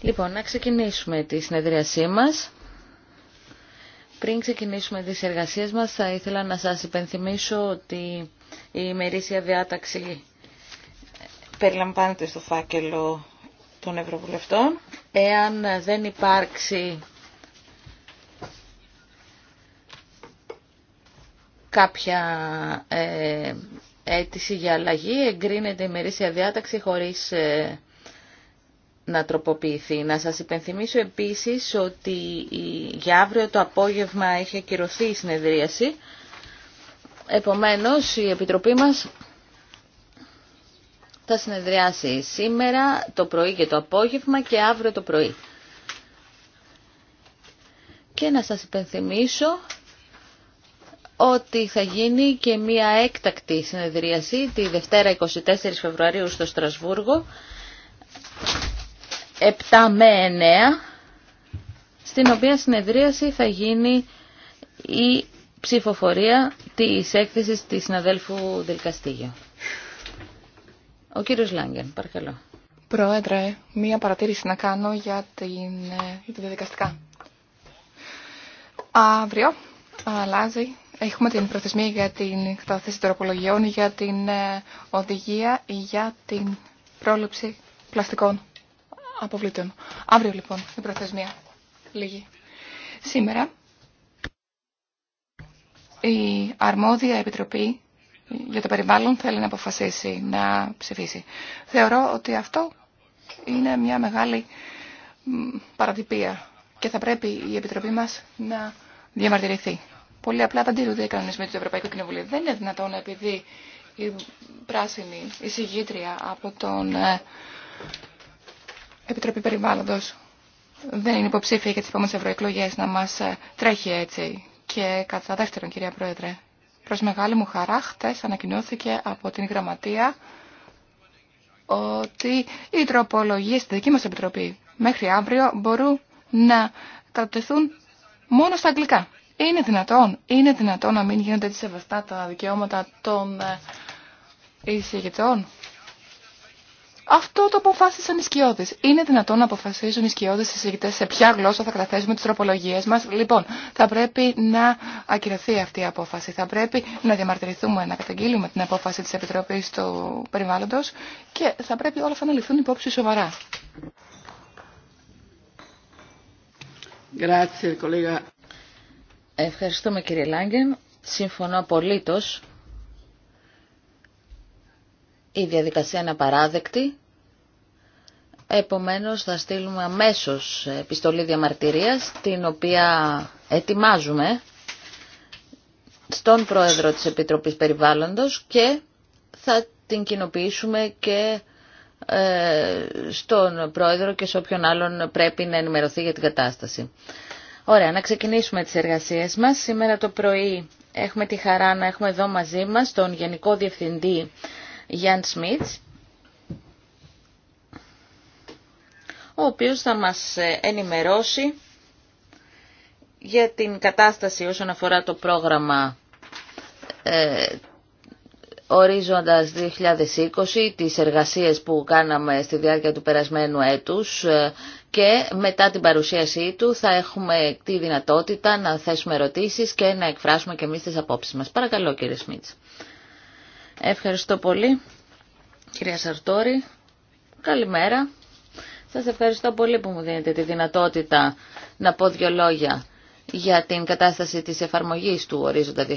Λοιπόν, να ξεκινήσουμε τη συνεδρίασή μας. Πριν ξεκινήσουμε τις εργασίες μας, θα ήθελα να σας υπενθυμίσω ότι η ημερήσια διάταξη περιλαμβάνεται στο φάκελο των Ευρωβουλευτών. Εάν δεν υπάρξει κάποια ε, αίτηση για αλλαγή εγκρίνεται η μερίσια διάταξη χωρίς ε, να τροποποιηθεί. Να σας υπενθυμίσω επίσης ότι για αύριο το απόγευμα έχει ακυρωθεί η συνεδρίαση. Επομένως η Επιτροπή μας θα συνεδριάσει σήμερα το πρωί και το απόγευμα και αύριο το πρωί. Και να σας υπενθυμίσω ότι θα γίνει και μία έκτακτη συνεδρίαση τη Δευτέρα 24 Φεβρουαρίου στο Στρασβούργο 7 με 9 στην οποία συνεδρίαση θα γίνει η ψηφοφορία της έκθεσης της συναδέλφου Δελκαστήγιο. Ο κύριος Λάγκεν, παρακαλώ. Πρόεδρε, μία παρατήρηση να κάνω για την, ε, για διαδικαστικά. Αύριο αλλάζει Έχουμε την προθεσμία για την καταθέση τροπολογιών για την ε, οδηγία για την πρόληψη πλαστικών αποβλήτων. Αύριο λοιπόν η προθεσμία λίγη. Σήμερα η αρμόδια επιτροπή για το περιβάλλον θέλει να αποφασίσει, να ψηφίσει. Θεωρώ ότι αυτό είναι μια μεγάλη παρατυπία και θα πρέπει η Επιτροπή μας να διαμαρτυρηθεί. Πολύ απλά δεν τηρούνται οι κανονισμοί του Ευρωπαϊκού Κοινοβουλίου. Δεν είναι δυνατόν επειδή η πράσινη εισηγήτρια από τον ε, Επιτροπή Περιβάλλοντος δεν είναι υποψήφια για τις επόμενες ευρωεκλογέ να μας ε, τρέχει έτσι. Και κατά δεύτερον, κυρία Πρόεδρε, προς μεγάλη μου χαρά χτες ανακοινώθηκε από την Γραμματεία ότι οι τροπολογίε στη δική μας Επιτροπή μέχρι αύριο μπορούν να κατατεθούν μόνο στα αγγλικά. Είναι δυνατόν, είναι δυνατόν να μην γίνονται έτσι σεβαστά τα δικαιώματα των ε, εισηγητών. Αυτό το αποφάσισαν οι σκιώδεις. Είναι δυνατόν να αποφασίζουν οι σκιώδεις εισηγητές σε ποια γλώσσα θα καταθέσουμε τις τροπολογίες μας. Λοιπόν, θα πρέπει να ακυρωθεί αυτή η απόφαση. Θα πρέπει να διαμαρτυρηθούμε, να καταγγείλουμε την απόφαση της Επιτροπής του Περιβάλλοντος και θα πρέπει όλα αυτά να ληφθούν υπόψη σοβαρά. Ευχαριστούμε κύριε Λάγκεν. Συμφωνώ απολύτως. Η διαδικασία είναι απαράδεκτη. Επομένως θα στείλουμε αμέσως επιστολή διαμαρτυρίας, την οποία ετοιμάζουμε στον Πρόεδρο της Επιτροπής Περιβάλλοντος και θα την κοινοποιήσουμε και ε, στον Πρόεδρο και σε όποιον άλλον πρέπει να ενημερωθεί για την κατάσταση. Ωραία, να ξεκινήσουμε τις εργασίες μας. Σήμερα το πρωί έχουμε τη χαρά να έχουμε εδώ μαζί μας τον Γενικό Διευθυντή Γιάν Σμίτς, ο οποίος θα μας ε, ενημερώσει για την κατάσταση όσον αφορά το πρόγραμμα ε, ορίζοντας 2020, τις εργασίες που κάναμε στη διάρκεια του περασμένου έτους ε, και μετά την παρουσίασή του θα έχουμε τη δυνατότητα να θέσουμε ερωτήσεις και να εκφράσουμε και εμείς τις απόψεις μας. Παρακαλώ κύριε Σμίτς. Ευχαριστώ πολύ. Κυρία Σαρτόρη, καλημέρα. Σας ευχαριστώ πολύ που μου δίνετε τη δυνατότητα να πω δύο λόγια για την κατάσταση της εφαρμογής του Ορίζοντα 2020,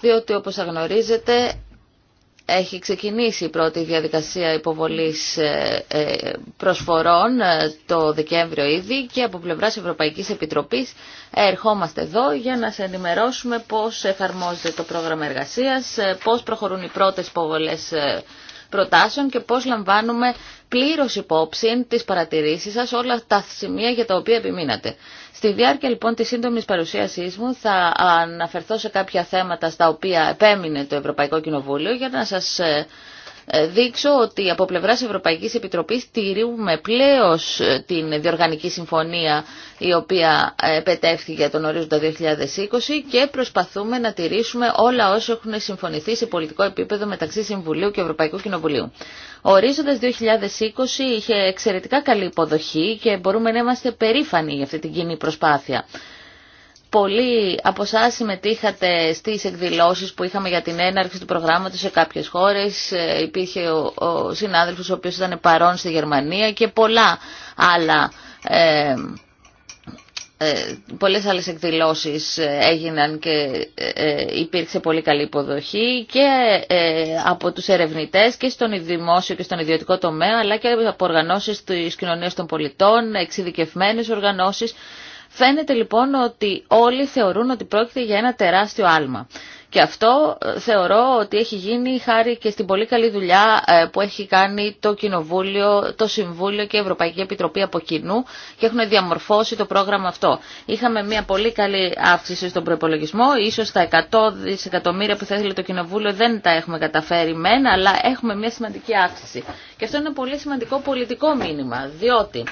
διότι όπως αγνωρίζετε έχει ξεκινήσει η πρώτη διαδικασία υποβολής ε, ε, προσφορών ε, το Δεκέμβριο ήδη και από πλευράς Ευρωπαϊκής Επιτροπής ερχόμαστε εδώ για να σε ενημερώσουμε πώς εφαρμόζεται το πρόγραμμα εργασίας, πώς προχωρούν οι πρώτες υποβολές προτάσεων και πώς λαμβάνουμε πλήρως υπόψη τις παρατηρήσεις σας όλα τα σημεία για τα οποία επιμείνατε. Στη διάρκεια λοιπόν της σύντομης παρουσίασής μου θα αναφερθώ σε κάποια θέματα στα οποία επέμεινε το Ευρωπαϊκό Κοινοβούλιο για να σας ε, ε, δείξω ότι από πλευράς Ευρωπαϊκής Επιτροπής τηρούμε πλέον την διοργανική συμφωνία η οποία επετεύχθη για τον ορίζοντα 2020 και προσπαθούμε να τηρήσουμε όλα όσα έχουν συμφωνηθεί σε πολιτικό επίπεδο μεταξύ Συμβουλίου και Ευρωπαϊκού Κοινοβουλίου. Ο ορίζοντας 2020 είχε εξαιρετικά καλή υποδοχή και μπορούμε να είμαστε περήφανοι για αυτή την κοινή προσπάθεια. Πολλοί από εσά συμμετείχατε στις εκδηλώσεις που είχαμε για την έναρξη του προγράμματος σε κάποιες χώρες. Ε, υπήρχε ο, ο συνάδελφος ο οποίος ήταν παρόν στη Γερμανία και πολλά άλλα, ε, ε πολλές άλλες εκδηλώσεις ε, έγιναν και υπήρξε πολύ καλή υποδοχή και από τους ερευνητές και στον δημόσιο και στον ιδιωτικό τομέα αλλά και από οργανώσεις της κοινωνίας των πολιτών, εξειδικευμένες οργανώσεις Φαίνεται λοιπόν ότι όλοι θεωρούν ότι πρόκειται για ένα τεράστιο άλμα. Και αυτό ε, θεωρώ ότι έχει γίνει χάρη και στην πολύ καλή δουλειά ε, που έχει κάνει το Κοινοβούλιο, το Συμβούλιο και η Ευρωπαϊκή Επιτροπή από κοινού και έχουν διαμορφώσει το πρόγραμμα αυτό. Είχαμε μια πολύ καλή αύξηση στον προπολογισμό. Ίσως τα 100 δισεκατομμύρια που θα ήθελε το Κοινοβούλιο δεν τα έχουμε καταφέρει μένα, αλλά έχουμε μια σημαντική αύξηση. Και αυτό είναι ένα πολύ σημαντικό πολιτικό μήνυμα, διότι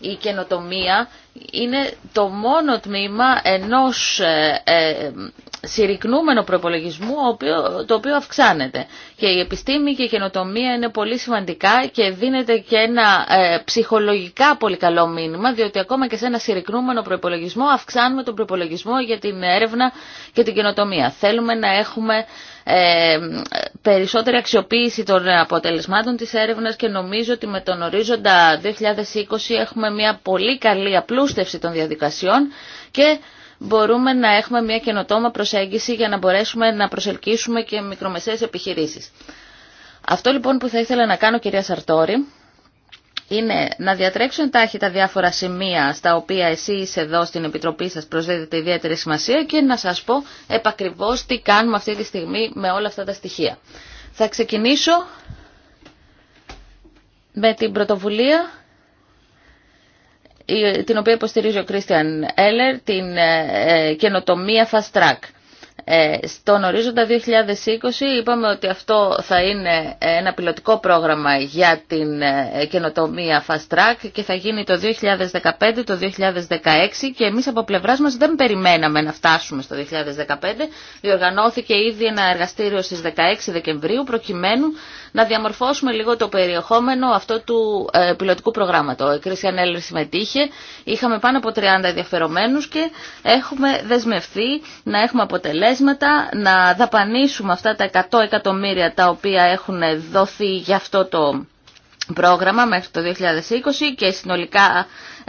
η καινοτομία είναι το μόνο τμήμα ενός ε, ε, συρρυκνούμενου προπολογισμού το οποίο αυξάνεται. Και η επιστήμη και η καινοτομία είναι πολύ σημαντικά και δίνεται και ένα ε, ψυχολογικά πολύ καλό μήνυμα διότι ακόμα και σε ένα συρρυκνούμενο προπολογισμό αυξάνουμε τον προπολογισμό για την έρευνα και την καινοτομία. Θέλουμε να έχουμε ε, περισσότερη αξιοποίηση των αποτελεσμάτων της έρευνας και νομίζω ότι με τον ορίζοντα 2020 έχουμε μια πολύ καλή απλούστευση των διαδικασιών και μπορούμε να έχουμε μια καινοτόμα προσέγγιση για να μπορέσουμε να προσελκύσουμε και μικρομεσαίες επιχειρήσεις. Αυτό λοιπόν που θα ήθελα να κάνω κυρία Σαρτόρη είναι να διατρέξουν εντάχει τα διάφορα σημεία στα οποία εσείς εδώ στην Επιτροπή σας προσδίδετε ιδιαίτερη σημασία και να σας πω επακριβώ τι κάνουμε αυτή τη στιγμή με όλα αυτά τα στοιχεία. Θα ξεκινήσω με την πρωτοβουλία την οποία υποστηρίζει ο Κρίστιαν Έλερ, την ε, ε, καινοτομία Fast Track. Ε, στον ορίζοντα 2020 είπαμε ότι αυτό θα είναι ένα πιλωτικό πρόγραμμα για την ε, καινοτομία Fast Track και θα γίνει το 2015, το 2016 και εμείς από πλευράς μας δεν περιμέναμε να φτάσουμε στο 2015. Διοργανώθηκε ήδη ένα εργαστήριο στις 16 Δεκεμβρίου προκειμένου να διαμορφώσουμε λίγο το περιεχόμενο αυτό του ε, πιλωτικού προγράμματο. Η Κρίση Ανέλη συμμετείχε, είχαμε πάνω από 30 ενδιαφερομένους και έχουμε δεσμευθεί να έχουμε αποτελέσματα, να δαπανίσουμε αυτά τα 100 εκατομμύρια τα οποία έχουν δοθεί για αυτό το πρόγραμμα μέχρι το 2020 και συνολικά 200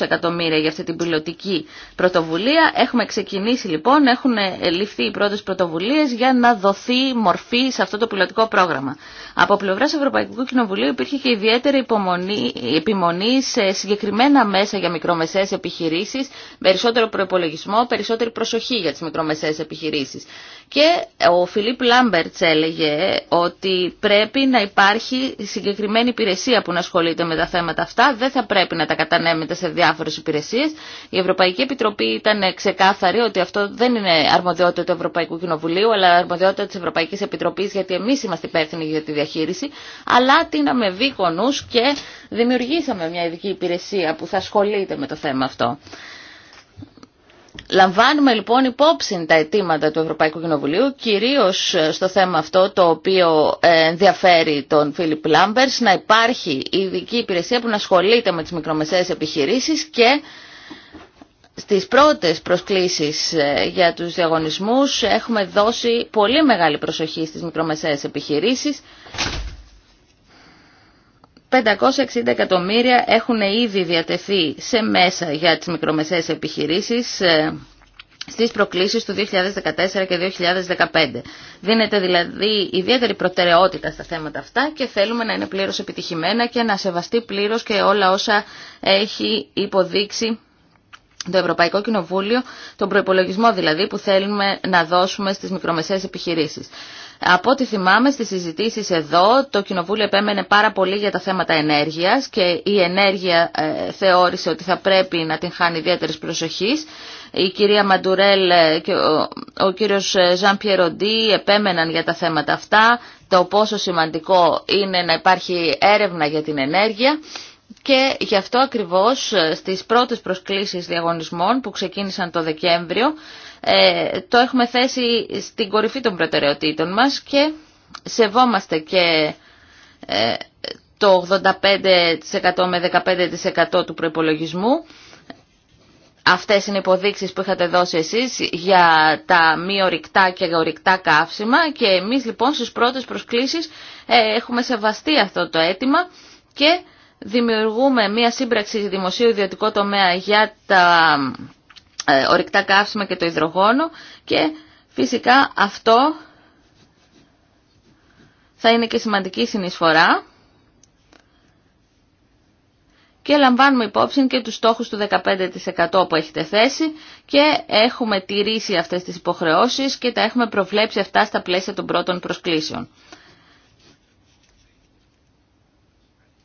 ε, εκατομμύρια για αυτή την πιλωτική πρωτοβουλία. Έχουμε ξεκινήσει λοιπόν, έχουν ε, ληφθεί οι πρώτες πρωτοβουλίες για να δοθεί μορφή σε αυτό το πιλωτικό πρόγραμμα. Από πλευρά Ευρωπαϊκού Κοινοβουλίου υπήρχε και ιδιαίτερη υπομονή, επιμονή σε συγκεκριμένα μέσα για μικρομεσαίες επιχειρήσεις, περισσότερο προπολογισμό, περισσότερη προσοχή για τις μικρομεσαίες επιχειρήσεις. Και ο Φιλίπ Λάμπερτ έλεγε ότι πρέπει να υπάρχει συγκεκριμένη υπηρεσία που να ασχολείται με τα θέματα αυτά, δεν θα πρέπει να τα κατανέμεται σε διάφορες υπηρεσίες. Η Ευρωπαϊκή Επιτροπή ήταν ξεκάθαρη ότι αυτό δεν είναι αρμοδιότητα του Ευρωπαϊκού Κοινοβουλίου, αλλά αρμοδιότητα της Ευρωπαϊκής Επιτροπής, γιατί εμείς είμαστε υπεύθυνοι για τη διαχείριση, αλλά τίναμε βίκονους και δημιουργήσαμε μια ειδική υπηρεσία που θα ασχολείται με το θέμα αυτό. Λαμβάνουμε λοιπόν υπόψη τα αιτήματα του Ευρωπαϊκού Κοινοβουλίου, κυρίως ε, στο θέμα αυτό το οποίο ε, ενδιαφέρει τον Φίλιπ Λάμπερς, να υπάρχει ειδική υπηρεσία που να ασχολείται με τις μικρομεσαίες επιχειρήσεις και στις πρώτες προσκλήσεις ε, για τους διαγωνισμούς έχουμε δώσει πολύ μεγάλη προσοχή στις μικρομεσαίες επιχειρήσεις 560 εκατομμύρια έχουν ήδη διατεθεί σε μέσα για τις μικρομεσαίες επιχειρήσεις ε, στις προκλήσεις του 2014 και 2015. Δίνεται δηλαδή ιδιαίτερη προτεραιότητα στα θέματα αυτά και θέλουμε να είναι πλήρως επιτυχημένα και να σεβαστεί πλήρως και όλα όσα έχει υποδείξει το Ευρωπαϊκό Κοινοβούλιο, τον προϋπολογισμό δηλαδή που θέλουμε να δώσουμε στις μικρομεσαίες επιχειρήσεις. Από ό,τι θυμάμαι στις συζητήσεις εδώ, το Κοινοβούλιο επέμενε πάρα πολύ για τα θέματα ενέργειας και η ενέργεια ε, θεώρησε ότι θα πρέπει να την χάνει ιδιαίτερης προσοχής. Η κυρία Μαντουρέλ ε, και ο, ο κύριος Ζαν ε, Πιεροντή επέμεναν για τα θέματα αυτά, το πόσο σημαντικό είναι να υπάρχει έρευνα για την ενέργεια. Και γι' αυτό ακριβώς στις πρώτες προσκλήσεις διαγωνισμών που ξεκίνησαν το Δεκέμβριο ε, το έχουμε θέσει στην κορυφή των προτεραιοτήτων μας και σεβόμαστε και ε, το 85% με 15% του προϋπολογισμού. Αυτές είναι οι υποδείξεις που είχατε δώσει εσείς για τα μη ορυκτά και ορυκτά καύσιμα και εμείς λοιπόν στις πρώτες προσκλήσεις ε, έχουμε σεβαστεί αυτό το αίτημα και δημιουργούμε μία σύμπραξη δημοσίου ιδιωτικό τομέα για τα ε, ορυκτά καύσιμα και το υδρογόνο και φυσικά αυτό θα είναι και σημαντική συνεισφορά και λαμβάνουμε υπόψη και τους στόχους του 15% που έχετε θέσει και έχουμε τηρήσει αυτές τις υποχρεώσεις και τα έχουμε προβλέψει αυτά στα πλαίσια των πρώτων προσκλήσεων.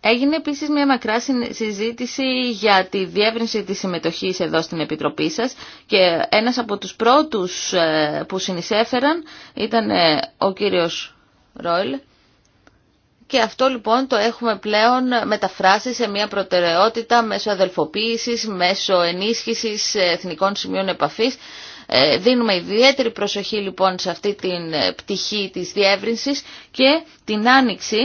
Έγινε επίσης μια μακρά συζήτηση για τη διεύρυνση τη συμμετοχή εδώ στην Επιτροπή σας και ένας από τους πρώτους ε, που συνεισέφεραν ήταν ε, ο κύριος Ρόιλ. Και αυτό λοιπόν το έχουμε πλέον μεταφράσει σε μια προτεραιότητα μέσω αδελφοποίησης, μέσω ενίσχυσης εθνικών σημείων επαφής. Ε, δίνουμε ιδιαίτερη προσοχή λοιπόν σε αυτή την πτυχή της διεύρυνσης και την άνοιξη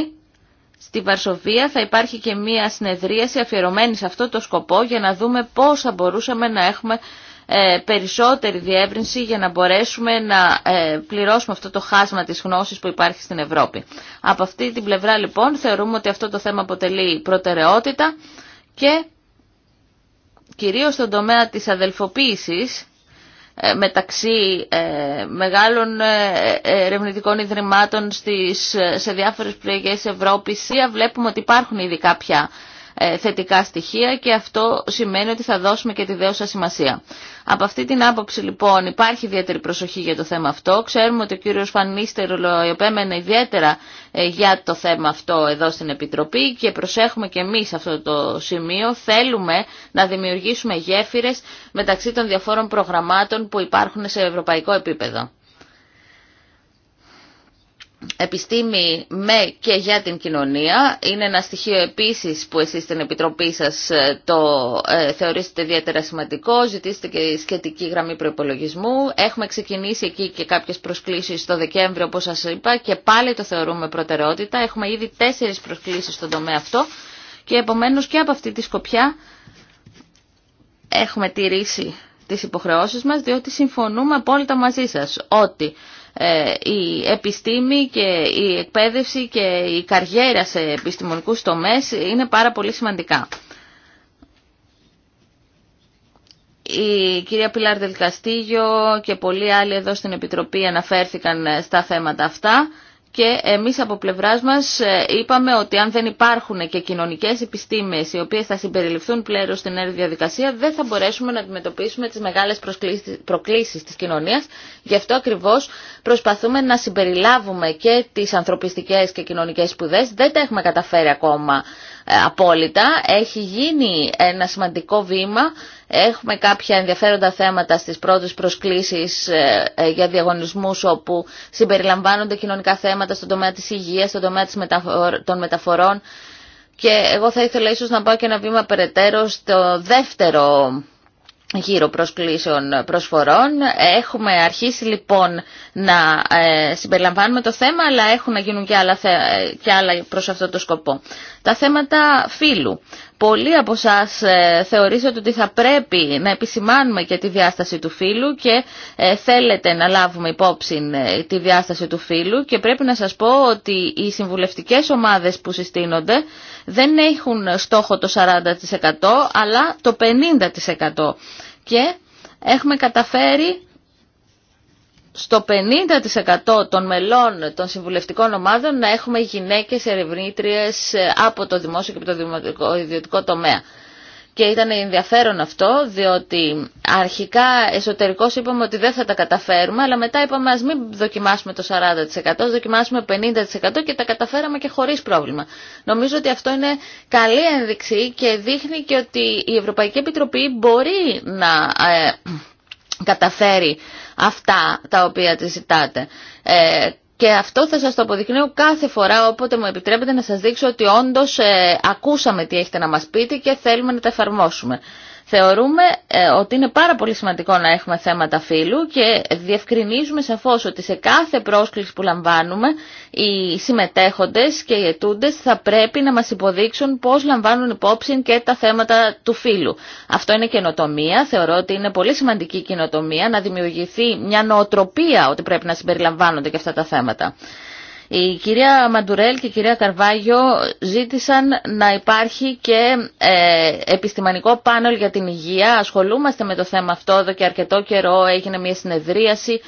Στη Βαρσοβία θα υπάρχει και μία συνεδρίαση αφιερωμένη σε αυτό το σκοπό για να δούμε πώς θα μπορούσαμε να έχουμε ε, περισσότερη διεύρυνση για να μπορέσουμε να ε, πληρώσουμε αυτό το χάσμα της γνώσης που υπάρχει στην Ευρώπη. Από αυτή την πλευρά λοιπόν θεωρούμε ότι αυτό το θέμα αποτελεί προτεραιότητα και κυρίως στον τομέα της αδελφοποίησης ε, μεταξύ ε, μεγάλων ε, ερευνητικών ιδρυμάτων στις, σε διάφορες περιοχές Ευρώπης. Βλέπουμε ότι υπάρχουν ήδη κάποια ε, θετικά στοιχεία και αυτό σημαίνει ότι θα δώσουμε και τη δέουσα σημασία. Από αυτή την άποψη λοιπόν υπάρχει ιδιαίτερη προσοχή για το θέμα αυτό. Ξέρουμε ότι ο κύριος Φανίστερο επέμενε ιδιαίτερα ε, για το θέμα αυτό εδώ στην Επιτροπή και προσέχουμε και εμείς αυτό το σημείο. Θέλουμε να δημιουργήσουμε γέφυρες μεταξύ των διαφόρων προγραμμάτων που υπάρχουν σε ευρωπαϊκό επίπεδο επιστήμη με και για την κοινωνία. Είναι ένα στοιχείο επίσης που εσείς στην Επιτροπή σας ε, το ε, θεωρήσετε ιδιαίτερα σημαντικό. Ζητήσετε και σχετική γραμμή προπολογισμού. Έχουμε ξεκινήσει εκεί και κάποιες προσκλήσεις το Δεκέμβριο όπως σας είπα και πάλι το θεωρούμε προτεραιότητα. Έχουμε ήδη τέσσερις προσκλήσεις στον τομέα αυτό και επομένως και από αυτή τη σκοπιά έχουμε τηρήσει τις υποχρεώσεις μας διότι συμφωνούμε απόλυτα μαζί σας ότι ε, η επιστήμη και η εκπαίδευση και η καριέρα σε επιστημονικούς τομές είναι πάρα πολύ σημαντικά. Η κυρία Πιλάρ Δελκαστήγιο και πολλοί άλλοι εδώ στην Επιτροπή αναφέρθηκαν στα θέματα αυτά και εμείς από πλευράς μας ε, είπαμε ότι αν δεν υπάρχουν και κοινωνικές επιστήμες οι οποίες θα συμπεριληφθούν πλέον στην έρευνα διαδικασία δεν θα μπορέσουμε να αντιμετωπίσουμε τις μεγάλες προκλήσεις της κοινωνίας. Γι' αυτό ακριβώς προσπαθούμε να συμπεριλάβουμε και τις ανθρωπιστικές και κοινωνικές σπουδές. Δεν τα έχουμε καταφέρει ακόμα ε, απόλυτα. Έχει γίνει ένα σημαντικό βήμα. Έχουμε κάποια ενδιαφέροντα θέματα στις πρώτες προσκλήσεις ε, ε, για διαγωνισμούς όπου συμπεριλαμβάνονται κοινωνικά θέματα στον τομέα της υγείας, στον τομέα των μεταφορών. Και εγώ θα ήθελα ίσως να πάω και ένα βήμα περαιτέρω στο δεύτερο γύρω προσκλήσεων ε, προσφορών. Έχουμε αρχίσει λοιπόν να ε, συμπεριλαμβάνουμε το θέμα, αλλά έχουν να γίνουν και άλλα, ε, και άλλα προς αυτό το σκοπό. Τα θέματα φύλου. Πολλοί από εσά θεωρήσατε ότι θα πρέπει να επισημάνουμε και τη διάσταση του φίλου και ε, θέλετε να λάβουμε υπόψη ε, τη διάσταση του φίλου και πρέπει να σας πω ότι οι συμβουλευτικές ομάδες που συστήνονται δεν έχουν στόχο το 40% αλλά το 50% και έχουμε καταφέρει στο 50% των μελών των συμβουλευτικών ομάδων να έχουμε γυναίκες ερευνήτριες ε, από το δημόσιο και από το ιδιωτικό τομέα. Και ήταν ενδιαφέρον αυτό, διότι αρχικά εσωτερικώς είπαμε ότι δεν θα τα καταφέρουμε, αλλά μετά είπαμε ας μην δοκιμάσουμε το 40%, δοκιμάσουμε 50% και τα καταφέραμε και χωρίς πρόβλημα. Νομίζω ότι αυτό είναι καλή ένδειξη και δείχνει και ότι η Ευρωπαϊκή Επιτροπή μπορεί να ε, καταφέρει αυτά τα οποία τη ζητάτε. Ε, και αυτό θα σας το αποδεικνύω κάθε φορά όποτε μου επιτρέπετε να σας δείξω ότι όντως ε, ακούσαμε τι έχετε να μας πείτε και θέλουμε να τα εφαρμόσουμε. Θεωρούμε ε, ότι είναι πάρα πολύ σημαντικό να έχουμε θέματα φύλου και διευκρινίζουμε σαφώς ότι σε κάθε πρόσκληση που λαμβάνουμε οι συμμετέχοντες και οι ετούντες θα πρέπει να μας υποδείξουν πώς λαμβάνουν υπόψη και τα θέματα του φύλου. Αυτό είναι καινοτομία. Θεωρώ ότι είναι πολύ σημαντική καινοτομία να δημιουργηθεί μια νοοτροπία ότι πρέπει να συμπεριλαμβάνονται και αυτά τα θέματα. Η κυρία Μαντουρέλ και η κυρία Καρβάγιο ζήτησαν να υπάρχει και ε, επιστημονικό πάνελ για την υγεία. Ασχολούμαστε με το θέμα αυτό εδώ και αρκετό καιρό. Έγινε μια συνεδρίαση.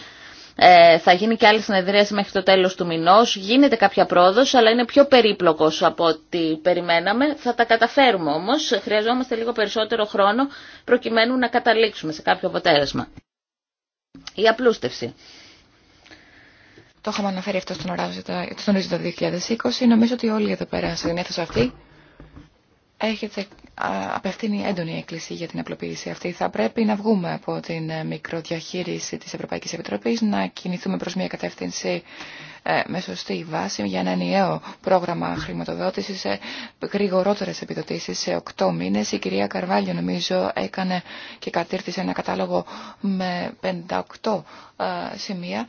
Ε, θα γίνει και άλλη συνεδρίαση μέχρι το τέλος του μηνός. Γίνεται κάποια πρόοδος, αλλά είναι πιο περίπλοκο από ό,τι περιμέναμε. Θα τα καταφέρουμε όμως. Χρειαζόμαστε λίγο περισσότερο χρόνο προκειμένου να καταλήξουμε σε κάποιο αποτέλεσμα. Η απλούστευση. Το είχαμε αναφέρει αυτό στον ορίζοντα, στον το 2020. Νομίζω ότι όλοι εδώ πέρα στην αίθουσα αυτή έχετε απευθύνει έντονη έκκληση για την απλοποίηση αυτή. Θα πρέπει να βγούμε από την ε, μικροδιαχείριση της Ευρωπαϊκής Επιτροπής, να κινηθούμε προς μια κατεύθυνση ε, με σωστή βάση για ένα ενιαίο πρόγραμμα χρηματοδότησης, σε γρηγορότερες επιδοτήσεις σε 8 μήνες. Η κυρία Καρβάλιο νομίζω έκανε και κατήρθησε ένα κατάλογο με 58 ε, σημεία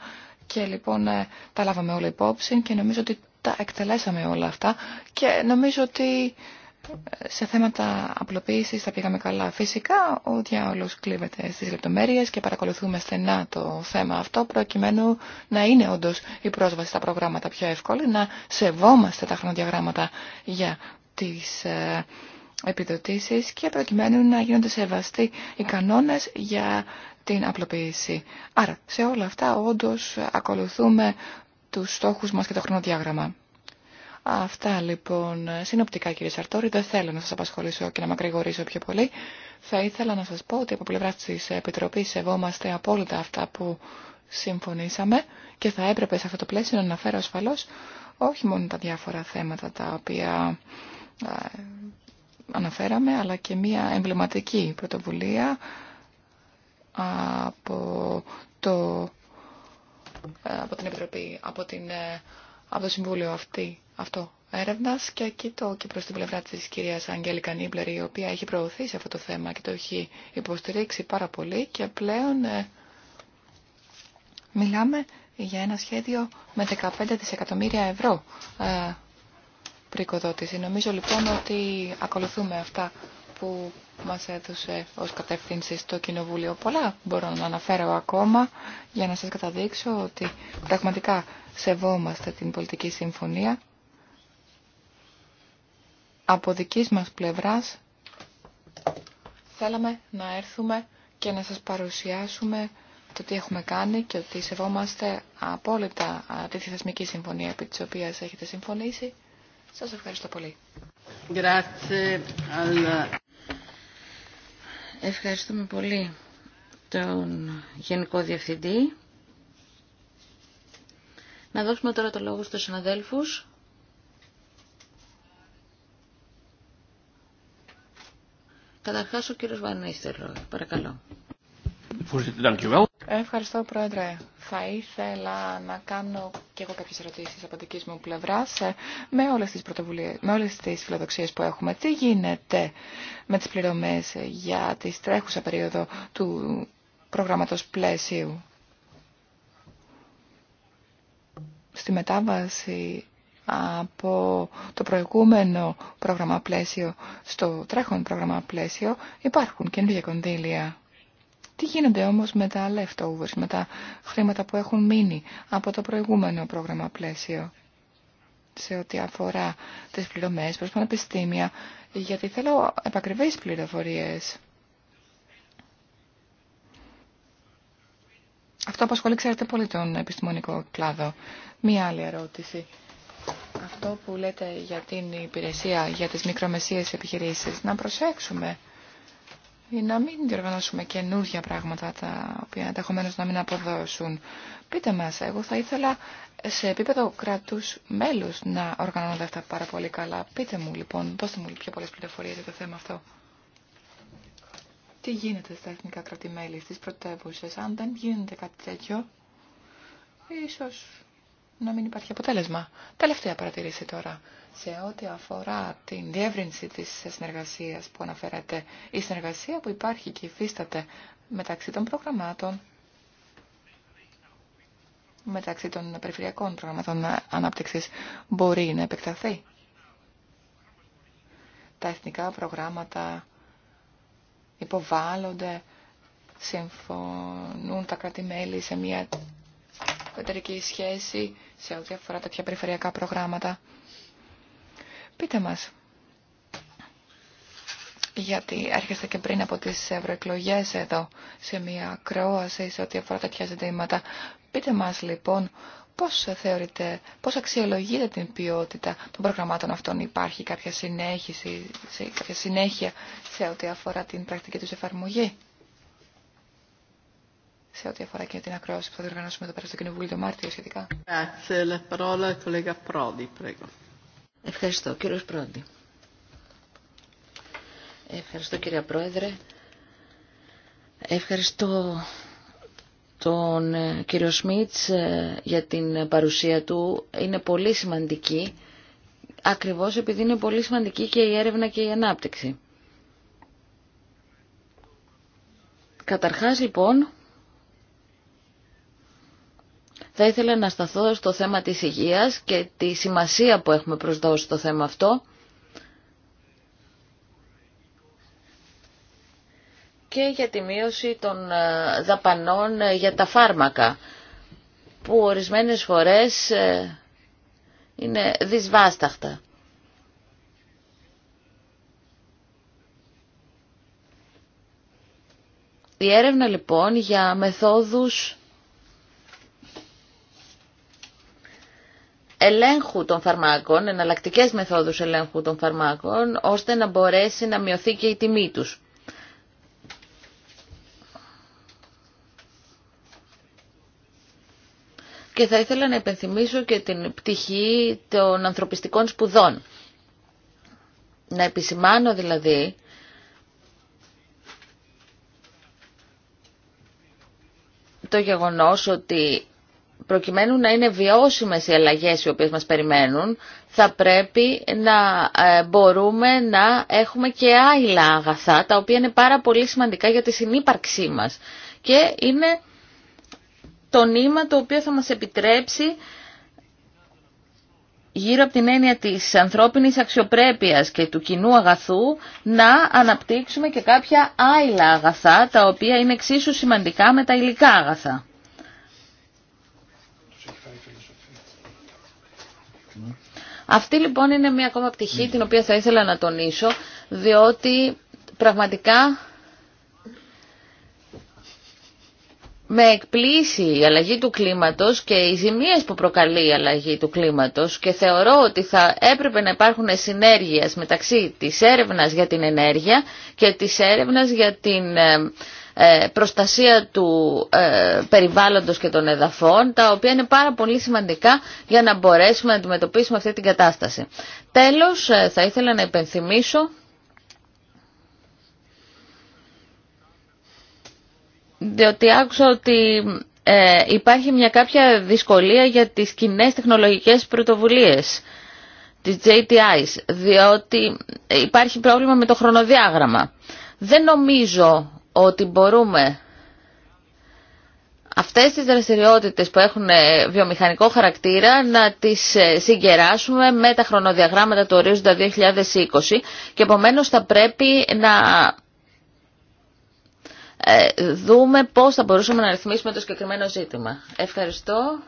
και λοιπόν ε, τα λάβαμε όλα υπόψη και νομίζω ότι τα εκτελέσαμε όλα αυτά και νομίζω ότι ε, σε θέματα απλοποίησης τα πήγαμε καλά. Φυσικά ο διάολος κλείβεται στις λεπτομέρειες και παρακολουθούμε στενά το θέμα αυτό προκειμένου να είναι όντως η πρόσβαση στα προγράμματα πιο εύκολη, να σεβόμαστε τα χρονοδιαγράμματα για τις ε, επιδοτήσεις και προκειμένου να γίνονται σεβαστοί οι κανόνες για την απλοποίηση. Άρα, σε όλα αυτά όντως ακολουθούμε τους στόχους μας και το χρονοδιάγραμμα. Αυτά λοιπόν συνοπτικά κύριε Σαρτόρη. Δεν θέλω να σας απασχολήσω και να μακρηγορήσω πιο πολύ. Θα ήθελα να σας πω ότι από πλευρά της Επιτροπής σεβόμαστε απόλυτα αυτά που συμφωνήσαμε και θα έπρεπε σε αυτό το πλαίσιο να αναφέρω ασφαλώς όχι μόνο τα διάφορα θέματα τα οποία ε, αναφέραμε αλλά και μια εμβληματική πρωτοβουλία από, το, ε, από την Επιτροπή, από, την, ε, το Συμβούλιο αυτή, αυτό έρευνας και κοιτώ και προς την πλευρά της κυρίας Αγγέλικα Νίμπλερ η οποία έχει προωθήσει αυτό το θέμα και το έχει υποστηρίξει πάρα πολύ και πλέον ε, μιλάμε για ένα σχέδιο με 15 δισεκατομμύρια ευρώ ε, πρικοδότηση. Νομίζω λοιπόν ότι ακολουθούμε αυτά που μας έδωσε ως κατεύθυνση στο Κοινοβούλιο. Πολλά μπορώ να αναφέρω ακόμα για να σας καταδείξω ότι πραγματικά σεβόμαστε την πολιτική συμφωνία. Από δικής μας πλευράς θέλαμε να έρθουμε και να σας παρουσιάσουμε το τι έχουμε κάνει και ότι σεβόμαστε απόλυτα τη θεσμική συμφωνία επί της οποίας έχετε συμφωνήσει. Σας ευχαριστώ πολύ. Ευχαριστούμε πολύ τον Γενικό Διευθυντή. Να δώσουμε τώρα το λόγο στους συναδέλφους. Καταρχάς ο κύριος Βανίστερ, παρακαλώ. Ευχαριστώ, Πρόεδρε. Θα ήθελα να κάνω και εγώ κάποιες ερωτήσεις από δική μου πλευράς ε, με όλες τις πρωτοβουλίες, με όλες τις φιλοδοξίες που έχουμε. Τι γίνεται με τις πληρωμές για τη τρέχουσα περίοδο του προγράμματος πλαίσιου. Στη μετάβαση από το προηγούμενο πρόγραμμα πλαίσιο στο τρέχον πρόγραμμα πλαίσιο υπάρχουν καινούργια κονδύλια τι γίνεται όμως με τα leftovers, με τα χρήματα που έχουν μείνει από το προηγούμενο πρόγραμμα πλαίσιο σε ό,τι αφορά τις πληρωμές προς πανεπιστήμια, γιατί θέλω επακριβείς πληροφορίες. Αυτό απασχολεί, ξέρετε, πολύ τον επιστημονικό κλάδο. Μία άλλη ερώτηση. Αυτό που λέτε για την υπηρεσία για τις μικρομεσίες επιχειρήσεις, να προσέξουμε ή να μην διοργανώσουμε καινούργια πράγματα τα οποία ενδεχομένω να μην αποδώσουν. Πείτε μας, εγώ θα ήθελα σε επίπεδο κρατούς μέλους να οργανώνονται αυτά πάρα πολύ καλά. Πείτε μου λοιπόν, δώστε μου πιο πολλές πληροφορίες για το θέμα αυτό. Τι γίνεται στα εθνικά κρατημέλη, στις πρωτεύουσες, αν δεν γίνεται κάτι τέτοιο, ίσως να μην υπάρχει αποτέλεσμα. Τελευταία παρατηρήση τώρα σε ό,τι αφορά την διεύρυνση της συνεργασίας που αναφέρατε. Η συνεργασία που υπάρχει και υφίσταται μεταξύ των προγραμμάτων, μεταξύ των περιφερειακών προγραμμάτων ανάπτυξης μπορεί να επεκταθεί. Τα εθνικά προγράμματα υποβάλλονται, συμφωνούν τα κρατη σε μια εταιρική σχέση σε ό,τι αφορά τέτοια περιφερειακά προγράμματα. Πείτε μας. Γιατί έρχεστε και πριν από τις ευρωεκλογέ εδώ, σε μια ακρόαση σε ό,τι αφορά τέτοια ζητήματα. Πείτε μας λοιπόν πώς θεωρείτε, πώς αξιολογείτε την ποιότητα των προγραμμάτων αυτών. Υπάρχει κάποια, συνέχιση, σε, κάποια συνέχεια σε ό,τι αφορά την πρακτική τους εφαρμογή. Σε ό,τι αφορά και την ακρόαση που θα διοργανώσουμε εδώ πέρα στο Κοινοβούλιο το Μάρτιο σχετικά. Ευχαριστώ, κύριος Πρόντι. Ευχαριστώ, κύριε Πρόεδρε. Ευχαριστώ τον ε, κύριο Σμίτς ε, για την ε, παρουσία του. Είναι πολύ σημαντική, ακριβώς επειδή είναι πολύ σημαντική και η έρευνα και η ανάπτυξη. Καταρχάς λοιπόν, θα ήθελα να σταθώ στο θέμα της υγείας και τη σημασία που έχουμε προσδώσει στο θέμα αυτό. και για τη μείωση των ε, δαπανών ε, για τα φάρμακα, που ορισμένες φορές ε, είναι δυσβάσταχτα. Η έρευνα λοιπόν για μεθόδους ελέγχου των φαρμάκων, εναλλακτικές μεθόδους ελέγχου των φαρμάκων, ώστε να μπορέσει να μειωθεί και η τιμή τους. Και θα ήθελα να υπενθυμίσω και την πτυχή των ανθρωπιστικών σπουδών. Να επισημάνω δηλαδή το γεγονός ότι προκειμένου να είναι βιώσιμες οι αλλαγές οι οποίες μας περιμένουν, θα πρέπει να ε, μπορούμε να έχουμε και άλλα αγαθά, τα οποία είναι πάρα πολύ σημαντικά για τη συνύπαρξή μας. Και είναι το νήμα το οποίο θα μας επιτρέψει γύρω από την έννοια της ανθρώπινης αξιοπρέπειας και του κοινού αγαθού να αναπτύξουμε και κάποια άλλα αγαθά, τα οποία είναι εξίσου σημαντικά με τα υλικά αγαθά. Αυτή λοιπόν είναι μια ακόμα πτυχή την οποία θα ήθελα να τονίσω, διότι πραγματικά με εκπλήσει η αλλαγή του κλίματος και οι ζημίες που προκαλεί η αλλαγή του κλίματος και θεωρώ ότι θα έπρεπε να υπάρχουν συνέργειες μεταξύ της έρευνας για την ενέργεια και της έρευνας για την ε, ε, προστασία του ε, περιβάλλοντος και των εδαφών, τα οποία είναι πάρα πολύ σημαντικά για να μπορέσουμε να αντιμετωπίσουμε αυτή την κατάσταση. Τέλος, ε, θα ήθελα να υπενθυμίσω διότι άκουσα ότι υπάρχει μια κάποια δυσκολία για τις κοινέ τεχνολογικές πρωτοβουλίες της JTIs, διότι υπάρχει πρόβλημα με το χρονοδιάγραμμα. Δεν νομίζω ότι μπορούμε αυτές τις δραστηριότητες που έχουν ε, βιομηχανικό χαρακτήρα να τις ε, συγκεράσουμε με τα χρονοδιαγράμματα του ορίζοντα 2020 και επομένως θα πρέπει να ε, δούμε πώς θα μπορούσαμε να ρυθμίσουμε το συγκεκριμένο ζήτημα. Ευχαριστώ.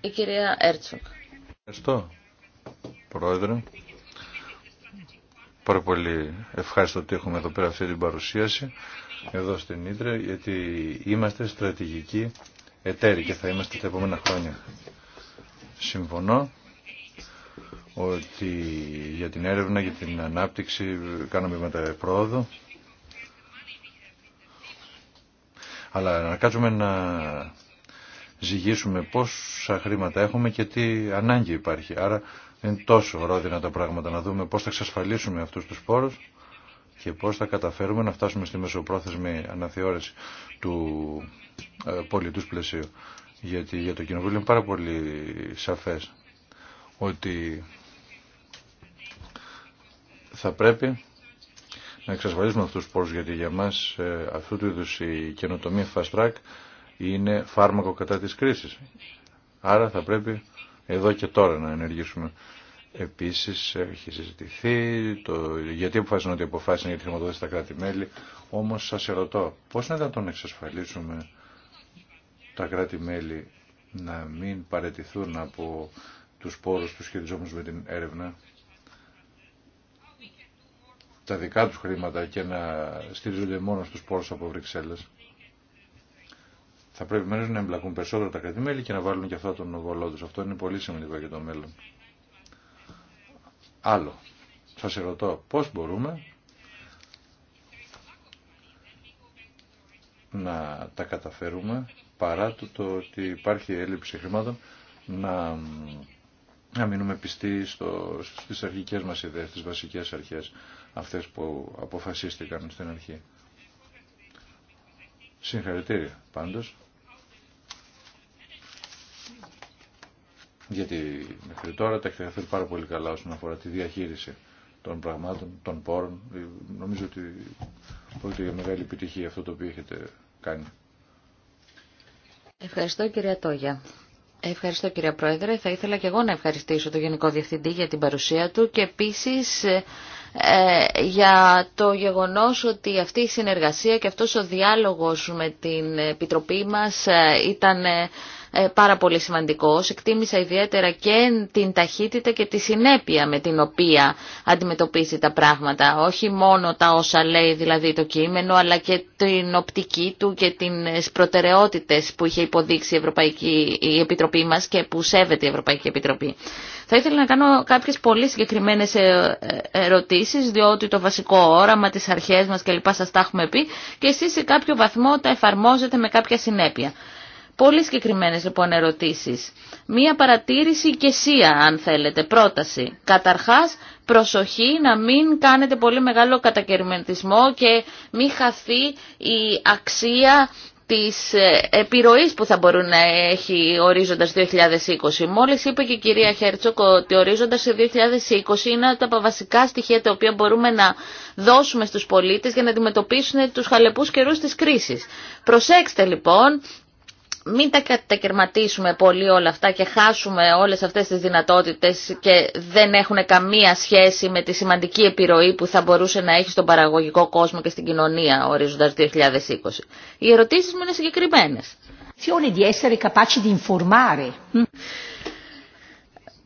Η κυρία Έρτσοκ. Ευχαριστώ, Πρόεδρε. Πάρα πολύ ευχάριστο ότι έχουμε εδώ πέρα αυτή την παρουσίαση εδώ στην Ήτρα γιατί είμαστε στρατηγικοί εταίροι και θα είμαστε τα επόμενα χρόνια. Συμφωνώ ότι για την έρευνα, για την ανάπτυξη κάνουμε μετά πρόοδο αλλά να κάτσουμε να ζυγίσουμε πόσα χρήματα έχουμε και τι ανάγκη υπάρχει. Άρα είναι τόσο ρόδινα τα πράγματα να δούμε πώς θα εξασφαλίσουμε αυτούς τους πόρους και πώς θα καταφέρουμε να φτάσουμε στη μεσοπρόθεσμη αναθεώρηση του ε, πολιτούς πλαισίου. Γιατί για το Κοινοβούλιο είναι πάρα πολύ σαφές ότι θα πρέπει να εξασφαλίσουμε αυτούς τους πόρους γιατί για μας ε, αυτού του είδους η καινοτομία fast track είναι φάρμακο κατά της κρίσης. Άρα θα πρέπει εδώ και τώρα να ενεργήσουμε. Επίσης έχει συζητηθεί το γιατί αποφάσισαν ότι αποφάσισαν για τη χρηματοδότηση στα κράτη-μέλη. Όμως σας ερωτώ πώς να τον εξασφαλίσουμε τα κράτη-μέλη να μην παρετηθούν από τους πόρους τους σχετιζόμενους με την έρευνα τα δικά τους χρήματα και να στηρίζονται μόνο στους πόρους από Βρυξέλλες. Θα πρέπει μέρες να εμπλακούν περισσότερο τα κρατημέλη και να βάλουν και αυτά τον βολό τους. Αυτό είναι πολύ σημαντικό για το μέλλον. Άλλο. Σας ερωτώ πώς μπορούμε να τα καταφέρουμε παρά το, ότι υπάρχει έλλειψη χρημάτων να, να μείνουμε πιστοί στο, στις αρχικές μας ιδέες, στις βασικές αρχές αυτές που αποφασίστηκαν στην αρχή. Συγχαρητήρια πάντως γιατί μέχρι τώρα τα έχει πάρα πολύ καλά όσον αφορά τη διαχείριση των πραγμάτων, των πόρων. Νομίζω ότι πρόκειται για μεγάλη επιτυχία αυτό το οποίο έχετε κάνει. Ευχαριστώ κυρία Τόγια. Ευχαριστώ κυρία Πρόεδρε. Θα ήθελα και εγώ να ευχαριστήσω τον Γενικό Διευθυντή για την παρουσία του και επίσης ε, για το γεγονός ότι αυτή η συνεργασία και αυτός ο διάλογος με την Επιτροπή μας ε, ήταν ε, ε, πάρα πολύ σημαντικός. Εκτίμησα ιδιαίτερα και την ταχύτητα και τη συνέπεια με την οποία αντιμετωπίζει τα πράγματα. Όχι μόνο τα όσα λέει δηλαδή το κείμενο, αλλά και την οπτική του και τις ε, προτεραιότητες που είχε υποδείξει η, Ευρωπαϊκή, Επιτροπή μας και που σέβεται η Ευρωπαϊκή Επιτροπή. Θα ήθελα να κάνω κάποιες πολύ συγκεκριμένες ε, ερωτήσεις, διότι το βασικό όραμα, τι αρχές μας κλπ. σας τα έχουμε πει και εσείς σε κάποιο βαθμό τα εφαρμόζετε με κάποια συνέπεια. Πολύ συγκεκριμένες λοιπόν ερωτήσεις. Μία παρατήρηση και σία αν θέλετε, πρόταση. Καταρχάς, προσοχή να μην κάνετε πολύ μεγάλο κατακαιρματισμό και μην χαθεί η αξία της ε, επιρροής που θα μπορούν να έχει ορίζοντας 2020. Μόλις είπε και η κυρία Χέρτσοκ ότι ορίζοντας 2020 είναι τα βασικά στοιχεία τα οποία μπορούμε να δώσουμε στους πολίτες για να αντιμετωπίσουν τους χαλεπούς καιρούς της κρίσης. Προσέξτε λοιπόν μην τα κατακαιρματίσουμε πολύ όλα αυτά και χάσουμε όλες αυτές τις δυνατότητες και δεν έχουν καμία σχέση με τη σημαντική επιρροή που θα μπορούσε να έχει στον παραγωγικό κόσμο και στην κοινωνία ορίζοντας 2020. Οι ερωτήσεις μου είναι συγκεκριμένες.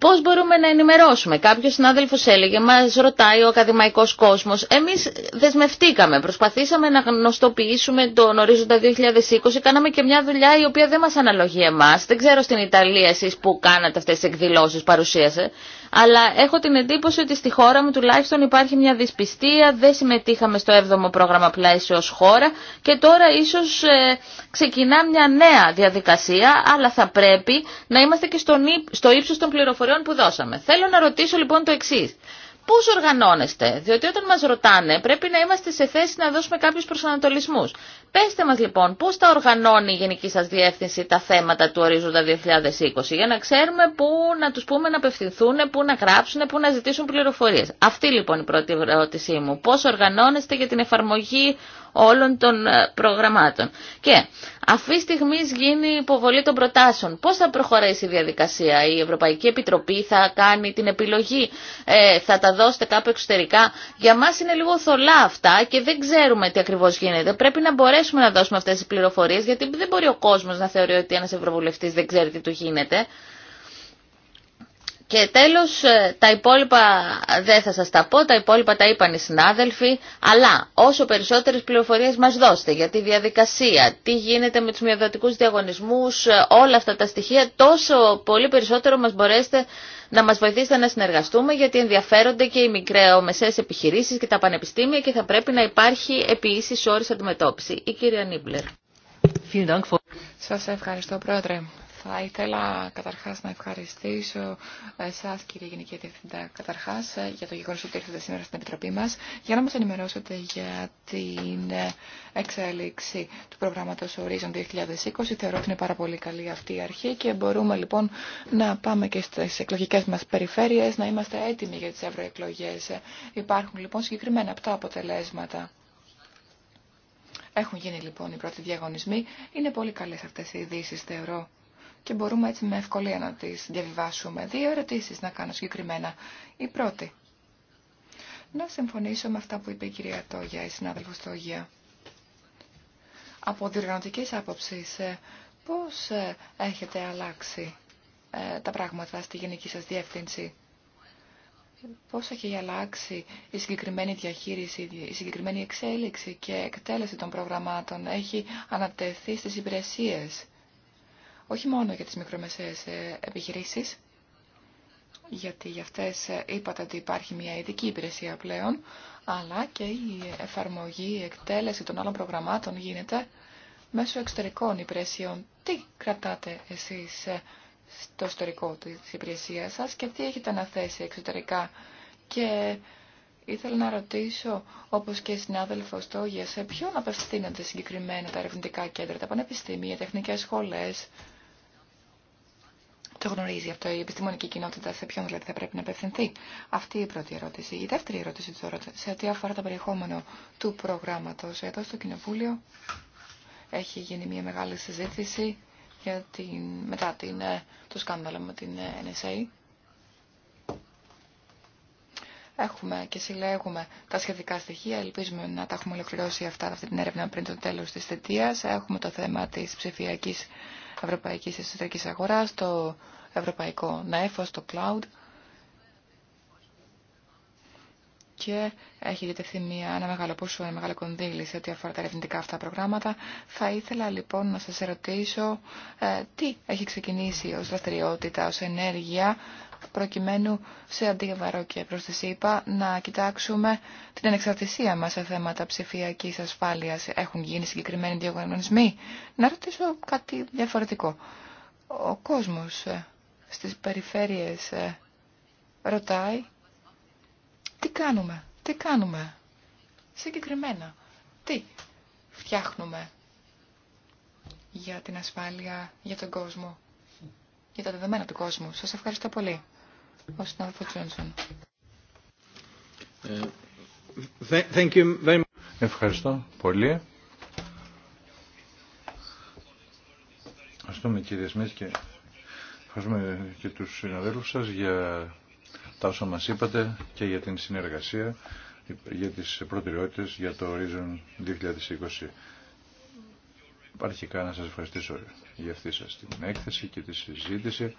Πώς μπορούμε να ενημερώσουμε. Κάποιος συνάδελφος έλεγε, μας ρωτάει ο ακαδημαϊκός κόσμος. Εμείς δεσμευτήκαμε, προσπαθήσαμε να γνωστοποιήσουμε τον ορίζοντα 2020, κάναμε και μια δουλειά η οποία δεν μας αναλογεί εμάς. Δεν ξέρω στην Ιταλία εσείς που κάνατε αυτές τις εκδηλώσεις, παρουσίασε αλλά έχω την εντύπωση ότι στη χώρα μου τουλάχιστον υπάρχει μια δυσπιστία, δεν συμμετείχαμε στο 7ο πρόγραμμα πλαίσιο ως χώρα και τώρα ίσως ε, ξεκινά μια νέα διαδικασία, αλλά θα πρέπει να είμαστε και στο ύψος των πληροφοριών που δώσαμε. Θέλω να ρωτήσω λοιπόν το εξή. Πώς οργανώνεστε, διότι όταν μας ρωτάνε πρέπει να είμαστε σε θέση να δώσουμε κάποιους προσανατολισμούς. Πέστε μας λοιπόν πώς τα οργανώνει η Γενική σας Διεύθυνση τα θέματα του ορίζοντα 2020 για να ξέρουμε πού να τους πούμε να απευθυνθούν, πού να γράψουν, πού να ζητήσουν πληροφορίες. Αυτή λοιπόν η πρώτη ερώτησή μου. Πώς οργανώνεστε για την εφαρμογή όλων των ε, προγραμμάτων. Και αυτή τη στιγμή γίνει η υποβολή των προτάσεων. Πώς θα προχωρήσει η διαδικασία. Η Ευρωπαϊκή Επιτροπή θα κάνει την επιλογή. Ε, θα τα δώσετε κάπου εξωτερικά. Για μας είναι λίγο θολά αυτά και δεν ξέρουμε τι ακριβώς γίνεται. Πρέπει να μπορέσουμε να δώσουμε αυτές τις πληροφορίες γιατί δεν μπορεί ο κόσμος να θεωρεί ότι ένας ευρωβουλευτής δεν ξέρει τι του γίνεται. Και τέλος, ε, τα υπόλοιπα δεν θα σας τα πω, τα υπόλοιπα τα είπαν οι συνάδελφοι, αλλά όσο περισσότερες πληροφορίες μας δώστε για τη διαδικασία, τι γίνεται με τους μειοδοτικούς διαγωνισμούς, ε, όλα αυτά τα στοιχεία, τόσο πολύ περισσότερο μας μπορέσετε να μας βοηθήσετε να συνεργαστούμε, γιατί ενδιαφέρονται και οι μικρομεσαίες επιχειρήσεις και τα πανεπιστήμια και θα πρέπει να υπάρχει επίσης όρης αντιμετώπιση. Η κυρία Νίμπλερ. Σας ευχαριστώ, Πρόεδρε. Θα ήθελα καταρχάς να ευχαριστήσω εσάς κύριε Γενική Διευθυντά καταρχάς ε, για το γεγονός ότι ήρθατε σήμερα στην Επιτροπή μας για να μας ενημερώσετε για την ε, εξέλιξη του προγράμματος Horizon 2020. Θεωρώ ότι είναι πάρα πολύ καλή αυτή η αρχή και μπορούμε λοιπόν να πάμε και στις εκλογικές μας περιφέρειες να είμαστε έτοιμοι για τις ευρωεκλογέ. Υπάρχουν λοιπόν συγκεκριμένα αυτά αποτελέσματα. Έχουν γίνει λοιπόν οι πρώτοι διαγωνισμοί. Είναι πολύ καλές αυτές οι ειδήσει, θεωρώ και μπορούμε έτσι με ευκολία να τις διαβιβάσουμε. Δύο ερωτήσεις να κάνω συγκεκριμένα. Η πρώτη. Να συμφωνήσω με αυτά που είπε η κυρία Τόγια, η συνάδελφος Τόγια. Από διοργανωτικής άποψης, ε, πώς ε, έχετε αλλάξει ε, τα πράγματα στη γενική σας διεύθυνση. Πώς έχει αλλάξει η συγκεκριμένη διαχείριση, η συγκεκριμένη εξέλιξη και εκτέλεση των προγραμμάτων έχει ανατεθεί στις υπηρεσίες όχι μόνο για τις μικρομεσαίες ε, επιχειρήσεις, γιατί για αυτές ε, είπατε ότι υπάρχει μια ειδική υπηρεσία πλέον, αλλά και η εφαρμογή, η εκτέλεση των άλλων προγραμμάτων γίνεται μέσω εξωτερικών υπηρεσιών. Τι κρατάτε εσείς ε, στο ιστορικό της υπηρεσίας σας και τι έχετε αναθέσει εξωτερικά. Και ήθελα να ρωτήσω, όπως και συνάδελφο συνάδελφος Τόγια, σε ποιον απευθύνονται συγκεκριμένα τα ερευνητικά κέντρα, τα πανεπιστήμια, τεχνικές σχολές, το γνωρίζει αυτό η επιστημονική κοινότητα, σε ποιον δηλαδή θα πρέπει να απευθυνθεί. Αυτή η πρώτη ερώτηση. Η δεύτερη ερώτηση ρώτησα, σε ό,τι αφορά το περιεχόμενο του προγράμματο Εδώ στο Κοινοβούλιο έχει γίνει μια μεγάλη συζήτηση για την, μετά την, ε, το σκάνδαλο με την ε, NSA. Έχουμε και συλλέγουμε τα σχετικά στοιχεία. Ελπίζουμε να τα έχουμε ολοκληρώσει αυτά αυτή την έρευνα πριν το τέλος της θετίας. Έχουμε το θέμα της ψηφιακής Ευρωπαϊκής Εσωτερικής Αγοράς, το Ευρωπαϊκό Νέφος, το Cloud. και έχει διατεθεί μια, ένα μεγάλο ποσό, ένα μεγάλο κονδύλι σε ό,τι αφορά τα ερευνητικά αυτά προγράμματα. Θα ήθελα λοιπόν να σας ερωτήσω ε, τι έχει ξεκινήσει ως δραστηριότητα, ως ενέργεια, προκειμένου σε αντίβαρο και προς τη ΣΥΠΑ να κοιτάξουμε την ανεξαρτησία μας σε θέματα ψηφιακής ασφάλειας. Έχουν γίνει συγκεκριμένοι διαγωνισμοί. Να ρωτήσω κάτι διαφορετικό. Ο κόσμος ε, στις περιφέρειες ε, ρωτάει τι κάνουμε, τι κάνουμε, συγκεκριμένα, τι φτιάχνουμε για την ασφάλεια, για τον κόσμο, για τα δεδομένα του κόσμου. Σας ευχαριστώ πολύ, ο συνάδελφος Τζόνσον. Ε, ευχαριστώ πολύ. Ευχαριστούμε κύριε Σμίτ και ευχαριστούμε και τους συναδέλφους σας για τα όσα μας είπατε και για την συνεργασία, για τις προτεραιότητες για το Horizon 2020. Αρχικά να σας ευχαριστήσω για αυτή σας την έκθεση και τη συζήτηση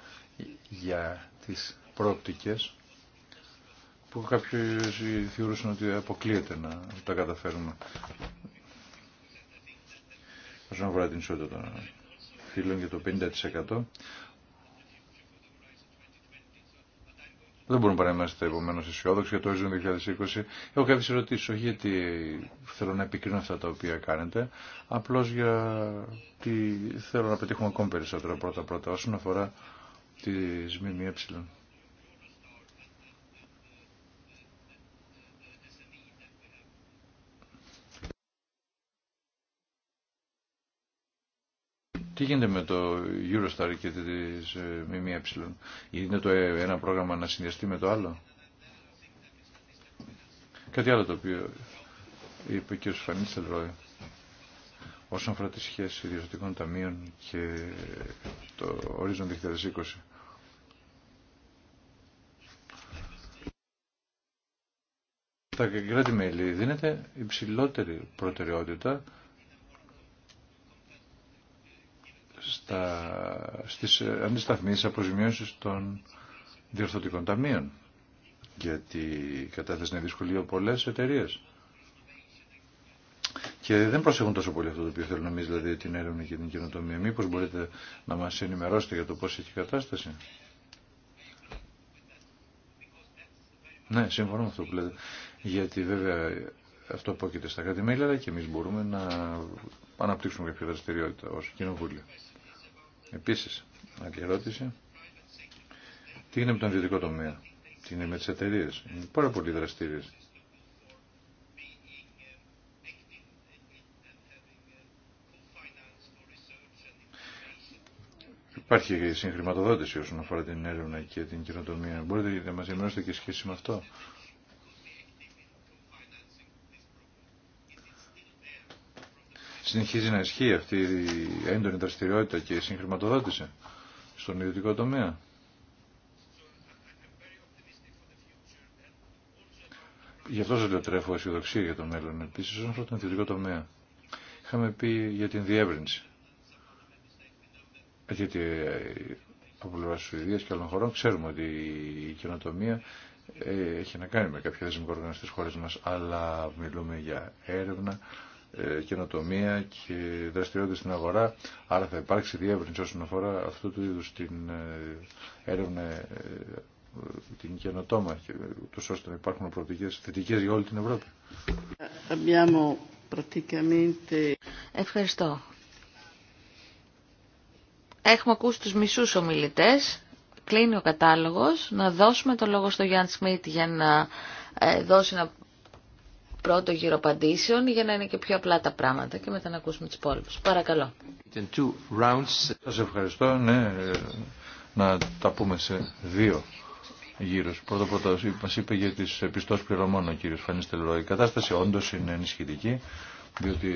για τις πρόπτικες που κάποιοι θεωρούσαν ότι αποκλείεται να τα καταφέρουμε. Όσον αφορά την ισότητα των φίλων για το 50% Δεν μπορούμε παρά να είμαστε επομένω αισιόδοξοι για το 2020. Έχω κάποιε ερωτήσει, όχι γιατί θέλω να επικρίνω αυτά τα οποία κάνετε, απλώ γιατί θέλω να πετύχουμε ακόμη περισσότερο πρώτα-πρώτα όσον αφορά τι ΜΜΕ. Τι γίνεται με το Eurostar και τις ΜΜΕ. Ε, Είναι το ε, ένα πρόγραμμα να συνδυαστεί με το άλλο. Κάτι άλλο το οποίο είπε ο κ. Φανίτσελ Όσον αφορά τη σχέση ιδιωτικών ταμείων και το ορίζον 2020. Τα κράτη-μέλη δίνεται υψηλότερη προτεραιότητα στα, στις αντισταθμίσεις αποζημιώσεις των διορθωτικών ταμείων. Γιατί κατάθεσαν δυσκολία πολλές εταιρείες. Και δεν προσέχουν τόσο πολύ αυτό το οποίο θέλουν εμείς, δηλαδή την έρευνα και την καινοτομία. Μήπως μπορείτε να μας ενημερώσετε για το πώς έχει η κατάσταση. Ναι, σύμφωνα με αυτό που λέτε. Γιατί βέβαια αυτό απόκειται στα κράτη-μέλη, αλλά και εμείς μπορούμε να αναπτύξουμε κάποια δραστηριότητα ως κοινοβούλιο. Επίσης, άλλη ερώτηση. Τι είναι με τον ιδιωτικό τομέα, τι είναι με τις εταιρείε. Είναι πάρα πολύ δραστήριες. Υπάρχει συγχρηματοδότηση όσον αφορά την έρευνα και την κοινοτομία. Μπορείτε να μας ενημερώσετε και σχέση με αυτό. συνεχίζει να ισχύει αυτή η έντονη δραστηριότητα και η συγχρηματοδότηση στον ιδιωτικό τομέα. Γι' αυτό σα λέω τρέφω αισιοδοξία για το μέλλον. Επίση, όσον αφορά τον ιδιωτικό τομέα, είχαμε πει για την διεύρυνση. Γιατί ε, από πλευρά Σουηδία και άλλων χωρών ξέρουμε ότι η καινοτομία ε, έχει να κάνει με κάποια δεσμικό οργάνωση χώρε μα, αλλά μιλούμε για έρευνα, ε, καινοτομία και δραστηριότητα στην αγορά. Άρα θα υπάρξει διεύρυνση όσον αφορά αυτού του είδους την ε, έρευνα ε, την καινοτόμα και ώστε να υπάρχουν προοπτικές θετικές για όλη την Ευρώπη. Ευχαριστώ. Έχουμε ακούσει τους μισούς ομιλητές. Κλείνει ο κατάλογος. Να δώσουμε το λόγο στο Γιάννη Σμίτ για να δώσει να πρώτο γύρο απαντήσεων για να είναι και πιο απλά τα πράγματα και μετά να ακούσουμε τις υπόλοιπους. Παρακαλώ. Σας ευχαριστώ. Ναι, να τα πούμε σε δύο γύρους. Πρώτο πρώτα μας είπε για τις επιστώσεις πληρωμών ο κύριος Φανίστελρο. Η κατάσταση όντως είναι ενισχυτική διότι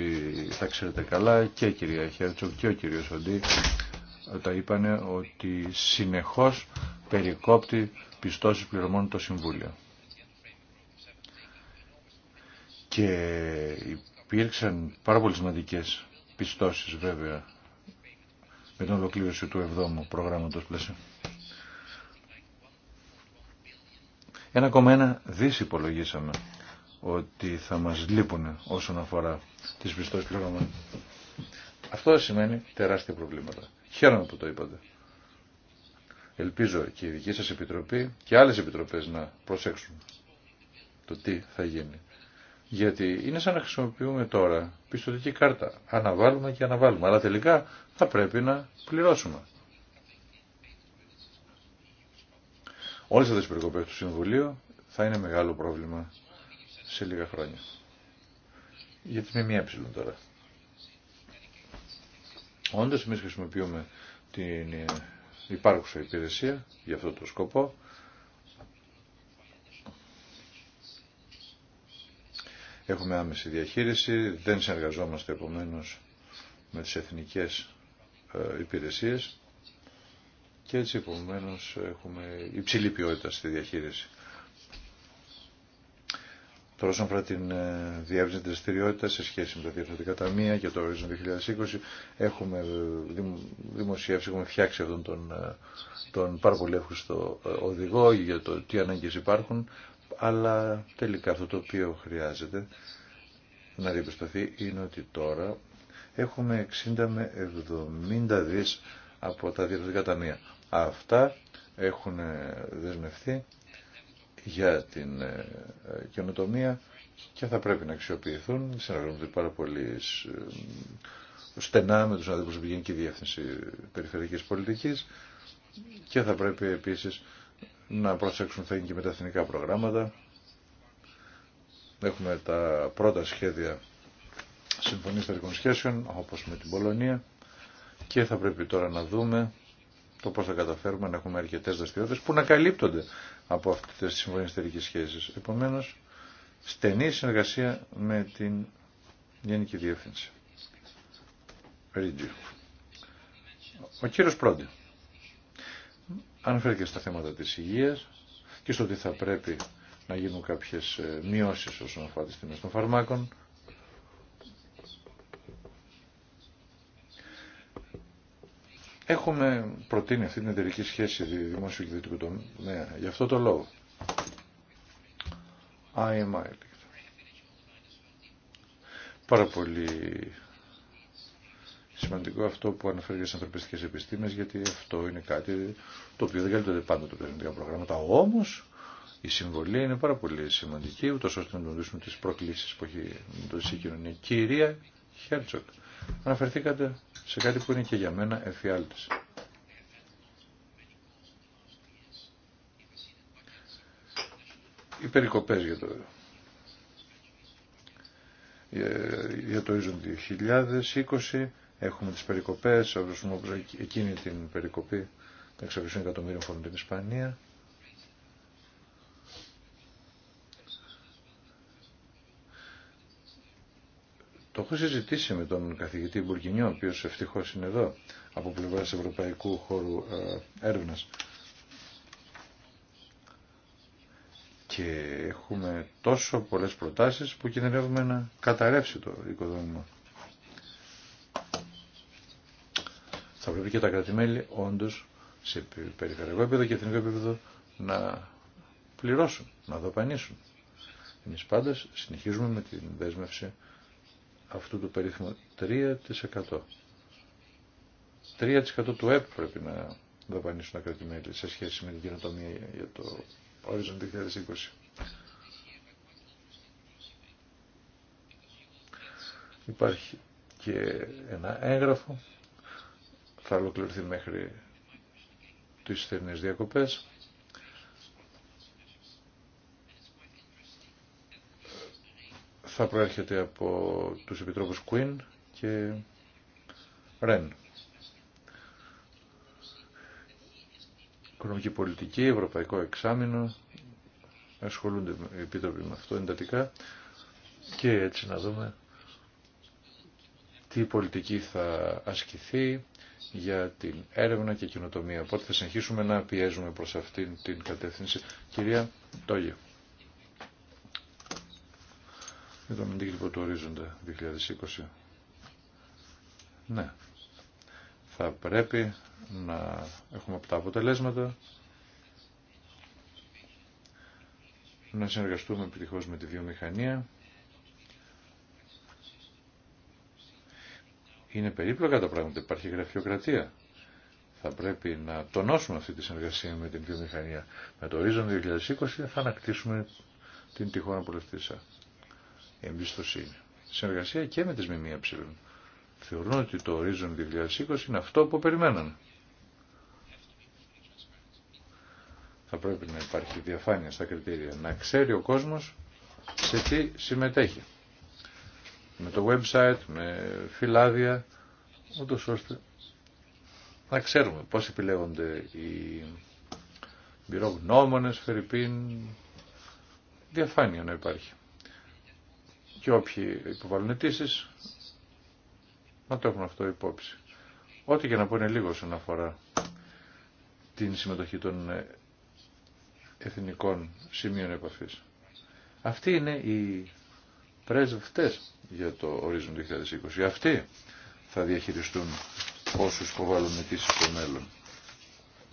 θα ξέρετε καλά και η κυρία Χέρτσοκ και ο κύριος Οντή τα είπανε ότι συνεχώς περικόπτει πιστώσεις πληρωμών το Συμβούλιο. και υπήρξαν πάρα πολύ σημαντικέ πιστώσεις βέβαια με την ολοκλήρωση του 7ου προγράμματος πλαίσιο. 1,1 δις υπολογίσαμε ότι θα μας λείπουν όσον αφορά τις πιστώσεις πληρωμών. Αυτό σημαίνει τεράστια προβλήματα. Χαίρομαι που το είπατε. Ελπίζω και η δική σας επιτροπή και άλλες επιτροπές να προσέξουν το τι θα γίνει. Γιατί είναι σαν να χρησιμοποιούμε τώρα πιστοτική κάρτα. Αναβάλουμε και αναβάλουμε. Αλλά τελικά θα πρέπει να πληρώσουμε. Όλε αυτέ τις περικοπέ του Συμβουλίου θα είναι μεγάλο πρόβλημα σε λίγα χρόνια. Γιατί με μία ΜΜΕ τώρα. Όντω εμεί χρησιμοποιούμε την υπάρχουσα υπηρεσία για αυτό το σκοπό Έχουμε άμεση διαχείριση, δεν συνεργαζόμαστε επομένως με τις εθνικές ε, υπηρεσίες και έτσι επομένως έχουμε υψηλή ποιότητα στη διαχείριση. Τώρα όσον αφορά την ε, διεύθυνση δραστηριότητα σε σχέση με τα διευθυντικά ταμεία και το Horizon 2020 έχουμε δημοσιεύσει, έχουμε φτιάξει αυτόν τον, ε, τον πάρα πολύ οδηγό για το τι ανάγκες υπάρχουν αλλά τελικά αυτό το οποίο χρειάζεται να διαπιστωθεί είναι ότι τώρα έχουμε 60 με 70 δις από τα διευθυντικά ταμεία. Αυτά έχουν δεσμευτεί για την ε, καινοτομία και θα πρέπει να αξιοποιηθούν. Συνεργαζόμαστε πάρα πολύ ε, στενά με τους που και η Διεύθυνση Περιφερειακής Πολιτικής και θα πρέπει επίσης να προσέξουν θα είναι και με τα εθνικά προγράμματα. Έχουμε τα πρώτα σχέδια συμφωνίες σχέσεων, όπως με την Πολωνία, και θα πρέπει τώρα να δούμε το πώς θα καταφέρουμε να έχουμε αρκετέ δραστηριότητε που να καλύπτονται από αυτές τις συμφωνίες θετικής σχέσης. Επομένως, στενή συνεργασία με την Γενική Διεύθυνση. Ο κύριος Πρόντι Αναφέρει και στα θέματα της υγείας και στο ότι θα πρέπει να γίνουν κάποιες ε, μειώσεις όσον αφορά τις τιμές των φαρμάκων. Έχουμε προτείνει αυτή την εταιρική σχέση δημόσιου και ιδιωτικού τομέα. Γι' αυτό το λόγο. IMI. Πάρα πολύ σημαντικό αυτό που αναφέρει για τι ανθρωπιστικέ επιστήμε, γιατί αυτό είναι κάτι το οποίο δεν καλύπτεται πάντα τα πνευματικά προγράμματα. Όμω η συμβολή είναι πάρα πολύ σημαντική, ούτω ώστε να γνωρίσουμε τι προκλήσει που έχει το συγκοινωνία. Κυρία Χέρτσοκ, αναφερθήκατε σε κάτι που είναι και για μένα εφιάλτη. Οι περικοπές για το για το Ίζον 2020 Έχουμε τις περικοπές, όπως εκείνη την περικοπή, 600 εκατομμύρια φορούν την Ισπανία. Το έχω συζητήσει με τον καθηγητή Μπουργκινιό, ο οποίος ευτυχώς είναι εδώ, από πλευράς Ευρωπαϊκού Χώρου ε, Έρευνας. Και έχουμε τόσο πολλές προτάσεις που κινδυνεύουμε να καταρρεύσει το οικοδόμημα. θα πρέπει και τα κρατημέλη όντως σε περιφερειακό επίπεδο και εθνικό επίπεδο να πληρώσουν, να δοπανίσουν. Εμείς πάντα συνεχίζουμε με την δέσμευση αυτού του περίφημου 3%. 3% του ΕΠ πρέπει να δοπανίσουν τα κρατημέλη σε σχέση με την καινοτομία για το Horizon 2020. Υπάρχει και ένα έγγραφο θα ολοκληρωθεί μέχρι τις θερινές διακοπές. Θα προέρχεται από τους επιτρόπους Queen και Ρεν. Οικονομική πολιτική, ευρωπαϊκό εξάμεινο, ασχολούνται οι επίτροποι με αυτό εντατικά και έτσι να δούμε τι πολιτική θα ασκηθεί, για την έρευνα και κοινοτομία. Οπότε θα συνεχίσουμε να πιέζουμε προς αυτήν την κατεύθυνση. Κυρία Τόγια. Για τον αντίκτυπο του ορίζοντα 2020. Ναι. Θα πρέπει να έχουμε από τα αποτελέσματα να συνεργαστούμε επιτυχώς με τη βιομηχανία Είναι περίπλοκα τα πράγματα, υπάρχει γραφειοκρατία. Θα πρέπει να τονώσουμε αυτή τη συνεργασία με την βιομηχανία. Με το Horizon 2020 θα ανακτήσουμε την τυχόν απολευθήσα. εμπιστοσύνη. Συνεργασία και με τις ΜΜΕ. Θεωρούν ότι το Horizon 2020 είναι αυτό που περιμένανε. Θα πρέπει να υπάρχει διαφάνεια στα κριτήρια. Να ξέρει ο κόσμος σε τι συμμετέχει με το website, με φυλάδια, ούτως ώστε να ξέρουμε πώς επιλέγονται οι μπειρογνώμονες, φερρυπίν, διαφάνεια να υπάρχει. Και όποιοι υποβάλλουν αιτήσει να το έχουν αυτό υπόψη. Ό,τι και να πω είναι λίγο όσον αφορά την συμμετοχή των εθνικών σημείων επαφής. Αυτή είναι η πρέσβευτες για το ορίζον 2020. Αυτοί θα διαχειριστούν όσους προβάλλουν αιτήσεις στο μέλλον.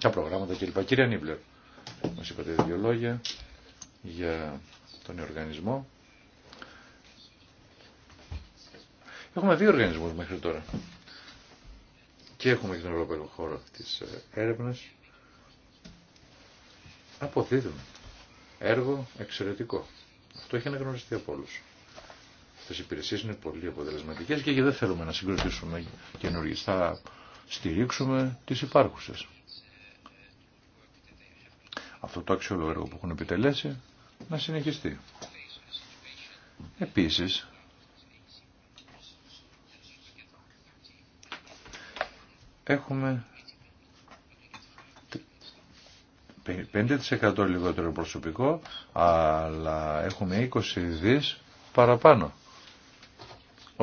Τα προγράμματα κλπ. Κύριε Νίβλερ, μας είπατε δύο λόγια για τον οργανισμό. Έχουμε δύο οργανισμούς μέχρι τώρα. Και έχουμε και τον Ευρωπαϊκό χώρο της ε, έρευνας. Αποδίδουμε. Έργο εξαιρετικό. Αυτό έχει αναγνωριστεί από όλους. Αυτές οι υπηρεσίες είναι πολύ αποτελεσματικές και δεν θέλουμε να συγκροτήσουμε καινούργιες. Θα στηρίξουμε τις υπάρχουσες. Αυτό το αξιόλογο έργο που έχουν επιτελέσει να συνεχιστεί. Επίσης, έχουμε 5% λιγότερο προσωπικό, αλλά έχουμε 20 δις παραπάνω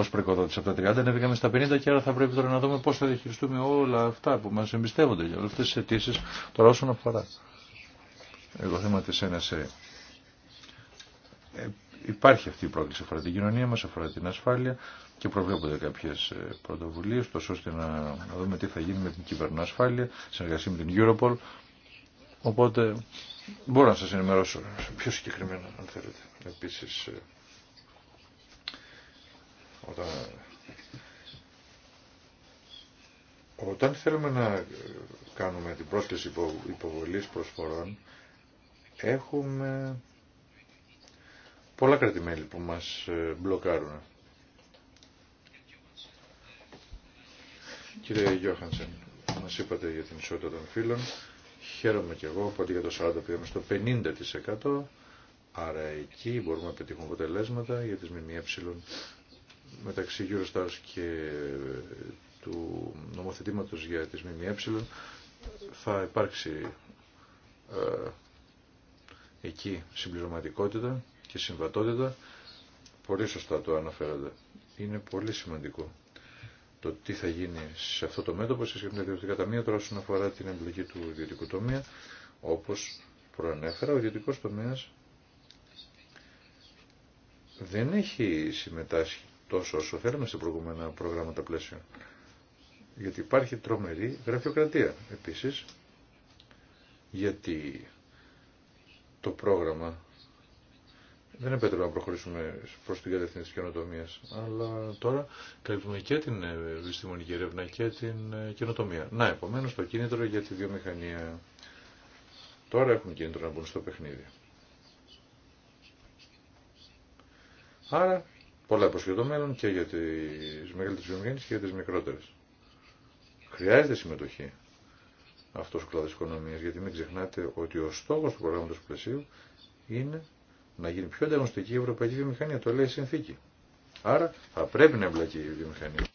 ως προοικοδότηση από τα 30 ανέβηκαμε στα 50 και άρα θα πρέπει τώρα να δούμε πώς θα διαχειριστούμε όλα αυτά που μας εμπιστεύονται για όλες αυτές τις αιτήσει τώρα όσον αφορά εγώ θέμα της Ε, υπάρχει αυτή η πρόκληση αφορά την κοινωνία μας, αφορά την ασφάλεια και προβλέπονται κάποιες ε, πρωτοβουλίες τόσο ώστε να, να δούμε τι θα γίνει με την κυβερνοασφάλεια, συνεργασία με την Europol. Οπότε μπορώ να σας ενημερώσω πιο συγκεκριμένα αν θέλετε. Επίσης, ε, όταν, όταν θέλουμε να κάνουμε την πρόσκληση υπο, υποβολής προσφορών, έχουμε πολλά κρατημέλη που μας ε, μπλοκάρουν. Κύριε Γιώχανσεν, μας είπατε για την ισότητα των φίλων Χαίρομαι και εγώ, οπότε για το 40 πήγαμε στο 50%. Άρα εκεί μπορούμε να πετύχουμε αποτελέσματα για τις ΜΜΕ μεταξύ Eurostars και του νομοθετήματος για τις ΜΜΕ θα υπάρξει ε, εκεί συμπληρωματικότητα και συμβατότητα. Πολύ σωστά το αναφέρατε. Είναι πολύ σημαντικό το τι θα γίνει σε αυτό το μέτωπο σε σχέση με τα ιδιωτικά ταμεία τώρα όσον αφορά την εμπλοκή του ιδιωτικού τομέα όπως προανέφερα ο ιδιωτικός τομέας δεν έχει συμμετάσχει τόσο όσο θέλουμε σε προηγούμενα προγράμματα πλαίσιο. Γιατί υπάρχει τρομερή γραφειοκρατία επίσης, γιατί το πρόγραμμα δεν επέτρεπε να προχωρήσουμε προς την κατεύθυνση της καινοτομίας, αλλά τώρα καλύπτουμε και την επιστημονική έρευνα και την καινοτομία. Να, επομένως, το κίνητρο για τη βιομηχανία. Τώρα έχουν κίνητρο να μπουν στο παιχνίδι. Άρα πολλά και το μέλλον και για τις μεγαλύτερες βιομηχανίες και για τις μικρότερες. Χρειάζεται συμμετοχή αυτός ο κλάδος οικονομίας, γιατί μην ξεχνάτε ότι ο στόχος του προγράμματος πλαισίου είναι να γίνει πιο ανταγωνιστική η ευρωπαϊκή βιομηχανία, το λέει η συνθήκη. Άρα θα πρέπει να εμπλακεί η βιομηχανία.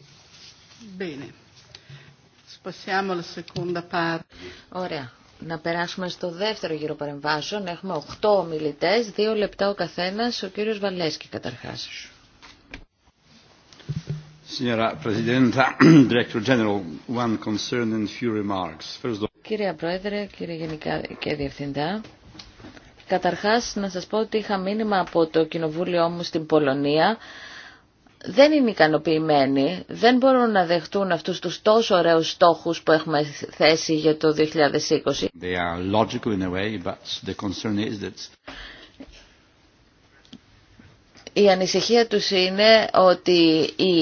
Ωραία. Να περάσουμε στο δεύτερο γύρο παρεμβάσεων. Έχουμε οχτώ ομιλητές, δύο λεπτά ο καθένα, ο κύριο Βαλέσκη καταρχά. Κύριε Πρόεδρε, κύριε Γενικά και Διευθυντά, καταρχάς να σας πω ότι είχα μήνυμα από το Κοινοβούλιο μου στην Πολωνία δεν είναι ικανοποιημένοι, δεν μπορούν να δεχτούν αυτούς τους τόσο ωραίους στόχους που έχουμε θέσει για το 2020. Η ανησυχία τους είναι ότι οι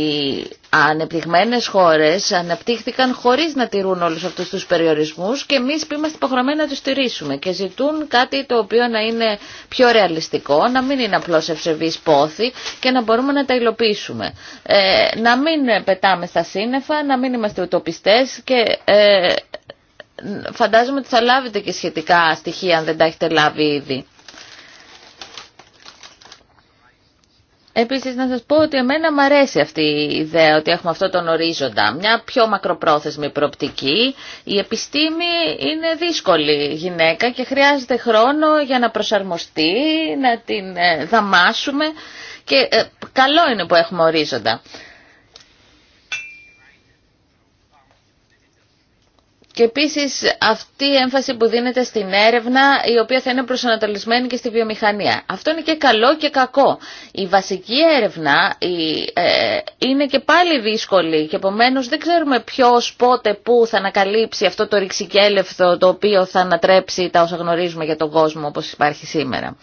ανεπτυγμένες χώρες αναπτύχθηκαν χωρίς να τηρούν όλους αυτούς τους περιορισμούς και εμείς που είμαστε υποχρεωμένοι να τους στηρίσουμε και ζητούν κάτι το οποίο να είναι πιο ρεαλιστικό, να μην είναι απλώς ευσεβής πόθη και να μπορούμε να τα υλοποιήσουμε. Ε, να μην πετάμε στα σύννεφα, να μην είμαστε ουτοπιστές και... Ε, φαντάζομαι ότι θα λάβετε και σχετικά στοιχεία αν δεν τα έχετε λάβει ήδη. Επίσης να σας πω ότι εμένα μου αρέσει αυτή η ιδέα ότι έχουμε αυτό τον ορίζοντα, μια πιο μακροπρόθεσμη προοπτική. Η επιστήμη είναι δύσκολη γυναίκα και χρειάζεται χρόνο για να προσαρμοστεί, να την ε, δαμάσουμε και ε, καλό είναι που έχουμε ορίζοντα. Και επίσης αυτή η έμφαση που δίνεται στην έρευνα η οποία θα είναι προσανατολισμένη και στη βιομηχανία. Αυτό είναι και καλό και κακό. Η βασική έρευνα η, ε, είναι και πάλι δύσκολη και επομένω δεν ξέρουμε ποιος, πότε, πού θα ανακαλύψει αυτό το ρηξικέλευθο το οποίο θα ανατρέψει τα όσα γνωρίζουμε για τον κόσμο όπως υπάρχει σήμερα.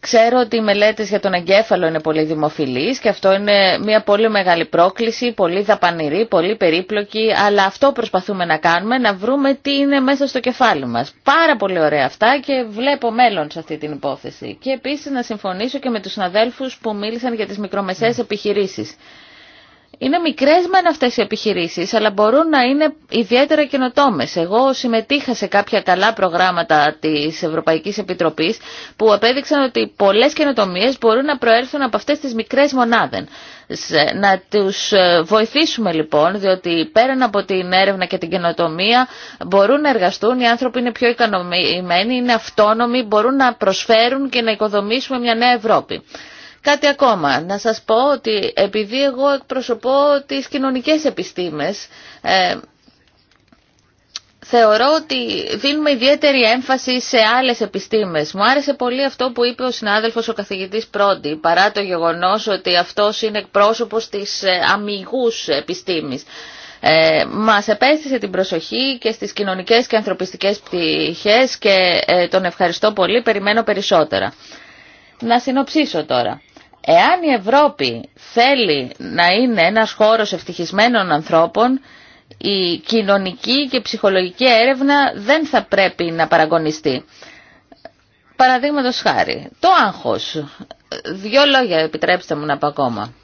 Ξέρω ότι οι μελέτες για τον εγκέφαλο είναι πολύ δημοφιλείς και αυτό είναι μια πολύ μεγάλη πρόκληση, πολύ δαπανηρή, πολύ περίπλοκη, αλλά αυτό προσπαθούμε να κάνουμε, να βρούμε τι είναι μέσα στο κεφάλι μας. Πάρα πολύ ωραία αυτά και βλέπω μέλλον σε αυτή την υπόθεση. Και επίσης να συμφωνήσω και με τους συναδέλφους που μίλησαν για τις μικρομεσαίες επιχειρήσεις. Είναι μικρές μεν αυτές οι επιχειρήσεις, αλλά μπορούν να είναι ιδιαίτερα καινοτόμε. Εγώ συμμετείχα σε κάποια καλά προγράμματα της Ευρωπαϊκής Επιτροπής που απέδειξαν ότι πολλές καινοτομίες μπορούν να προέρθουν από αυτές τις μικρές μονάδες. Να τους ε, βοηθήσουμε λοιπόν, διότι πέραν από την έρευνα και την καινοτομία μπορούν να εργαστούν, οι άνθρωποι είναι πιο ικανοποιημένοι, είναι αυτόνομοι, μπορούν να προσφέρουν και να οικοδομήσουμε μια νέα Ευρώπη. Κάτι ακόμα. Να σας πω ότι επειδή εγώ εκπροσωπώ τις κοινωνικές επιστήμες, ε, θεωρώ ότι δίνουμε ιδιαίτερη έμφαση σε άλλες επιστήμες. Μου άρεσε πολύ αυτό που είπε ο συνάδελφος ο καθηγητής Πρόντι, παρά το γεγονός ότι αυτός είναι εκπρόσωπος της ε, αμυγούς επιστήμης. Ε, μας επέστησε την προσοχή και στις κοινωνικές και ανθρωπιστικές πτυχές και τον ευχαριστώ πολύ, περιμένω περισσότερα. Να συνοψίσω τώρα. Εάν η Ευρώπη θέλει να είναι ένας χώρος ευτυχισμένων ανθρώπων, η κοινωνική και ψυχολογική έρευνα δεν θα πρέπει να παραγωνιστεί. Παραδείγματος χάρη, το άγχος. Δύο λόγια επιτρέψτε μου να πω ακόμα.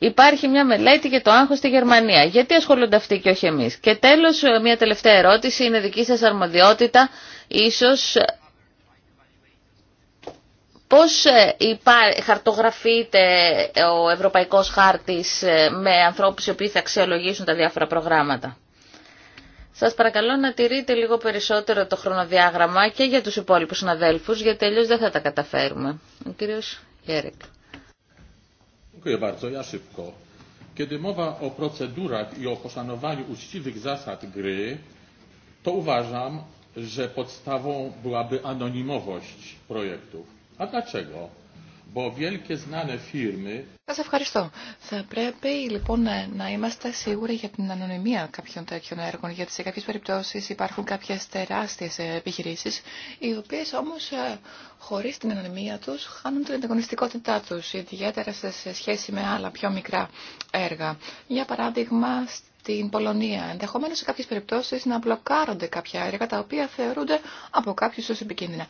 Υπάρχει μια μελέτη για το άγχος στη Γερμανία. Γιατί ασχολούνται αυτοί και όχι εμεί. Και τέλος, μια τελευταία ερώτηση είναι δική σα αρμοδιότητα. Ίσως Πώς ε, χαρτογραφείται ο Ευρωπαϊκός Χάρτης ε, με ανθρώπους οι οποίοι θα αξιολογήσουν τα διάφορα προγράμματα. Σας παρακαλώ να τηρείτε λίγο περισσότερο το χρονοδιάγραμμα και για τους υπόλοιπους συναδέλφους, γιατί τελείως δεν θα τα καταφέρουμε. Ο κύριος Γέρικ. Kiedy mowa o procedurach i o poszanowaniu uczciwych zasad gry, to uważam, że podstawą byłaby anonimowość προέκτου. A dlaczego? Bo wielkie znane firmy... ευχαριστώ. Θα πρέπει λοιπόν να είμαστε σίγουροι για την ανωνυμία κάποιων τέτοιων έργων, γιατί σε κάποιες περιπτώσεις υπάρχουν κάποιες τεράστιες επιχειρήσεις, οι οποίες όμως ε, χωρίς την ανωνυμία τους χάνουν την ανταγωνιστικότητά τους, ιδιαίτερα σε σχέση με άλλα πιο μικρά έργα. Για παράδειγμα, στην Πολωνία. Ενδεχομένω σε κάποιε περιπτώσει να μπλοκάρονται κάποια έργα τα οποία θεωρούνται από κάποιου ω επικίνδυνα.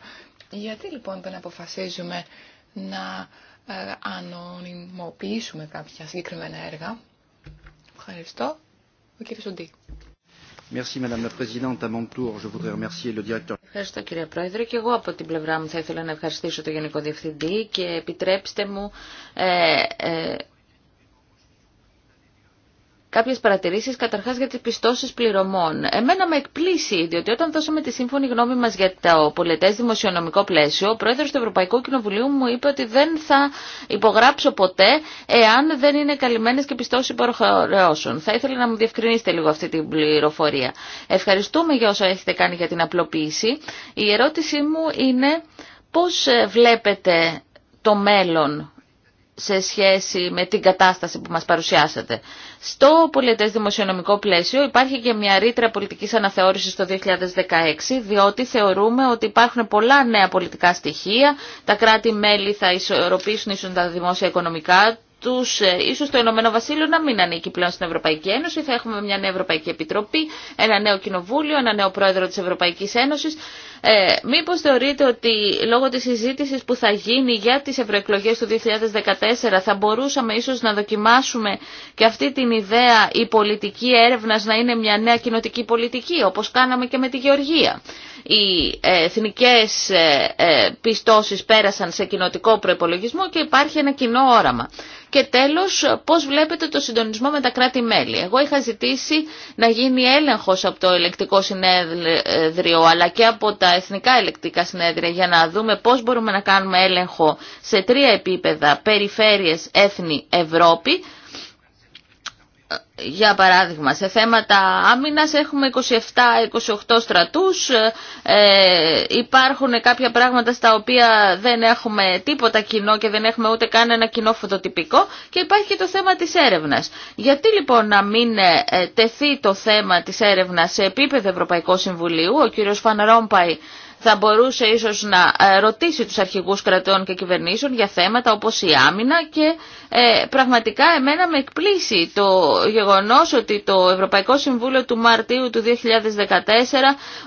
Γιατί λοιπόν δεν αποφασίζουμε να ε, ανωνυμοποιήσουμε κάποια συγκεκριμένα έργα. Ευχαριστώ. Ο κύριος Οντή. Ευχαριστώ κύριε Πρόεδρε και εγώ από την πλευρά μου θα ήθελα να ευχαριστήσω τον Γενικό Διευθυντή και επιτρέψτε μου ε, ε, κάποιες παρατηρήσεις καταρχάς για τις πιστώσεις πληρωμών. Εμένα με εκπλήσει, διότι όταν δώσαμε τη σύμφωνη γνώμη μας για το πολιτές δημοσιονομικό πλαίσιο, ο πρόεδρος του Ευρωπαϊκού Κοινοβουλίου μου είπε ότι δεν θα υπογράψω ποτέ εάν δεν είναι καλυμμένες και πιστώσεις υποχρεώσεων. Θα ήθελα να μου διευκρινίσετε λίγο αυτή την πληροφορία. Ευχαριστούμε για όσα έχετε κάνει για την απλοποίηση. Η ερώτησή μου είναι πώς βλέπετε το μέλλον σε σχέση με την κατάσταση που μας παρουσιάσατε. Στο πολιτές δημοσιονομικό πλαίσιο υπάρχει και μια ρήτρα πολιτικής αναθεώρησης το 2016, διότι θεωρούμε ότι υπάρχουν πολλά νέα πολιτικά στοιχεία, τα κράτη-μέλη θα ισορροπήσουν ίσως τα δημόσια οικονομικά τους, ε, ίσως το Ηνωμένο Βασίλειο να μην ανήκει πλέον στην Ευρωπαϊκή Ένωση, θα έχουμε μια νέα Ευρωπαϊκή Επιτροπή, ένα νέο Κοινοβούλιο, ένα νέο Πρόεδρο της Ευρωπαϊκής Ένωσης ε, μήπως θεωρείτε ότι λόγω της συζήτησης που θα γίνει για τις ευρωεκλογές του 2014 θα μπορούσαμε ίσως να δοκιμάσουμε και αυτή την ιδέα η πολιτική έρευνας να είναι μια νέα κοινοτική πολιτική όπως κάναμε και με τη Γεωργία. Οι ε, εθνικές ε, ε, πιστώσεις πέρασαν σε κοινοτικό προπολογισμό και υπάρχει ένα κοινό όραμα. Και τέλος, πώς βλέπετε το συντονισμό με τα κράτη-μέλη. Εγώ είχα ζητήσει να γίνει έλεγχος από το ελεκτικό συνέδριο αλλά και από τα εθνικά ελεκτικά συνέδρια για να δούμε πώς μπορούμε να κάνουμε έλεγχο σε τρία επίπεδα, περιφέρειες, έθνη, Ευρώπη, για παράδειγμα, σε θέματα άμυνας έχουμε 27-28 στρατούς, ε, υπάρχουν κάποια πράγματα στα οποία δεν έχουμε τίποτα κοινό και δεν έχουμε ούτε καν ένα κοινό φωτοτυπικό και υπάρχει και το θέμα της έρευνας. Γιατί λοιπόν να μην ε, τεθεί το θέμα της έρευνας σε επίπεδο Ευρωπαϊκού Συμβουλίου, ο κύριος Φαν Ρόμπαϊ θα μπορούσε ίσως να ε, ρωτήσει τους αρχηγούς κρατών και κυβερνήσεων για θέματα όπως η άμυνα και ε, πραγματικά εμένα με εκπλήσει το γεγονός ότι το Ευρωπαϊκό Συμβούλιο του Μαρτίου του 2014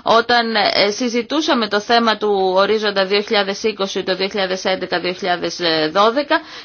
όταν ε, συζητούσαμε το θέμα του ορίζοντα 2020 το 2011-2012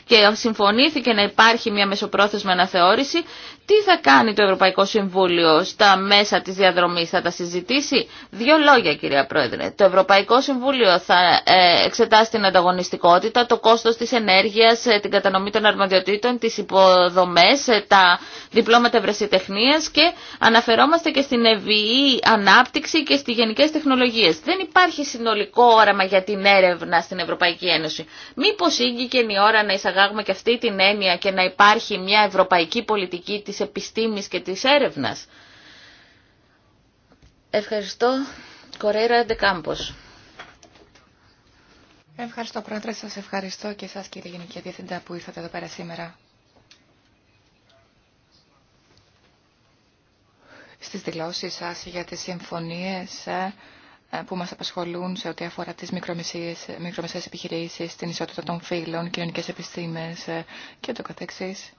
και συμφωνήθηκε να υπάρχει μια μεσοπρόθεσμη αναθεώρηση τι θα κάνει το Ευρωπαϊκό Συμβούλιο στα μέσα της διαδρομής, θα τα συζητήσει. Δύο λόγια κυρία Πρόεδρε. Το Ευρωπαϊκό Συμβούλιο θα ε, εξετάσει την ανταγωνιστικότητα, το κόστος της ενέργειας, ε, την κατανομή των αρμοδιοτήτων, τις υποδομές, ε, τα διπλώματα ευρεσιτεχνίας και αναφερόμαστε και στην ευηή ανάπτυξη και στις γενικές τεχνολογίες. Δεν υπάρχει συνολικό όραμα για την έρευνα στην Ευρωπαϊκή Ένωση. Μήπως ήγηκε η ώρα να εισαγάγουμε και αυτή την έννοια και να υπάρχει μια ευρωπαϊκή πολιτική της επιστήμης και της έρευνας. Ευχαριστώ. Κορέρα Ντεκάμπο. Ευχαριστώ πρόεδρε, σας ευχαριστώ και εσά, κύριε Γενική Διευθυντά που ήρθατε εδώ πέρα σήμερα. Στις δηλώσεις σας για τις συμφωνίες ε, ε, που μας απασχολούν σε ό,τι αφορά τις μικρομεσαίες επιχειρήσεις, την ισότητα των φύλων, κοινωνικές επιστήμες ε, και το καθεξής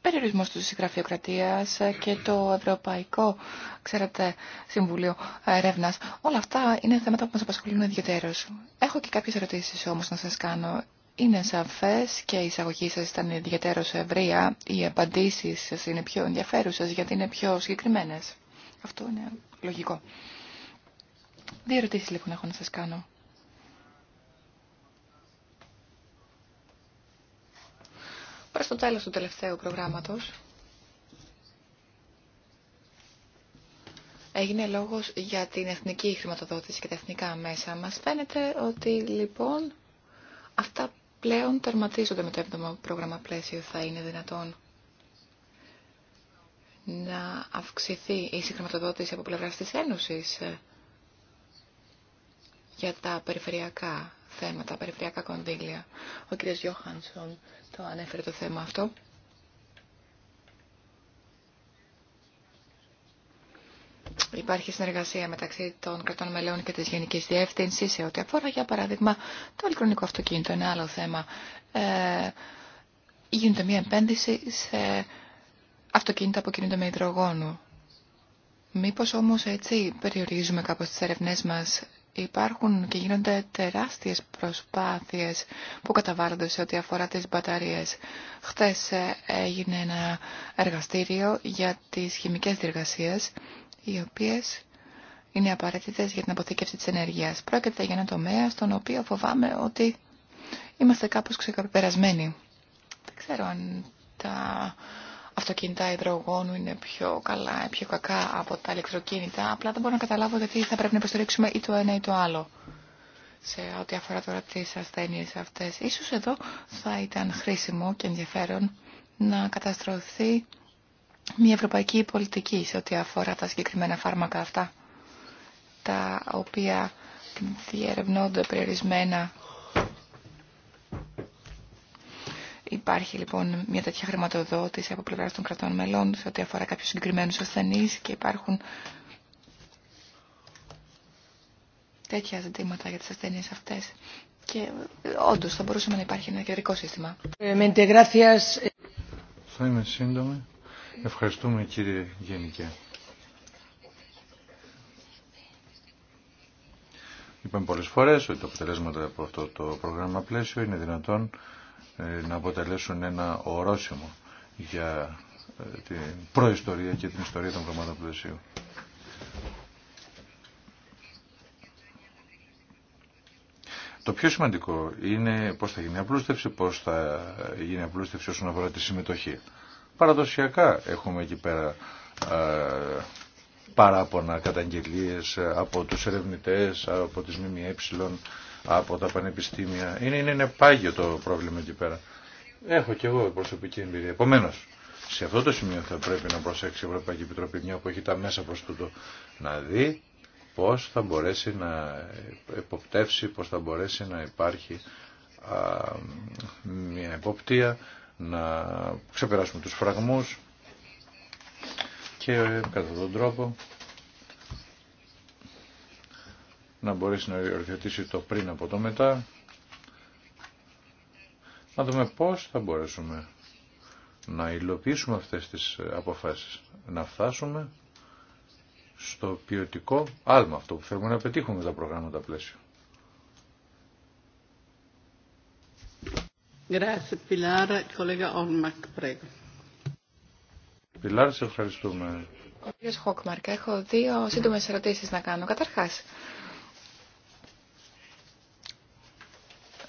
περιορισμός της γραφειοκρατίας και το Ευρωπαϊκό ξέρετε, Συμβουλίο Έρευνα. Όλα αυτά είναι θέματα που μας απασχολούν ιδιαίτερως. Έχω και κάποιες ερωτήσεις όμως να σας κάνω. Είναι σαφές και η εισαγωγή σας ήταν ιδιαίτερως ευρεία. Οι απαντήσεις σας είναι πιο ενδιαφέρουσες γιατί είναι πιο συγκεκριμένες. Αυτό είναι λογικό. Δύο ερωτήσεις λοιπόν έχω να σας κάνω. προς το τέλος του τελευταίου προγράμματος έγινε λόγος για την εθνική χρηματοδότηση και τα εθνικά μέσα. Μας φαίνεται ότι λοιπόν αυτά πλέον τερματίζονται με το 7 πρόγραμμα πλαίσιο θα είναι δυνατόν να αυξηθεί η συγχρηματοδότηση από πλευράς της Ένωσης ε, για τα περιφερειακά θέματα, περιφερειακά κονδύλια. Ο κ. Γιώχανσον το ανέφερε το θέμα αυτό. Υπάρχει συνεργασία μεταξύ των κρατών μελών και της Γενικής Διεύθυνσης σε ό,τι αφορά, για παράδειγμα, το ηλεκτρονικό αυτοκίνητο. Ένα άλλο θέμα. Ε, γίνεται μια επένδυση σε αυτοκίνητα που κινούνται με υδρογόνο. Μήπως όμως έτσι περιορίζουμε κάπως τις ερευνές μας υπάρχουν και γίνονται τεράστιες προσπάθειες που καταβάλλονται σε ό,τι αφορά τις μπαταρίες. Χθες ε, έγινε ένα εργαστήριο για τις χημικές διεργασίες, οι οποίες είναι απαραίτητες για την αποθήκευση της ενέργειας. Πρόκειται για ένα τομέα στον οποίο φοβάμαι ότι είμαστε κάπως ξεκαπερασμένοι. Δεν ξέρω αν τα αυτοκίνητα υδρογόνου είναι πιο καλά, πιο κακά από τα ηλεκτροκίνητα. Απλά δεν μπορώ να καταλάβω γιατί θα πρέπει να υποστηρίξουμε ή το ένα ή το άλλο σε ό,τι αφορά τώρα τις ασθένειες αυτές. Ίσως εδώ θα ήταν χρήσιμο και ενδιαφέρον να καταστρωθεί μια ευρωπαϊκή πολιτική σε ό,τι αφορά τα συγκεκριμένα φάρμακα αυτά, τα οποία διερευνώνται περιορισμένα Υπάρχει λοιπόν μια τέτοια χρηματοδότηση από πλευρά των κρατών μελών σε ό,τι αφορά κάποιου συγκεκριμένου ασθενεί και υπάρχουν τέτοια ζητήματα για τι ασθένειε αυτέ. Και όντω θα μπορούσαμε να υπάρχει ένα κεντρικό σύστημα. Θα είμαι σύντομη. Ευχαριστούμε κύριε Γενικέ. Είπαμε πολλές φορές ότι τα αποτελέσματα από αυτό το πρόγραμμα πλαίσιο είναι δυνατόν ε, να αποτελέσουν ένα ορόσημο για ε, την προϊστορία και την ιστορία των πραγμάτων Το πιο σημαντικό είναι πώς θα γίνει η απλούστευση, πώς θα γίνει η απλούστευση όσον αφορά τη συμμετοχή. Παραδοσιακά έχουμε εκεί πέρα ε, παράπονα, καταγγελίες από τους ερευνητές, από τις ΜΜΕ, από τα πανεπιστήμια. Είναι, είναι, είναι πάγιο το πρόβλημα εκεί πέρα. Έχω και εγώ προσωπική εμπειρία. Επομένω, σε αυτό το σημείο θα πρέπει να προσέξει η Ευρωπαϊκή Επιτροπή, μια που έχει τα μέσα προ τούτο, να δει πώ θα μπορέσει να εποπτεύσει, πώ θα μπορέσει να υπάρχει μια εποπτεία, να ξεπεράσουμε τους φραγμούς και κατά τον τρόπο να μπορέσει να οριοθετήσει το πριν από το μετά. Να δούμε πώς θα μπορέσουμε να υλοποιήσουμε αυτές τις αποφάσεις. Να φτάσουμε στο ποιοτικό άλμα αυτό που θέλουμε να πετύχουμε με τα προγράμματα πλαίσιο. Πιλάρ, σε ευχαριστούμε. Ο Χόκμαρκ, έχω δύο σύντομε ερωτήσει να κάνω. Καταρχά,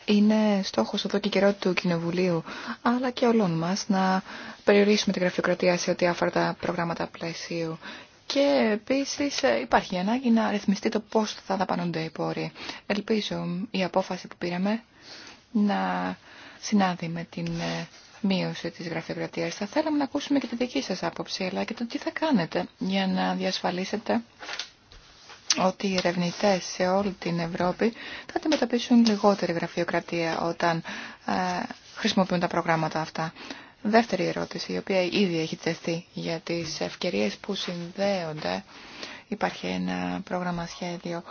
είναι στόχος εδώ και καιρό του Κοινοβουλίου, αλλά και όλων μας, να περιορίσουμε τη γραφειοκρατία σε ό,τι αφορά τα προγράμματα πλαισίου. Και επίσης ε, υπάρχει ανάγκη να ρυθμιστεί το πώς θα δαπανούνται οι πόροι. Ελπίζω η απόφαση που πήραμε να συνάδει με την ε, μείωση της γραφειοκρατίας. Θα θέλαμε να ακούσουμε και τη δική σας άποψη, αλλά και το τι θα κάνετε για να διασφαλίσετε ότι οι ερευνητέ σε όλη την Ευρώπη θα αντιμετωπίσουν λιγότερη γραφειοκρατία όταν ε, χρησιμοποιούν τα προγράμματα αυτά. Δεύτερη ερώτηση, η οποία ήδη έχει τεθεί για τις ευκαιρίες που συνδέονται. Υπάρχει ένα πρόγραμμα σχέδιο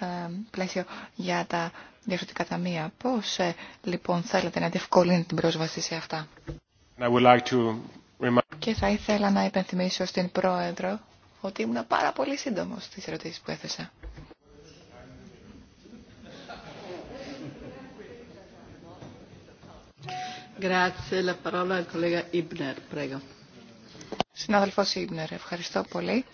ε, πλαίσιο για τα διαφορετικά ταμεία. Πώς ε, λοιπόν θέλετε να διευκολύνετε την πρόσβαση σε αυτά. Και θα ήθελα να υπενθυμίσω στην Πρόεδρο ότι ήμουν πάρα πολύ σύντομο στι ερωτήσει που έθεσα. Συνάδελφο Ήμπνερ, ευχαριστώ πολύ.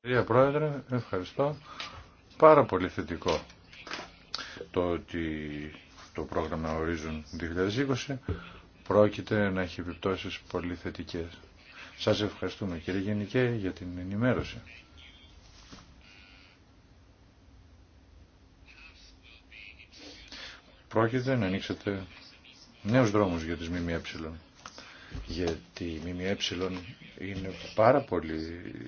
Κυρία Πρόεδρε, ευχαριστώ. Πάρα πολύ θετικό το ότι το πρόγραμμα Horizon 2020 πρόκειται να έχει επιπτώσεις πολύ θετικές. Σας ευχαριστούμε κύριε Γενικέ για την ενημέρωση. Πρόκειται να ανοίξετε νέους δρόμους για τις ΜΜΕ. Γιατί οι ΜΜΕ είναι πάρα πολύ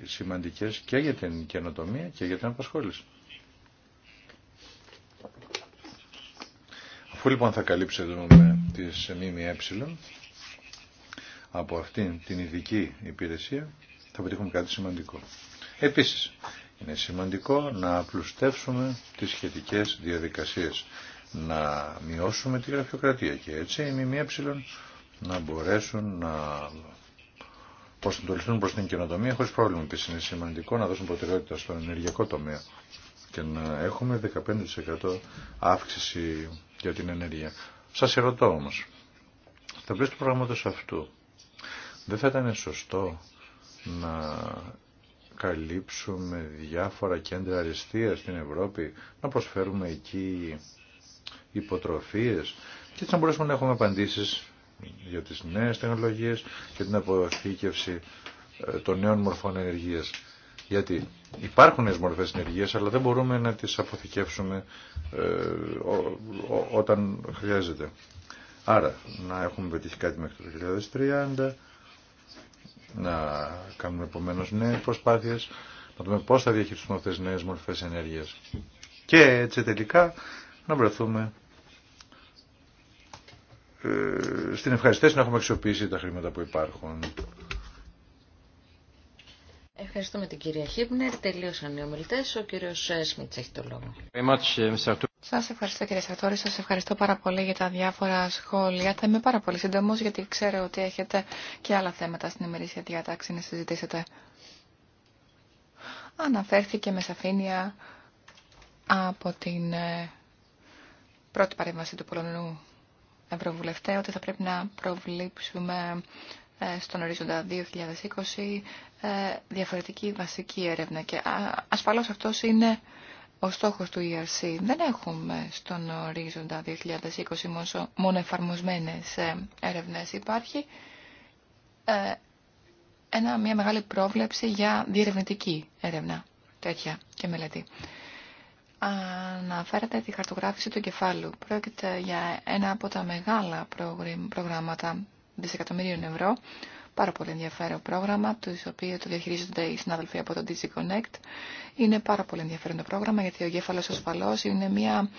σημαντικές και για την καινοτομία και για την απασχόληση. Αφού λοιπόν θα καλύψετε με της ΜΜΕ από αυτήν την ειδική υπηρεσία θα πετύχουμε κάτι σημαντικό. Επίσης, είναι σημαντικό να απλουστεύσουμε τις σχετικές διαδικασίες, να μειώσουμε τη γραφειοκρατία και έτσι οι ΜΜΕ να μπορέσουν να προστατολιστούν προς την καινοτομία χωρίς πρόβλημα. Επίσης είναι σημαντικό να δώσουν προτεραιότητα στον ενεργειακό τομέα και να έχουμε 15% αύξηση για την ενέργεια σα ερωτώ όμως, στο πλαίσιο του προγράμματος αυτού, δεν θα ήταν σωστό να καλύψουμε διάφορα κέντρα αριστείας στην Ευρώπη, να προσφέρουμε εκεί υποτροφίες και έτσι να μπορέσουμε να έχουμε απαντήσεις για τις νέες τεχνολογίες και την αποθήκευση ε, των νέων μορφών ενεργείας. Γιατί υπάρχουν νέες μορφές ενεργείας, αλλά δεν μπορούμε να τις αποθηκεύσουμε ε, όταν χρειάζεται. Άρα, να έχουμε πετύχει κάτι μέχρι το 2030, να κάνουμε επομένω νέες προσπάθειες, να δούμε πώς θα διαχειριστούμε αυτές τις νέες μορφές ενέργειας. Και έτσι τελικά να βρεθούμε ε, στην ευχαριστήση να έχουμε αξιοποιήσει τα χρήματα που υπάρχουν. Ευχαριστούμε την κυρία Χίπνερ. Τελείωσαν οι ομιλητέ. Ο κύριο ε, Σμιτ έχει το λόγο. Ε, Σα ευχαριστώ κύριε Σαρτόρη. Σα ευχαριστώ πάρα πολύ για τα διάφορα σχόλια. Θα είμαι πάρα πολύ σύντομο γιατί ξέρω ότι έχετε και άλλα θέματα στην ημερήσια διάταξη να συζητήσετε. Αναφέρθηκε με σαφήνεια από την ε, πρώτη παρέμβαση του Πολωνού Ευρωβουλευτέ ότι θα πρέπει να προβλήψουμε ε, στον ορίζοντα 2020 ε, διαφορετική βασική έρευνα και ασφαλώς αυτός είναι ο στόχος του ERC. Δεν έχουμε στον ορίζοντα 2020 μόνο εφαρμοσμένες ε, έρευνες. Υπάρχει ένα, μια μεγάλη πρόβλεψη για διερευνητική έρευνα τέτοια και μελέτη. Αναφέρεται τη χαρτογράφηση του κεφάλου. Πρόκειται για ένα από τα μεγάλα προγράμματα δισεκατομμύριων ευρώ. Πάρα πολύ ενδιαφέρον πρόγραμμα, το οποίο το διαχειρίζονται οι συνάδελφοι από το DigiConnect. Είναι πάρα πολύ ενδιαφέρον το πρόγραμμα, γιατί ο Γέφαλος ασφαλώς είναι μια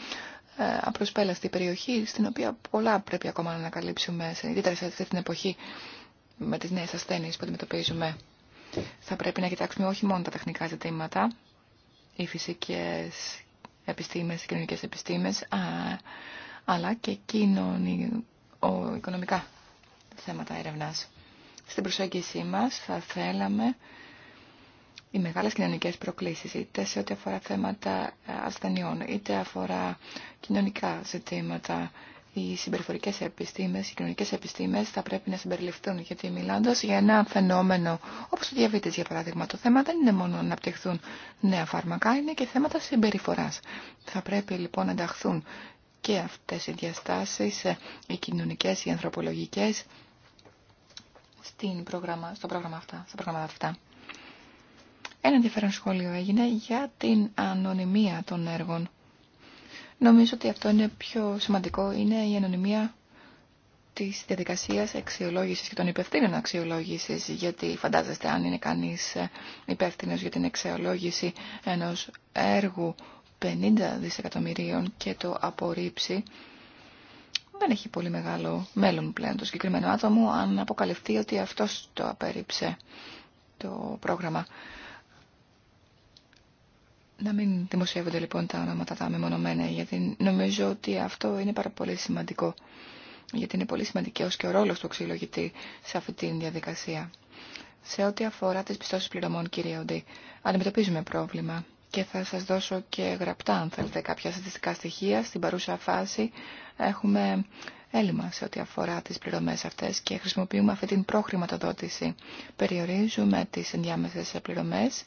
ε, απροσπέλαστη περιοχή, στην οποία πολλά πρέπει ακόμα να ανακαλύψουμε, ιδιαίτερα σε αυτή την εποχή με τις νέες ασθένειες που αντιμετωπίζουμε. Θα πρέπει να κοιτάξουμε όχι μόνο τα τεχνικά ζητήματα, οι φυσικές επιστήμες, οι κοινωνικές επιστήμες, αλλά και κοινωνικά, οικονομικα θέματα έρευνας. Στην προσέγγιση μας θα θέλαμε οι μεγάλες κοινωνικές προκλήσεις, είτε σε ό,τι αφορά θέματα ε, ασθενειών, είτε αφορά κοινωνικά ζητήματα, οι συμπεριφορικές επιστήμες, οι κοινωνικές επιστήμες θα πρέπει να συμπεριληφθούν, γιατί μιλώντας για ένα φαινόμενο όπως το διαβήτης για παράδειγμα, το θέμα δεν είναι μόνο να αναπτυχθούν νέα φάρμακα, είναι και θέματα συμπεριφοράς. Θα πρέπει λοιπόν να ενταχθούν και αυτές οι διαστάσεις, ε, οι κοινωνικές, οι ανθρωπολογικές, στην στο πρόγραμμα αυτά, στα αυτά. Ένα ενδιαφέρον σχόλιο έγινε για την ανωνυμία των έργων. Νομίζω ότι αυτό είναι πιο σημαντικό, είναι η ανωνυμία της διαδικασίας αξιολόγησης και των υπευθύνων αξιολόγησης, γιατί φαντάζεστε αν είναι κανείς ε, υπεύθυνο για την αξιολόγηση ενός έργου 50 δισεκατομμυρίων και το απορρίψει, δεν έχει πολύ μεγάλο μέλλον πλέον το συγκεκριμένο άτομο αν αποκαλυφθεί ότι αυτός το απέρριψε το πρόγραμμα. Να μην δημοσιεύονται λοιπόν τα ονόματα τα μεμονωμένα, γιατί νομίζω ότι αυτό είναι πάρα πολύ σημαντικό. Γιατί είναι πολύ σημαντικό και ο ρόλος του αξιολογητή σε αυτή τη διαδικασία. Σε ό,τι αφορά τις πιστώσεις πληρωμών, κύριε Οντή, αντιμετωπίζουμε πρόβλημα και θα σας δώσω και γραπτά αν θέλετε κάποια στατιστικά στοιχεία. Στην παρούσα φάση έχουμε έλλειμμα σε ό,τι αφορά τις πληρωμές αυτές και χρησιμοποιούμε αυτή την προχρηματοδότηση. Περιορίζουμε τις ενδιάμεσες πληρωμές,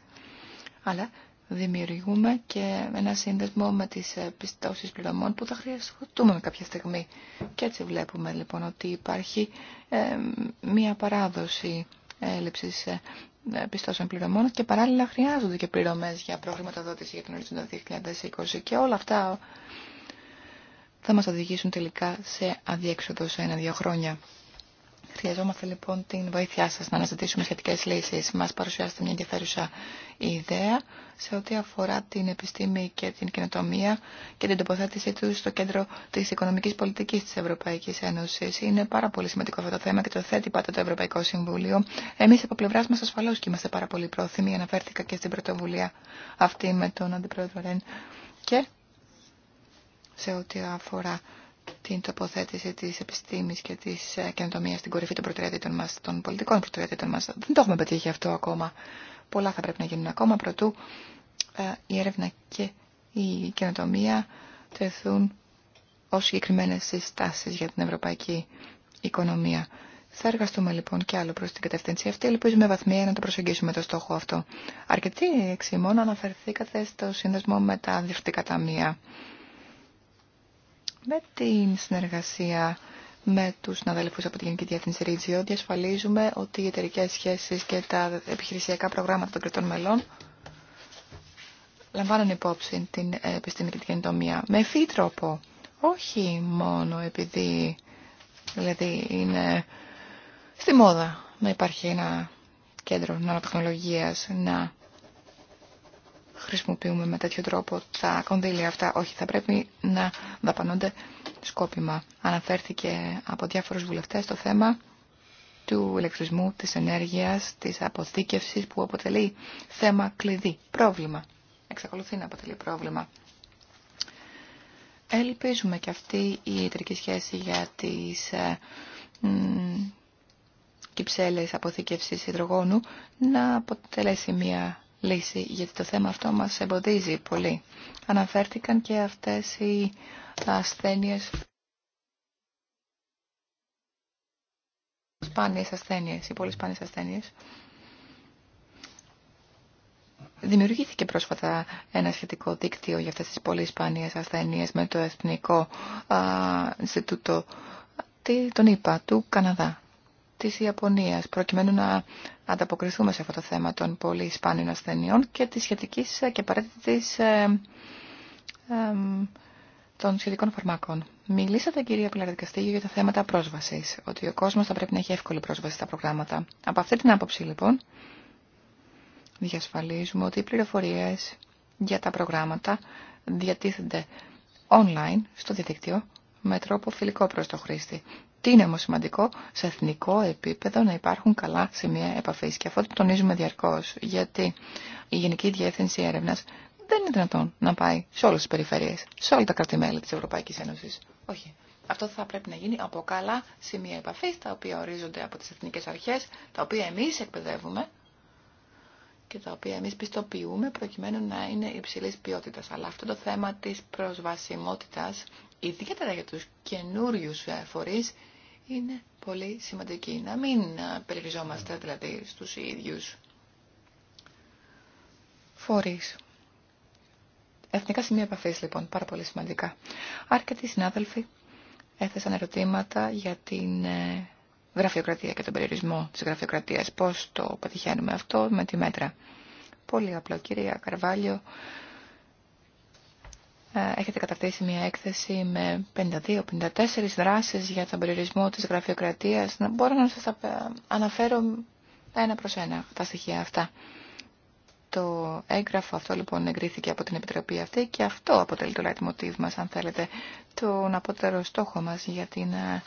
αλλά δημιουργούμε και ένα σύνδεσμο με τις πιστώσεις πληρωμών που θα χρειαστούμε κάποια στιγμή. Και έτσι βλέπουμε λοιπόν ότι υπάρχει ε, μία παράδοση έλλειψης ε, πιστώσεων πληρωμών και παράλληλα χρειάζονται και πληρωμές για προχρηματοδότηση για τον ορίζοντα 2020 και όλα αυτά θα μας οδηγήσουν τελικά σε αδιέξοδο σε ένα-δύο χρόνια. Χρειαζόμαστε λοιπόν την βοήθειά σας να αναζητήσουμε σχετικές λύσεις. Μας παρουσιάσετε μια ενδιαφέρουσα ιδέα σε ό,τι αφορά την επιστήμη και την κοινοτομία και την τοποθέτησή του στο κέντρο της οικονομικής πολιτικής της Ευρωπαϊκής Ένωσης. Είναι πάρα πολύ σημαντικό αυτό το θέμα και το θέτει πάντα το Ευρωπαϊκό Συμβούλιο. Εμείς από πλευρά μας ασφαλώς και είμαστε πάρα πολύ πρόθυμοι. Αναφέρθηκα και στην πρωτοβουλία αυτή με τον Αντιπρόεδρο Ρεν. Και σε ό,τι αφορά την τοποθέτηση τη επιστήμη και τη ε, καινοτομία στην κορυφή των προτεραιότητων μα, των πολιτικών προτεραιότητων μα. Δεν το έχουμε πετύχει αυτό ακόμα. Πολλά θα πρέπει να γίνουν ακόμα προτού ε, η έρευνα και η καινοτομία τεθούν ω συγκεκριμένε συστάσει για την ευρωπαϊκή οικονομία. Θα εργαστούμε λοιπόν και άλλο προ την κατεύθυνση αυτή. Ελπίζουμε βαθμία να το προσεγγίσουμε το στόχο αυτό. Αρκετοί εξημών αναφερθήκατε στο σύνδεσμο με τα διευθυντικά ταμεία. Με την συνεργασία με τους συναδέλφους από την Γενική Διεύθυνση Ρίτζιο διασφαλίζουμε ότι οι εταιρικέ σχέσεις και τα επιχειρησιακά προγράμματα των κριτών μελών λαμβάνουν υπόψη την επιστήμη και την καινοτομία. Με ευφύ τρόπο, όχι μόνο επειδή δηλαδή είναι στη μόδα να υπάρχει ένα κέντρο νανοτεχνολογίας να χρησιμοποιούμε με τέτοιο τρόπο τα κονδύλια αυτά. Όχι, θα πρέπει να δαπανώνται σκόπιμα. Αναφέρθηκε από διάφορους βουλευτές το θέμα του ηλεκτρισμού, της ενέργειας, της αποθήκευσης που αποτελεί θέμα κλειδί, πρόβλημα. Εξακολουθεί να αποτελεί πρόβλημα. Ελπίζουμε και αυτή η ιατρική σχέση για τις ε, κυψέλες αποθήκευσης υδρογόνου να αποτελέσει μια λύση, γιατί το θέμα αυτό μας εμποδίζει πολύ. Αναφέρθηκαν και αυτές οι ασθένειες, σπάνιες ασθένειες, οι πολύ σπάνιες ασθένειες. Δημιουργήθηκε πρόσφατα ένα σχετικό δίκτυο για αυτές τις πολύ σπάνιες ασθένειες με το Εθνικό Ινστιτούτο, τι τον είπα, του Καναδά της Ιαπωνίας προκειμένου να ανταποκριθούμε σε αυτό το θέμα των πολύ σπάνιων ασθενειών και της σχετικής και απαραίτητης ε, ε, των σχετικών φαρμάκων. Μιλήσατε κυρία Πιλαρδικαστήγιο για τα θέματα πρόσβασης, ότι ο κόσμος θα πρέπει να έχει εύκολη πρόσβαση στα προγράμματα. Από αυτή την άποψη λοιπόν διασφαλίζουμε ότι οι πληροφορίες για τα προγράμματα διατίθενται online στο διαδικτύο με τρόπο φιλικό προς το χρήστη. Τι είναι όμω σημαντικό σε εθνικό επίπεδο να υπάρχουν καλά σημεία επαφή. Και αυτό το τονίζουμε διαρκώ. Γιατί η Γενική Διεύθυνση Έρευνα δεν είναι δυνατόν να πάει σε όλε τι περιφέρειε, σε όλα τα κράτη-μέλη τη Ευρωπαϊκή Ένωση. Όχι. Αυτό θα πρέπει να γίνει από καλά σημεία επαφή, τα οποία ορίζονται από τι εθνικέ αρχέ, τα οποία εμεί εκπαιδεύουμε και τα οποία εμεί πιστοποιούμε προκειμένου να είναι υψηλή ποιότητα. Αλλά αυτό το θέμα τη προσβασιμότητα, ιδιαίτερα για του καινούριου φορεί, είναι πολύ σημαντική. Να μην περιοριζόμαστε δηλαδή στους ίδιους φορείς. Εθνικά σημεία επαφή λοιπόν, πάρα πολύ σημαντικά. Άρκετοι συνάδελφοι έθεσαν ερωτήματα για την ε, γραφειοκρατία και τον περιορισμό της γραφειοκρατίας. Πώς το πετυχαίνουμε αυτό με τη μέτρα. Πολύ απλό, κυρία Καρβάλιο. Ε, έχετε καταρτήσει μια έκθεση με 52-54 δράσεις για τον περιορισμό της γραφειοκρατίας. μπορώ να σας αναφέρω ένα προς ένα τα στοιχεία αυτά. Το έγγραφο αυτό λοιπόν εγκρίθηκε από την Επιτροπή αυτή και αυτό αποτελεί το leitmotiv μας, αν θέλετε, τον απότερο στόχο μας για την ε,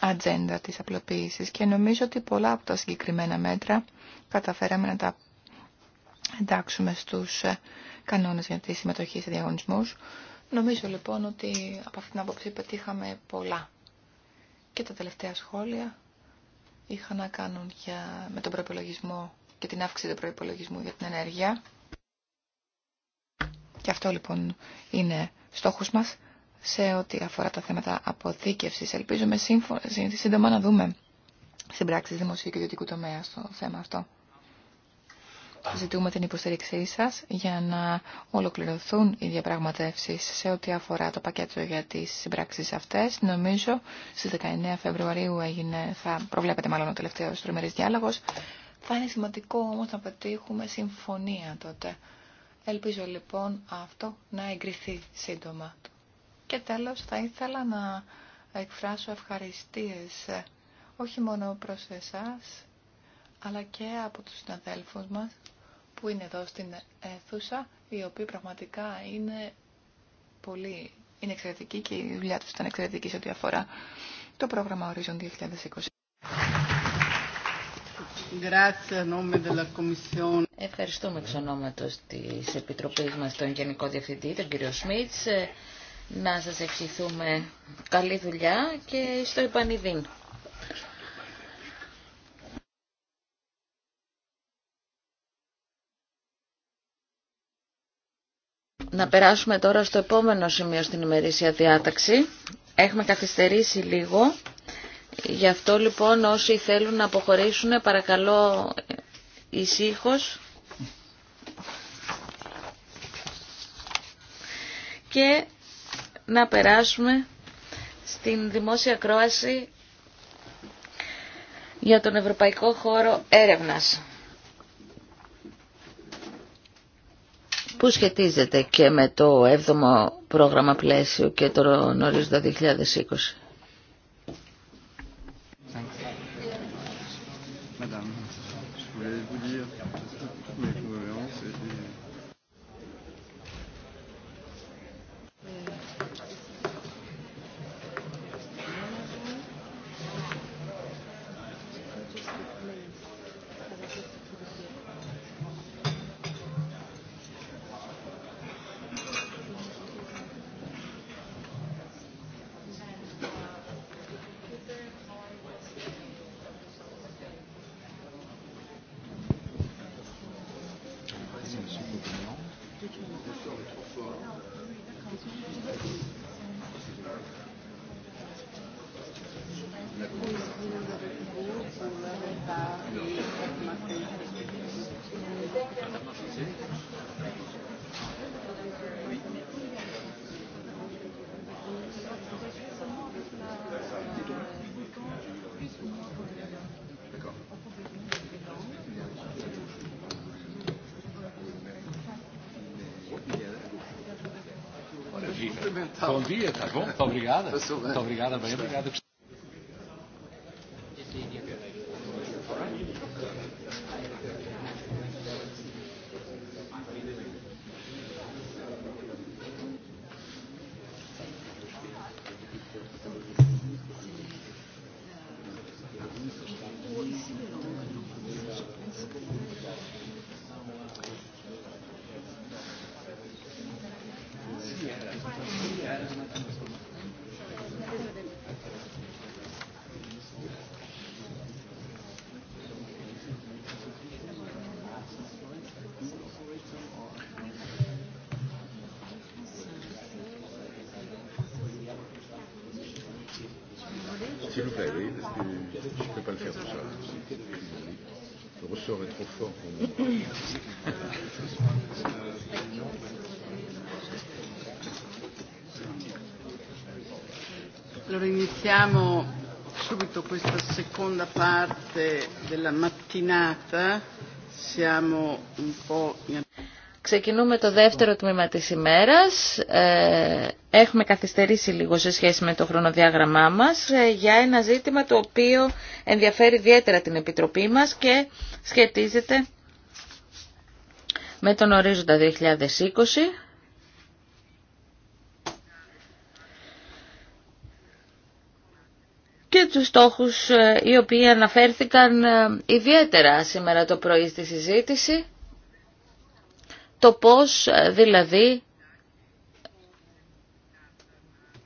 ατζέντα της απλοποίησης. Και νομίζω ότι πολλά από τα συγκεκριμένα μέτρα καταφέραμε να τα εντάξουμε στους ε, κανόνες για τη συμμετοχή σε διαγωνισμούς Νομίζω λοιπόν ότι από αυτήν την άποψη πετύχαμε πολλά. Και τα τελευταία σχόλια είχαν να κάνουν για, με τον προπολογισμό και την αύξηση του προπολογισμού για την ενέργεια. Και αυτό λοιπόν είναι στόχος μας σε ό,τι αφορά τα θέματα αποθήκευσης. Ελπίζουμε σύντομα να δούμε στην πράξη δημοσίου και ιδιωτικού τομέα στο θέμα αυτό. Ζητούμε την υποστήριξή σας για να ολοκληρωθούν οι διαπραγματεύσεις σε ό,τι αφορά το πακέτο για τις συμπράξεις αυτές. Νομίζω στις 19 Φεβρουαρίου έγινε, θα προβλέπετε μάλλον ο τελευταίος τριμερής διάλογος. Θα είναι σημαντικό όμως να πετύχουμε συμφωνία τότε. Ελπίζω λοιπόν αυτό να εγκριθεί σύντομα. Και τέλος θα ήθελα να εκφράσω ευχαριστίες όχι μόνο προς εσάς, αλλά και από τους συναδέλφους μας που είναι εδώ στην αίθουσα, οι οποίοι πραγματικά είναι πολύ είναι εξαιρετικοί και η δουλειά του ήταν εξαιρετική σε ό,τι αφορά το πρόγραμμα Horizon 2020. Ευχαριστούμε εξ ονόματο της Επιτροπής μας τον Γενικό Διευθυντή, τον κύριο Σμιτ. Να σα ευχηθούμε καλή δουλειά και στο επανειδήν. Να περάσουμε τώρα στο επόμενο σημείο στην ημερήσια διάταξη. Έχουμε καθυστερήσει λίγο. Γι' αυτό λοιπόν όσοι θέλουν να αποχωρήσουν παρακαλώ ησύχως. Και να περάσουμε στην δημόσια κρόαση για τον Ευρωπαϊκό Χώρο Έρευνας. που σχετίζεται και με το 7ο πρόγραμμα πλαίσιο και το ορίζοντα 2020. bom, muito obrigada. Muito obrigada, bem obrigada. seconda parte della mattinata. Siamo un Ξεκινούμε το δεύτερο τμήμα της ημέρας. Ε, έχουμε καθυστερήσει λίγο σε σχέση με το χρονοδιάγραμμά μας ε, για ένα ζήτημα το οποίο ενδιαφέρει ιδιαίτερα την Επιτροπή μας και σχετίζεται με τον ορίζοντα 2020 τους στόχους ε, οι οποίοι αναφέρθηκαν ε, ιδιαίτερα σήμερα το πρωί στη συζήτηση, το πώς ε, δηλαδή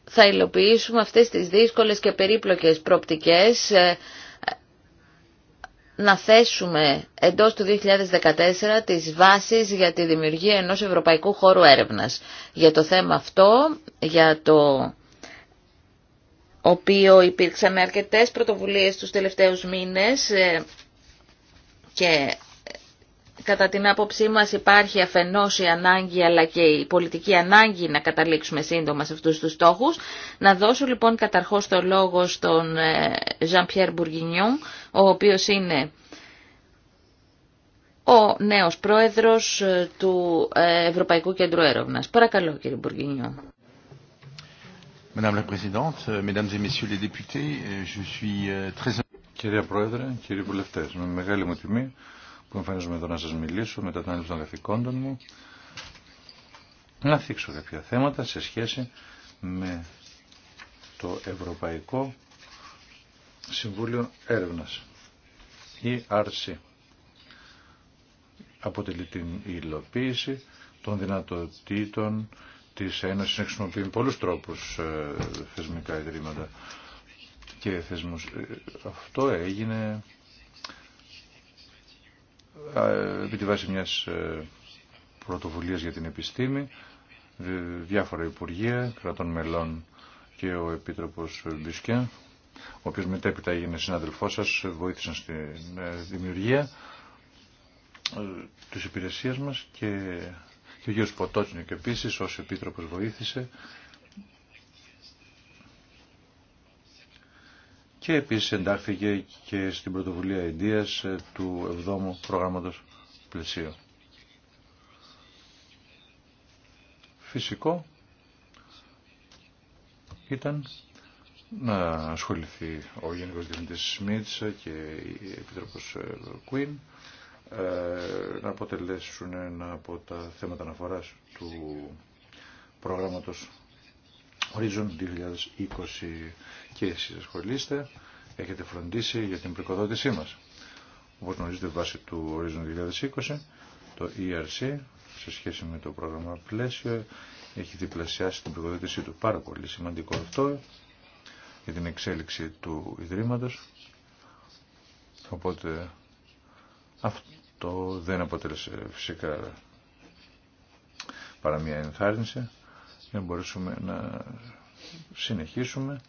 θα υλοποιήσουμε αυτές τις δύσκολες και περίπλοκες προπτικές, να θέσουμε εντός του 2014 τις βάσεις για τη δημιουργία ενός ευρωπαϊκού χώρου έρευνας. Για το θέμα αυτό, για το οποίο υπήρξαν αρκετές πρωτοβουλίες τους τελευταίους μήνες ε, και κατά την άποψή μας υπάρχει αφενός η ανάγκη αλλά και η πολιτική ανάγκη να καταλήξουμε σύντομα σε αυτούς τους στόχους. Να δώσω λοιπόν καταρχώς το λόγο στον ε, Jean-Pierre Bourguignon, ο οποίος είναι ο νέος πρόεδρος ε, του Ευρωπαϊκού Κέντρου Έρευνας. Παρακαλώ κύριε Bourguignon. Madame la Présidente, euh, Mesdames et Messieurs les députés, euh, je suis euh, très... Κυρία Πρόεδρε, κύριοι βουλευτέ, με μεγάλη μου τιμή που εμφανίζομαι εδώ να σα μιλήσω μετά την έλευση των καθηκόντων μου, να θίξω κάποια θέματα σε σχέση με το Ευρωπαϊκό Συμβούλιο Έρευνα ή ERC. Αποτελεί την υλοποίηση των δυνατοτήτων της Ένωσης χρησιμοποιούν πολλούς τρόπους ε, θεσμικά ιδρύματα και θεσμούς. Ε, αυτό έγινε ε, επί τη βάση μιας πρωτοβουλίας για την επιστήμη, διάφορα υπουργεία, κρατών μελών και ο Επίτροπος Μπισκέ, ο οποίος μετέπειτα έγινε συνάδελφός σας, βοήθησαν στη δημιουργία της υπηρεσίας μας και και ο Ποτότσινο και επίσης ως Επίτροπος βοήθησε και επίσης εντάχθηκε και στην πρωτοβουλία ιδείας ε, του 7ου προγράμματος πλαισίου. Φυσικό ήταν να ασχοληθεί ο Γενικός Διευθυντής Σμίτσα και η Επιτροπός ε, Κουίν ε, να αποτελέσουν ένα από τα θέματα αναφοράς του προγράμματος Horizon 2020 και εσείς ασχολείστε, έχετε φροντίσει για την πρικοδότησή μας. Όπως γνωρίζετε βάσει του Horizon 2020, το ERC σε σχέση με το πρόγραμμα πλαίσιο έχει διπλασιάσει την πρικοδότησή του. Πάρα πολύ σημαντικό αυτό για την εξέλιξη του Ιδρύματος. Οπότε αυτό δεν αποτέλεσε φυσικά παρά μια ενθάρρυνση για να μπορέσουμε να συνεχίσουμε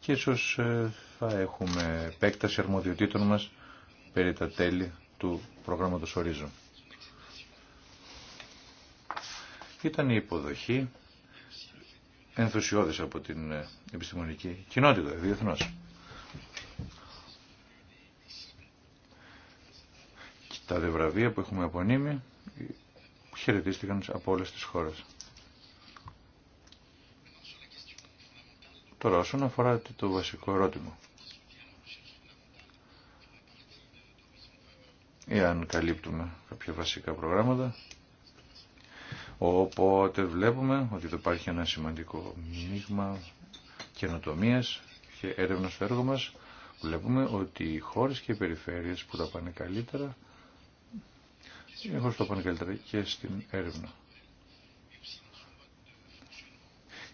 και ίσως ε, θα έχουμε επέκταση αρμοδιοτήτων μας περί τα τέλη του προγράμματος ορίζων. Ήταν η υποδοχή ενθουσιώδης από την επιστημονική κοινότητα διεθνώς. Τα δευραβεία που έχουμε απονείμει χαιρετίστηκαν από όλες τις χώρες. Τώρα, όσον αφορά το βασικό ερώτημα. Εάν καλύπτουμε κάποια βασικά προγράμματα, οπότε βλέπουμε ότι εδώ υπάρχει ένα σημαντικό μείγμα καινοτομία και έρευνα στο έργο μας. Βλέπουμε ότι οι χώρες και οι περιφέρειες που τα πάνε καλύτερα Έχω στο πάνε καλύτερα και στην έρευνα.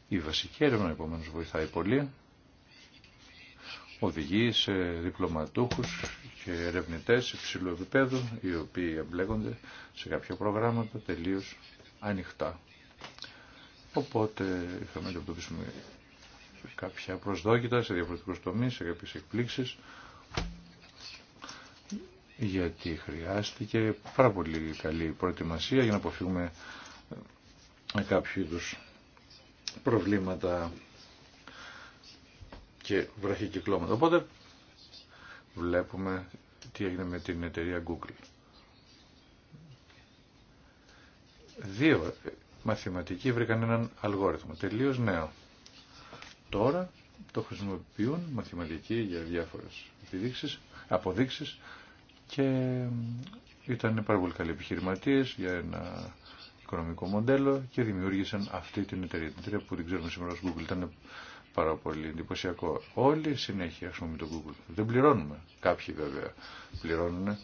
Η βασική έρευνα επομένως βοηθάει πολύ, οδηγεί σε διπλωματούχους και ερευνητές υψηλού επίπεδου, οι οποίοι εμπλέκονται σε κάποια προγράμματα τελείως ανοιχτά. Οπότε είχαμε να αντιμετωπίσουμε κάποια προσδόκητα σε διαφορετικούς τομείς, σε κάποιες εκπλήξεις, γιατί χρειάστηκε πάρα πολύ καλή προετοιμασία για να αποφύγουμε κάποιο είδου προβλήματα και βραχικυκλώματα. Οπότε βλέπουμε τι έγινε με την εταιρεία Google. Δύο μαθηματικοί βρήκαν έναν αλγόριθμο, τελείως νέο. Τώρα το χρησιμοποιούν μαθηματικοί για διάφορες αποδείξεις και ήταν πάρα πολύ καλοί επιχειρηματίε για ένα οικονομικό μοντέλο και δημιούργησαν αυτή την εταιρεία. Την εταιρεία που την ξέρουμε σήμερα ως Google ήταν πάρα πολύ εντυπωσιακό. Όλοι συνέχεια χρησιμοποιούν το Google. Δεν πληρώνουμε. Κάποιοι βέβαια πληρώνουν.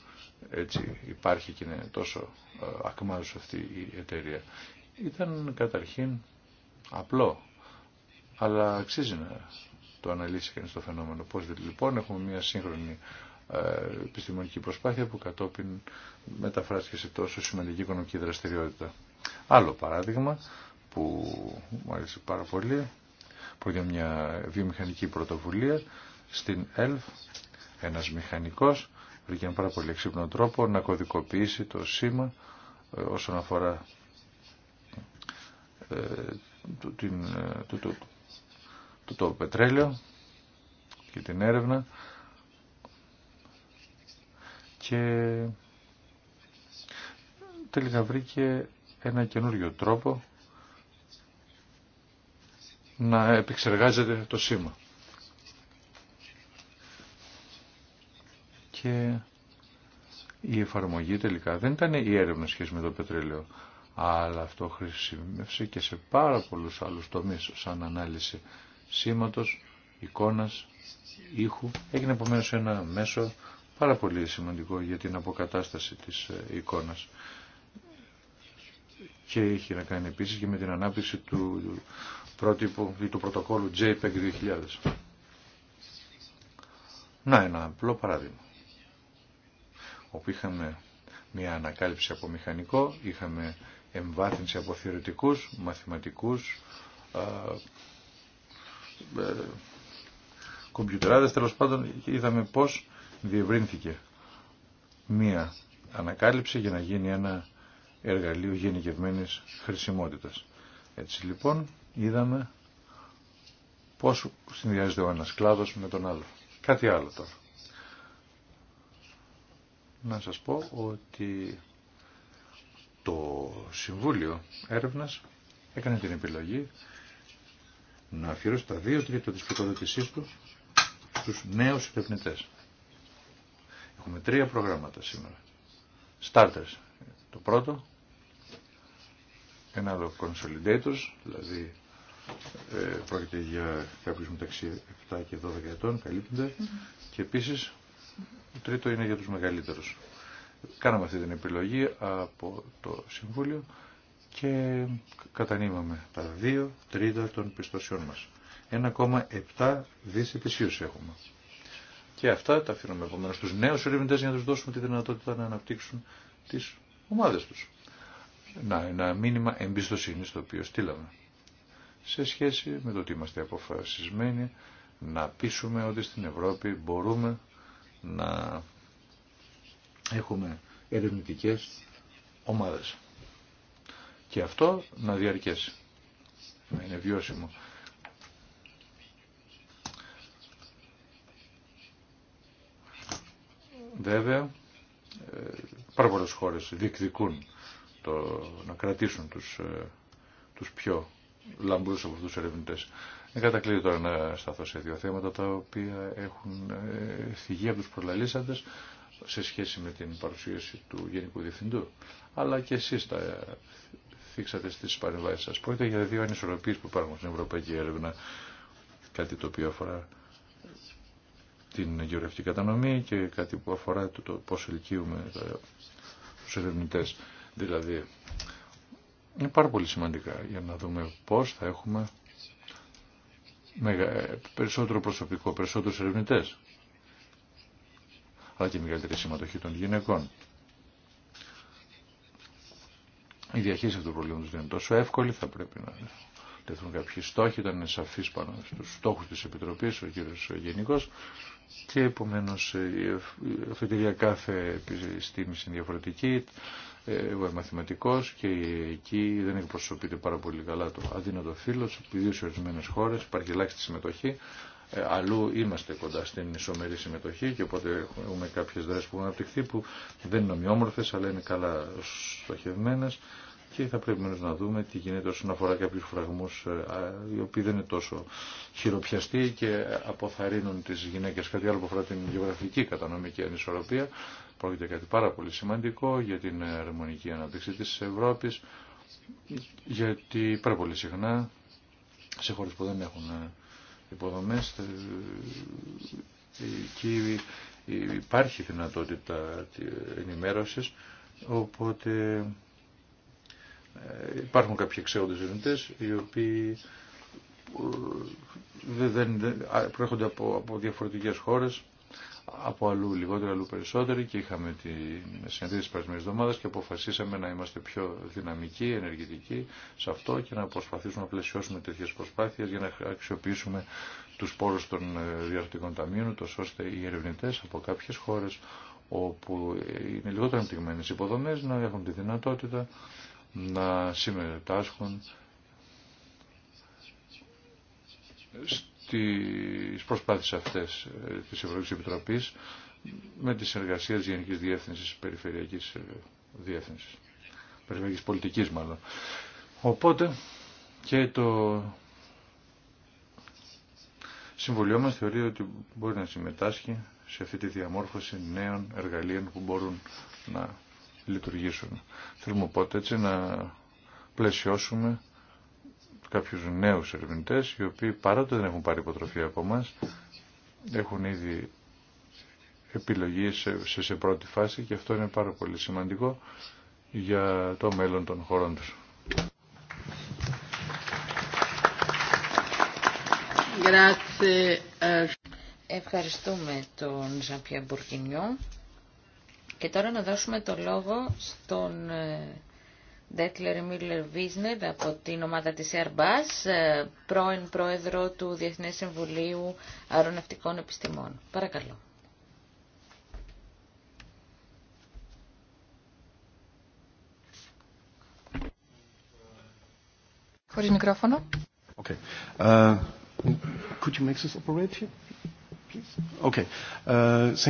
Έτσι υπάρχει και είναι τόσο ε, ακμάζουσα αυτή η εταιρεία. Ήταν καταρχήν απλό, αλλά αξίζει να το αναλύσει κανείς το φαινόμενο. Πώς λοιπόν έχουμε μια σύγχρονη επιστημονική προσπάθεια που κατόπιν μεταφράστηκε σε τόσο σημαντική οικονομική δραστηριότητα. Άλλο παράδειγμα που μου αρέσει πάρα πολύ, που είναι μια βιομηχανική πρωτοβουλία στην ΕΛΒ ένας μηχανικός βρήκε ένα πάρα πολύ εξύπνο τρόπο να κωδικοποιήσει το σήμα όσον αφορά το, το, το, το πετρέλαιο και την έρευνα και τελικά βρήκε ένα καινούριο τρόπο να επεξεργάζεται το σήμα. Και η εφαρμογή τελικά δεν ήταν η έρευνα σχέση με το πετρέλαιο, αλλά αυτό χρησιμεύσε και σε πάρα πολλούς άλλους τομείς σαν ανάλυση σήματος, εικόνας, ήχου. Έγινε επομένως ένα μέσο πάρα πολύ σημαντικό για την αποκατάσταση της ε, εικόνας και είχε να κάνει επίσης και με την ανάπτυξη του πρότυπου ή του πρωτοκόλου JPEG 2000. Να, ένα απλό παράδειγμα. Όπου είχαμε μια ανακάλυψη από μηχανικό, είχαμε εμβάθυνση από θεωρητικούς, μαθηματικούς, ε, κομπιουτεράδες, τέλος πάντων είδαμε πώς διευρύνθηκε μία ανακάλυψη για να γίνει ένα εργαλείο γενικευμένης χρησιμότητας. Έτσι λοιπόν είδαμε πώς συνδυάζεται ο ένας κλάδος με τον άλλο. Κάτι άλλο τώρα. Να σας πω ότι το Συμβούλιο Έρευνας έκανε την επιλογή να αφιερώσει τα δύο τρίτα της προκοδοτησής του στους νέους ερευνητές. Έχουμε τρία προγράμματα σήμερα. Starters, το πρώτο. Ένα άλλο Consolidators, δηλαδή ε, πρόκειται για κάποιους μεταξύ 7 και 12 ετών, καλύπτονται. Mm -hmm. Και επίσης, το τρίτο είναι για τους μεγαλύτερους. Κάναμε αυτή την επιλογή από το Συμβούλιο και κατανείμαμε τα δύο τρίτα των πιστωσιών μας. 1,7 δις ετησίως έχουμε. Και αυτά τα αφήνουμε επομένω στους νέους ερευνητέ για να του δώσουμε τη δυνατότητα να αναπτύξουν τις ομάδες τους. Να, ένα μήνυμα εμπιστοσύνη το οποίο στείλαμε. Σε σχέση με το ότι είμαστε αποφασισμένοι να πείσουμε ότι στην Ευρώπη μπορούμε να έχουμε ερευνητικές ομάδες. Και αυτό να διαρκέσει, να είναι βιώσιμο. Βέβαια, ε, πάρα πολλές χώρες διεκδικούν το, να κρατήσουν τους, ε, τους πιο λαμπρούς από αυτούς τους ερευνητές. Δεν κατακλείω τώρα να σταθώ σε δύο θέματα τα οποία έχουν ε, θυγεί από τους προλαλήσαντες σε σχέση με την παρουσίαση του Γενικού Διευθυντού. Αλλά και εσείς τα θίξατε στις παρεμβάσεις σας. Πρόκειται για δύο ανισορροπίες που υπάρχουν στην Ευρωπαϊκή Έρευνα, κάτι το οποίο αφορά την γεωγραφική κατανομή και κάτι που αφορά το, το πώς ελκύουμε τους ερευνητές. Δηλαδή, είναι πάρα πολύ σημαντικά για να δούμε πώς θα έχουμε περισσότερο προσωπικό, περισσότερους ερευνητές, αλλά και μεγαλύτερη συμμετοχή των γυναικών. Η διαχείριση αυτού του προβλήματος δεν είναι τόσο εύκολη, θα πρέπει να τεθούν κάποιοι στόχοι, ήταν σαφής πάνω στους στόχους της Επιτροπής, ο κύριος Γενικός, και επομένως ε, τη κάθε επιστήμης είναι διαφορετική. Ε, εγώ είμαι μαθηματικός και εκεί δεν εκπροσωπείται πάρα πολύ καλά το αδύνατο φύλλο επειδή σε ορισμένε χώρες υπάρχει ελάχιστη συμμετοχή, ε, αλλού είμαστε κοντά στην ισομερή συμμετοχή και οπότε έχουμε κάποιες δράσεις που έχουν αναπτυχθεί που δεν είναι ομοιόμορφες αλλά είναι καλά στοχευμένες και θα πρέπει να δούμε τι γίνεται όσον αφορά κάποιου φραγμού ε, οι οποίοι δεν είναι τόσο χειροπιαστοί και αποθαρρύνουν τι γυναίκε. Κάτι άλλο που αφορά την γεωγραφική κατανομική ανισορροπία. Πρόκειται κάτι πάρα πολύ σημαντικό για την αρμονική ανάπτυξη τη Ευρώπη. Γιατί πάρα πολύ συχνά σε χώρε που δεν έχουν ε, υποδομέ ε, εκεί υπάρχει δυνατότητα ενημέρωσης οπότε ε, υπάρχουν κάποιοι εξαίοντες ερευνητές οι οποίοι ε, δεν, προέρχονται από, από διαφορετικές χώρες από αλλού λιγότερο, αλλού περισσότερο και είχαμε τη συνεδρία τη περασμένη εβδομάδα και αποφασίσαμε να είμαστε πιο δυναμικοί, ενεργητικοί σε αυτό και να προσπαθήσουμε να πλαισιώσουμε τέτοιε προσπάθειε για να αξιοποιήσουμε του πόρου των ε, διαρκτικών ταμείων, τόσο ώστε οι ερευνητέ από κάποιε χώρε όπου είναι λιγότερο αναπτυγμένες υποδομέ να έχουν τη δυνατότητα να συμμετάσχουν στις προσπάθειες αυτές της Ευρωπαϊκής Επιτροπής με τη συνεργασία της Γενικής Διεύθυνσης Περιφερειακής ε, Διεύθυνσης, Περιφερειακής Πολιτικής μάλλον. Οπότε και το Συμβουλίο μας θεωρεί ότι μπορεί να συμμετάσχει σε αυτή τη διαμόρφωση νέων εργαλείων που μπορούν να λειτουργήσουν. Θέλουμε οπότε έτσι να πλαισιώσουμε κάποιους νέους ερευνητές οι οποίοι παρά το δεν έχουν πάρει υποτροφία από μας έχουν ήδη επιλογή σε, σε, πρώτη φάση και αυτό είναι πάρα πολύ σημαντικό για το μέλλον των χωρών τους. Ε, Ευχαριστούμε τον Ζαμπιαμπουργινιό. Και τώρα να δώσουμε το λόγο στον ε, Ντέτλερ Μίλλερ Βίσνερ από την ομάδα της Airbus, ε, πρώην πρόεδρο του Διεθνές Συμβουλίου Αεροναυτικών Επιστημών. Παρακαλώ. Χωρίς μικρόφωνο. Okay. Uh, could you make this operate Σα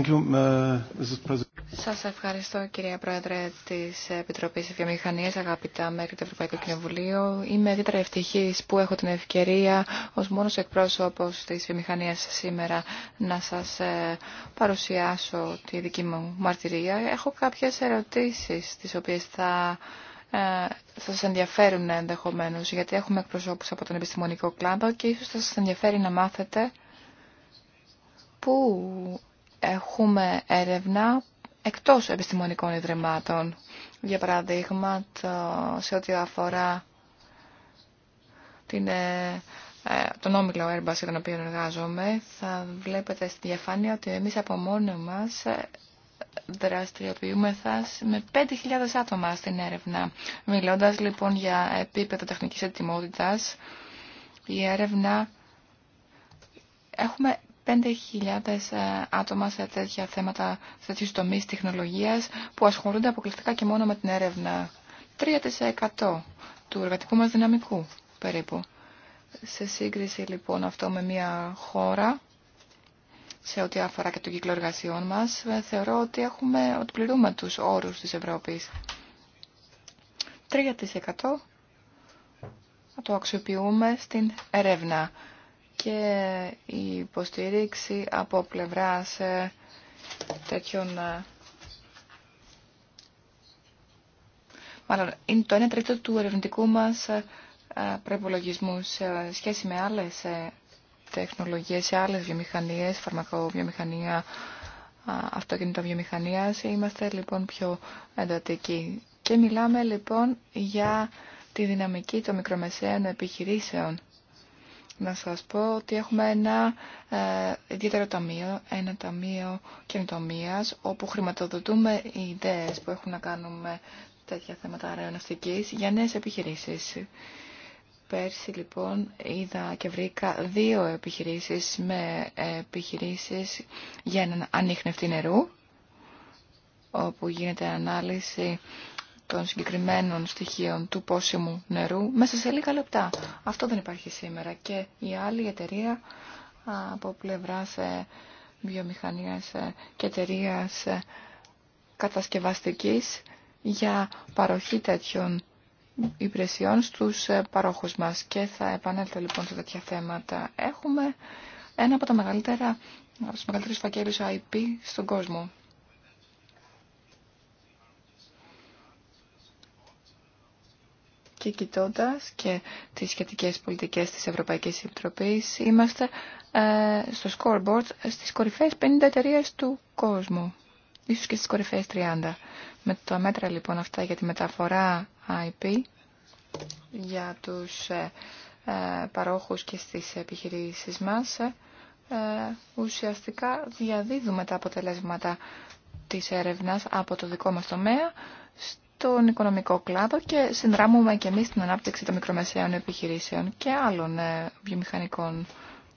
uh, uh, Σας ευχαριστώ κυρία Πρόεδρε της Επιτροπής Βιομηχανίας, αγαπητά μέχρι του Ευρωπαϊκού Κοινοβουλίου. Είμαι ιδιαίτερα ευτυχής που έχω την ευκαιρία ως μόνος εκπρόσωπος της βιομηχανίας σήμερα να σας ε, παρουσιάσω τη δική μου μαρτυρία. Έχω κάποιες ερωτήσεις τις οποίες ε, θα σας ενδιαφέρουν ενδεχομένως γιατί έχουμε εκπροσώπους από τον επιστημονικό κλάδο και ίσως θα σας ενδιαφέρει να μάθετε που έχουμε έρευνα εκτός επιστημονικών ιδρυμάτων. Για παράδειγμα, σε ό,τι αφορά την, ε, ε, τον όμιλο Airbus για τον οποίο εργάζομαι, θα βλέπετε στη διαφάνεια ότι εμείς από μόνο μας ε, δραστηριοποιούμεθα με 5.000 άτομα στην έρευνα. Μιλώντας λοιπόν για επίπεδο τεχνικής ετοιμότητας, η έρευνα έχουμε 5.000 ε, άτομα σε τέτοια θέματα, σε τέτοιου τομεί τεχνολογίας που ασχολούνται αποκλειστικά και μόνο με την έρευνα. 3% του εργατικού μας δυναμικού περίπου. Σε σύγκριση λοιπόν αυτό με μια χώρα σε ό,τι αφορά και τον κύκλο εργασιών μας, ε, θεωρώ ότι, έχουμε, ότι πληρούμε του όρους της Ευρώπης. 3% το αξιοποιούμε στην ερεύνα και η υποστήριξη από πλευράς ε, τέτοιων ε, μάλλον είναι το 1 τρίτο του ερευνητικού μας ε, προπολογισμού σε σχέση με άλλες τεχνολογίες, σε άλλες βιομηχανίες, φαρμακοβιομηχανία, βιομηχανία, Είμαστε λοιπόν πιο εντατικοί. Και μιλάμε λοιπόν για τη δυναμική των μικρομεσαίων επιχειρήσεων να σας πω ότι έχουμε ένα ε, ιδιαίτερο ταμείο, ένα ταμείο καινοτομίας, όπου χρηματοδοτούμε οι ιδέες που έχουν να κάνουν με τέτοια θέματα αεροναυτικής για νέες επιχειρήσεις. Πέρσι λοιπόν είδα και βρήκα δύο επιχειρήσεις με επιχειρήσεις για έναν ανείχνευτη νερού, όπου γίνεται ανάλυση των συγκεκριμένων στοιχείων του πόσιμου νερού μέσα σε λίγα λεπτά. Αυτό δεν υπάρχει σήμερα και η άλλη εταιρεία από πλευρά ε, βιομηχανίας ε, και εταιρεία ε, κατασκευαστικής για παροχή τέτοιων υπηρεσιών στους παρόχους μας. Και θα επανέλθω λοιπόν σε τέτοια θέματα. Έχουμε ένα από τα μεγαλύτερα από τους μεγαλύτερους φακέλους IP στον κόσμο. και κοιτώντα και τις σχετικές πολιτικές της Ευρωπαϊκής Επιτροπής είμαστε ε, στο scoreboard στις κορυφαίες 50 εταιρείε του κόσμου, ίσως και στις κορυφαίες 30. Με τα μέτρα λοιπόν αυτά για τη μεταφορά IP για τους ε, ε, παρόχους και στις επιχειρήσεις μας, ουσιαστικά διαδίδουμε τα αποτελέσματα της έρευνας από το δικό μας τομέα τον οικονομικό κλάδο και συνδράμουμε και εμείς την ανάπτυξη των μικρομεσαίων επιχειρήσεων και άλλων ε, βιομηχανικών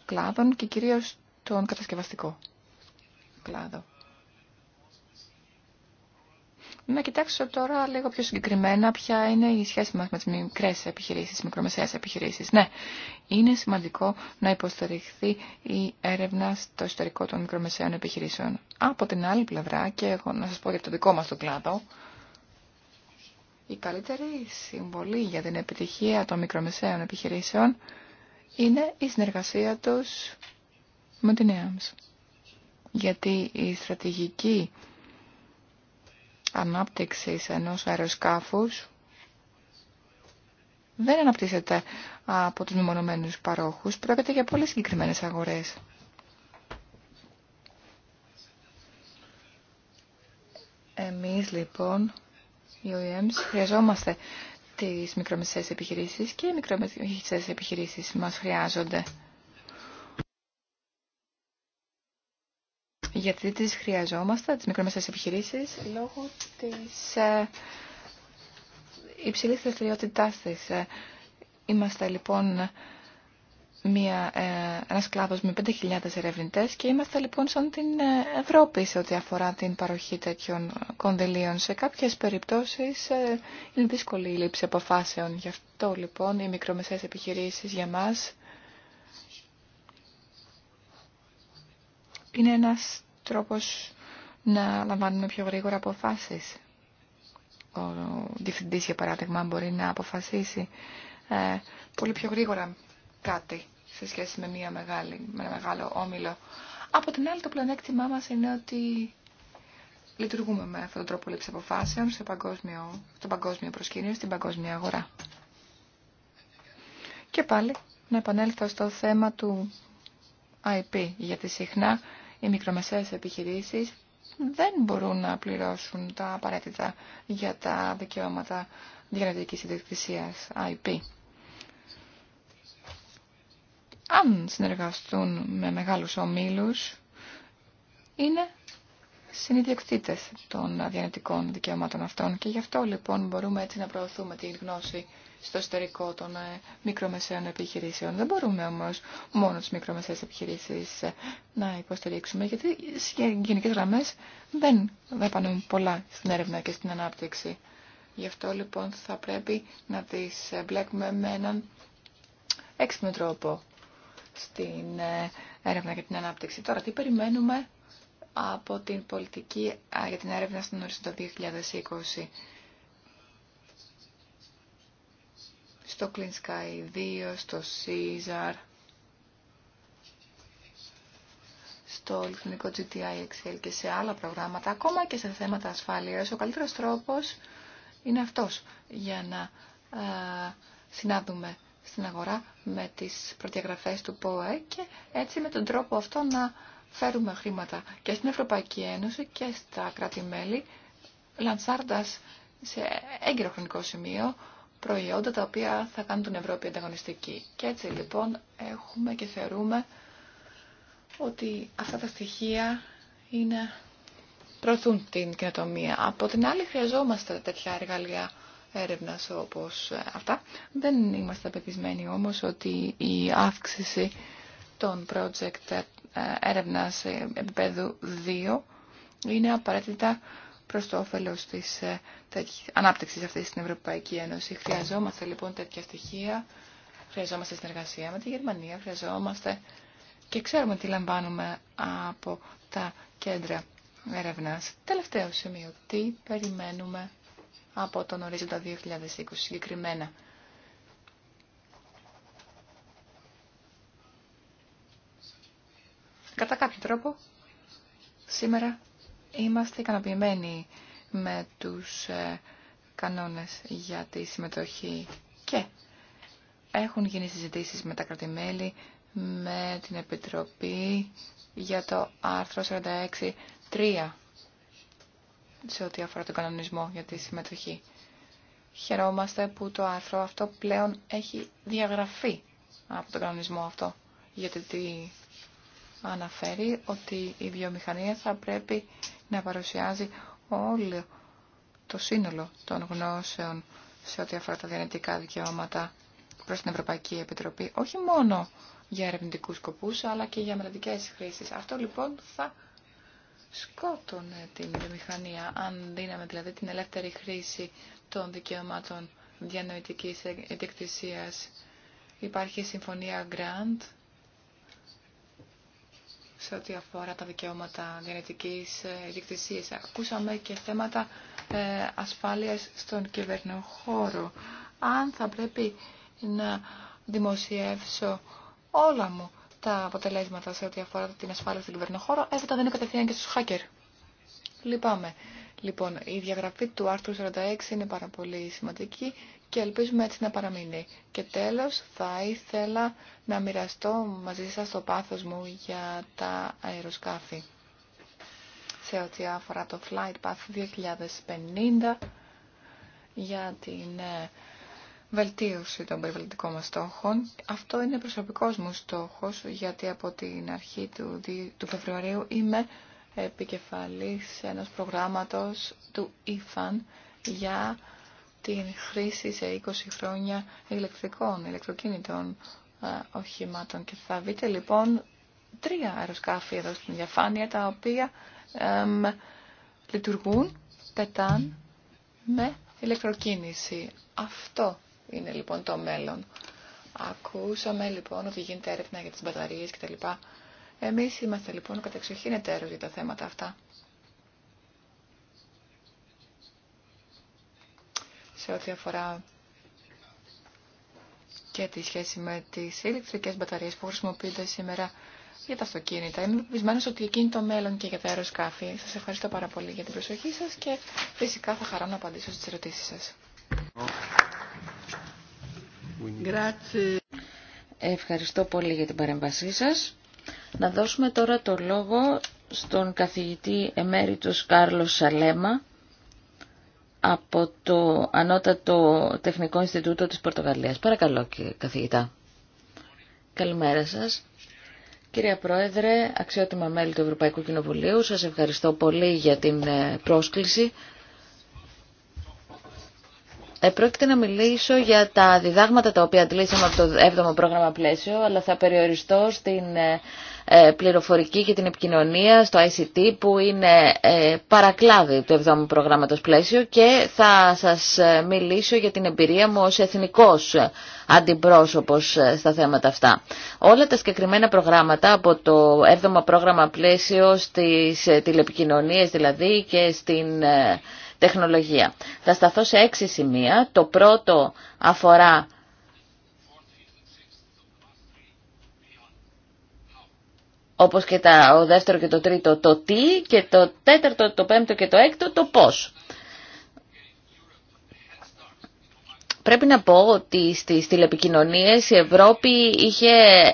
κλάδων και κυρίως τον κατασκευαστικό κλάδο. Να κοιτάξω τώρα λίγο πιο συγκεκριμένα ποια είναι η σχέση μας με τις μικρές επιχειρήσεις, μικρομεσαίες επιχειρήσεις. Ναι, είναι σημαντικό να υποστηριχθεί η έρευνα στο ιστορικό των μικρομεσαίων επιχειρήσεων. Από την άλλη πλευρά, και εγώ να σας πω για το δικό μας το κλάδο, η καλύτερη συμβολή για την επιτυχία των μικρομεσαίων επιχειρήσεων είναι η συνεργασία τους με την ΕΑΜΣ. Γιατί η στρατηγική ανάπτυξη ενός αεροσκάφους δεν αναπτύσσεται από τους μεμονωμένους παρόχους. Πρόκειται για πολύ συγκεκριμένες αγορές. Εμείς λοιπόν οι e χρειαζόμαστε τις μικρομεσαίες επιχειρήσεις και οι μικρομεσαίες επιχειρήσεις μας χρειάζονται. Γιατί τις χρειαζόμαστε, τις μικρομεσαίες επιχειρήσεις, λόγω της ε, υψηλής δραστηριότητάς της. Ε, είμαστε λοιπόν μια, ε, ένας κλάδος με 5.000 ερευνητές και είμαστε λοιπόν σαν την ε, Ευρώπη σε ό,τι αφορά την παροχή τέτοιων κονδυλίων. Σε κάποιες περιπτώσεις ε, είναι δύσκολη η λήψη αποφάσεων. Γι' αυτό λοιπόν οι μικρομεσαίες επιχειρήσεις για μας είναι ένας τρόπος να λαμβάνουμε πιο γρήγορα αποφάσεις. Ο διευθυντής για παράδειγμα μπορεί να αποφασίσει πολύ πιο γρήγορα κάτι σε σχέση με, μια μεγάλη, με ένα μεγάλο όμιλο. Από την άλλη το πλανέκτημά μας είναι ότι λειτουργούμε με αυτόν τον τρόπο λήψη αποφάσεων στο παγκόσμιο, στο παγκόσμιο προσκήνιο, στην παγκόσμια αγορά. Και πάλι να επανέλθω στο θέμα του IP, γιατί συχνά οι μικρομεσαίες επιχειρήσεις δεν μπορούν να πληρώσουν τα απαραίτητα για τα δικαιώματα διανοητική ιδιοκτησίας IP αν συνεργαστούν με μεγάλους ομίλους, είναι συνειδιοκτήτες των διανετικών δικαιωμάτων αυτών και γι' αυτό λοιπόν μπορούμε έτσι να προωθούμε τη γνώση στο εσωτερικό των ε, μικρομεσαίων επιχειρήσεων. Δεν μπορούμε όμως μόνο τις μικρομεσαίες επιχειρήσεις ε, να υποστηρίξουμε γιατί οι ε, γενικές γραμμές δεν δέπανουν πολλά στην έρευνα και στην ανάπτυξη. Γι' αυτό λοιπόν θα πρέπει να τις μπλέκουμε με έναν έξυπνο τρόπο στην ε, έρευνα για την ανάπτυξη. Τώρα, τι περιμένουμε από την πολιτική για την έρευνα στην οριστό 2020. Στο Clean Sky 2, στο Caesar, στο ηλεκτρονικό GTI XL και σε άλλα προγράμματα, ακόμα και σε θέματα ασφάλειας, ο καλύτερος τρόπος είναι αυτός για να ε, συνάδουμε στην αγορά με τις προδιαγραφές του ΠΟΕ και έτσι με τον τρόπο αυτό να φέρουμε χρήματα και στην Ευρωπαϊκή Ένωση και στα κράτη-μέλη, λανσάρντας σε έγκυρο χρονικό σημείο προϊόντα τα οποία θα κάνουν την Ευρώπη ανταγωνιστική. Και έτσι λοιπόν έχουμε και θεωρούμε ότι αυτά τα στοιχεία είναι προωθούν την κοινοτομία. Από την άλλη χρειαζόμαστε τέτοια εργαλεία έρευνας όπως αυτά. Δεν είμαστε πεπισμένοι όμως ότι η αύξηση των project ε, έρευνας επίπεδου 2 είναι απαραίτητα προς το όφελος της ε, ανάπτυξης αυτής στην Ευρωπαϊκή Ένωση. Χρειαζόμαστε λοιπόν τέτοια στοιχεία, χρειαζόμαστε συνεργασία με τη Γερμανία, χρειαζόμαστε και ξέρουμε τι λαμβάνουμε από τα κέντρα έρευνας. Τελευταίο σημείο, τι περιμένουμε από τον ορίζοντα 2020 συγκεκριμένα. Κατά κάποιο τρόπο, σήμερα είμαστε ικανοποιημένοι με τους ε, κανόνες για τη συμμετοχή και έχουν γίνει συζητήσεις με τα κρατημέλη, με την Επιτροπή για το άρθρο 46.3 σε ό,τι αφορά τον κανονισμό για τη συμμετοχή. Χαιρόμαστε που το άρθρο αυτό πλέον έχει διαγραφεί από τον κανονισμό αυτό, γιατί αναφέρει ότι η βιομηχανία θα πρέπει να παρουσιάζει όλο το σύνολο των γνώσεων σε ό,τι αφορά τα διανετικά δικαιώματα προς την Ευρωπαϊκή Επιτροπή, όχι μόνο για ερευνητικούς σκοπούς, αλλά και για μελλοντικέ χρήσεις. Αυτό λοιπόν θα σκότωνε την βιομηχανία, αν δίναμε δηλαδή την ελεύθερη χρήση των δικαιωμάτων διανοητικής ιδιοκτησίας. Υπάρχει συμφωνία Grant σε ό,τι αφορά τα δικαιώματα διανοητικής ιδιοκτησίας. Ακούσαμε και θέματα ε, ασφάλειας στον κυβερνοχώρο. Αν θα πρέπει να δημοσιεύσω όλα μου τα αποτελέσματα σε ό,τι αφορά την ασφάλεια στην κυβερνοχώρο, τα δίνω κατευθείαν και στους hacker. Λυπάμαι. Λοιπόν, η διαγραφή του άρθρου 46 είναι πάρα πολύ σημαντική και ελπίζουμε έτσι να παραμείνει. Και τέλος, θα ήθελα να μοιραστώ μαζί σας το πάθος μου για τα αεροσκάφη. Σε ό,τι αφορά το Flight Path 2050 για την ε, βελτίωση των περιβαλλοντικών μας στόχων. Αυτό είναι προσωπικός μου στόχος, γιατί από την αρχή του, του Φεβρουαρίου είμαι επικεφαλής ενός προγράμματος του ΙΦΑΝ για την χρήση σε 20 χρόνια ηλεκτρικών, ηλεκτροκίνητων ε, οχημάτων. Και θα δείτε λοιπόν τρία αεροσκάφη εδώ στην διαφάνεια, τα οποία λειτουργούν, πετάν με ηλεκτροκίνηση. Αυτό είναι λοιπόν το μέλλον. Ακούσαμε λοιπόν ότι γίνεται έρευνα για τις μπαταρίες κτλ. Εμείς είμαστε λοιπόν κατεξοχήν εταίρος για τα θέματα αυτά. Σε ό,τι αφορά και τη σχέση με τις ηλεκτρικές μπαταρίες που χρησιμοποιούνται σήμερα για τα αυτοκίνητα. Είμαι πεπισμένος ότι εκεί είναι το μέλλον και για τα αεροσκάφη. Σας ευχαριστώ πάρα πολύ για την προσοχή σας και φυσικά θα χαρώ να απαντήσω στις ερωτήσεις σας. Ευχαριστώ πολύ για την παρέμβασή σας. Να δώσουμε τώρα το λόγο στον καθηγητή εμέριτος Κάρλος Σαλέμα από το Ανώτατο Τεχνικό Ινστιτούτο της Πορτογαλίας. Παρακαλώ κύριε καθηγητά. Καλημέρα σας. Κύριε, Πρόεδρε, αξιότιμα μέλη του Ευρωπαϊκού Κοινοβουλίου, σας ευχαριστώ πολύ για την ε, πρόσκληση πρόκειται να μιλήσω για τα διδάγματα τα οποία αντλήσαμε από το 7ο πρόγραμμα πλαίσιο, αλλά θα περιοριστώ στην ε, ε, πληροφορική και την επικοινωνία στο ICT που είναι ε, παρακλάδι του 7ου προγράμματος πλαίσιο και θα σας μιλήσω για την εμπειρία μου ως εθνικός αντιπρόσωπος στα θέματα αυτά. Όλα τα συγκεκριμένα προγράμματα από το 7ο πρόγραμμα πλαίσιο στις τηλεπικοινωνίες δηλαδή και στην τεχνολογία. Θα σταθώ σε έξι σημεία. Το πρώτο αφορά όπως και τα, ο δεύτερο και το τρίτο το τι και το τέταρτο, το πέμπτο και το έκτο το πώς. Πρέπει να πω ότι στις τηλεπικοινωνίες η Ευρώπη είχε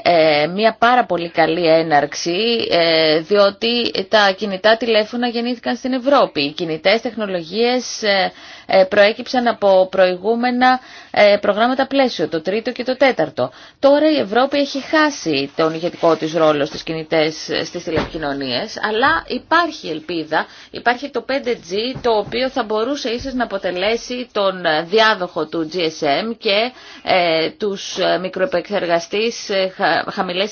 ε, μια πάρα πολύ καλή έναρξη ε, διότι τα κινητά τηλέφωνα γεννήθηκαν στην Ευρώπη. Οι κινητές τεχνολογίες ε, ε, προέκυψαν από προηγούμενα ε, προγράμματα πλαίσιο, το τρίτο και το τέταρτο. Τώρα η Ευρώπη έχει χάσει τον ηγετικό της ρόλο στις κινητές, ε, στις τηλεπικοινωνίες, αλλά υπάρχει ελπίδα, υπάρχει το 5G το οποίο θα μπορούσε ίσως να αποτελέσει τον διάδοχο του GSM και ε, τους χαμηλή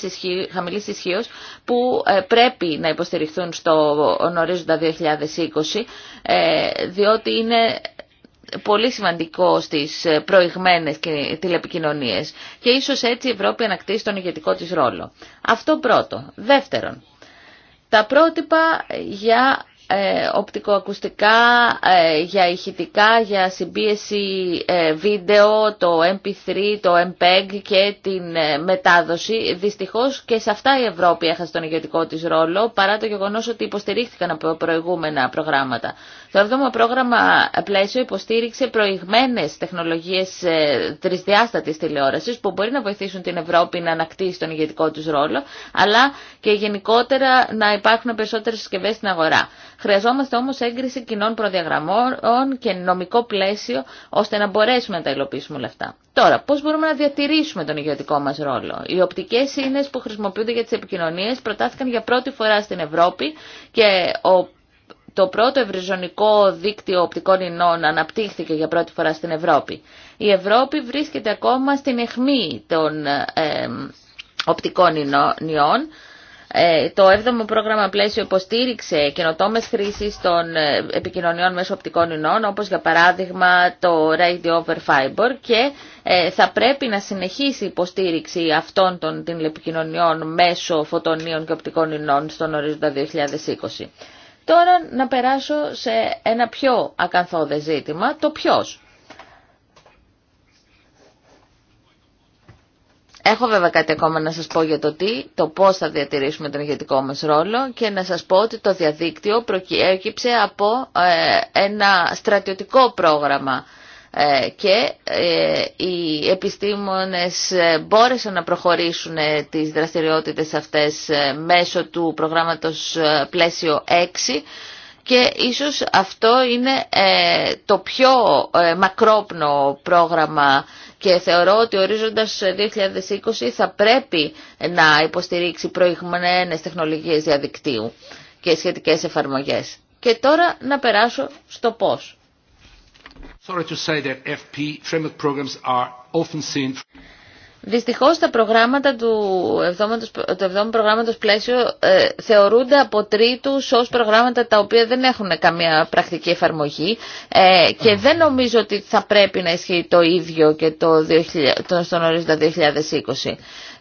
χαμηλής ισχύω που πρέπει να υποστηριχθούν στο ονορίζοντα 2020 διότι είναι πολύ σημαντικό στις ε, προηγμένες τηλεπικοινωνίες και ίσως έτσι η Ευρώπη ανακτήσει τον ηγετικό της ρόλο. Αυτό πρώτο. Δεύτερον, τα πρότυπα για ε, οπτικοακουστικά, ε, για ηχητικά, για συμπίεση βίντεο, το MP3, το MPEG και την μετάδοση. Δυστυχώς και σε αυτά η Ευρώπη έχασε τον ηγετικό της ρόλο, παρά το γεγονός ότι υποστηρίχθηκαν από προηγούμενα προγράμματα. Το 7 πρόγραμμα πλαίσιο υποστήριξε προηγμένες τεχνολογίες ε, τρισδιάστατης τηλεόρασης που μπορεί να βοηθήσουν την Ευρώπη να ανακτήσει τον ηγετικό τους ρόλο, αλλά και γενικότερα να υπάρχουν περισσότερες συσκευέ στην αγορά. Χρειαζόμαστε όμως έγκριση κοινών προδιαγραμμών και νομικό πλαίσιο ώστε να μπορέσουμε να τα υλοποιήσουμε όλα αυτά. Τώρα, πώς μπορούμε να διατηρήσουμε τον ηγετικό μας ρόλο. Οι οπτικές σύνε που χρησιμοποιούνται για τις επικοινωνίες προτάθηκαν για πρώτη φορά στην Ευρώπη και ο το πρώτο ευρυζωνικό δίκτυο οπτικών ινών αναπτύχθηκε για πρώτη φορά στην Ευρώπη. Η Ευρώπη βρίσκεται ακόμα στην αιχμή των οπτικών ινών. Ε, το 7ο πρόγραμμα πλαίσιο υποστήριξε καινοτόμε χρήσει των ε, επικοινωνιών μέσω οπτικών ινών, όπω για παράδειγμα το Radio Over Fiber και ε, θα πρέπει να συνεχίσει η υποστήριξη αυτών των επικοινωνιών μέσω φωτονίων και οπτικών ινών στον ορίζοντα 2020. Τώρα να περάσω σε ένα πιο ακαθόδε ζήτημα, το ποιος. Έχω βέβαια κάτι ακόμα να σας πω για το τι, το πώς θα διατηρήσουμε τον ηγετικό μας ρόλο και να σας πω ότι το διαδίκτυο προκύψε από ε, ένα στρατιωτικό πρόγραμμα ε, και ε, οι επιστήμονες ε, μπόρεσαν να προχωρήσουν τις δραστηριότητες αυτές μέσω του προγράμματος πλαίσιο 6 και ίσως αυτό είναι το πιο μακρόπνο πρόγραμμα και θεωρώ ότι ορίζοντας 2020 θα πρέπει να υποστηρίξει προηγμένες τεχνολογίες διαδικτύου και σχετικές εφαρμογές. Και τώρα να περάσω στο πώς. Sorry to say that FP framework programs are often seen... Δυστυχώς τα προγράμματα του 7ου το προγράμματος πλαίσιο ε, θεωρούνται από τρίτους ως προγράμματα τα οποία δεν έχουν καμία πρακτική εφαρμογή ε, και δεν νομίζω ότι θα πρέπει να ισχύει το ίδιο και το 2000, το, στον ορίζοντα 2020.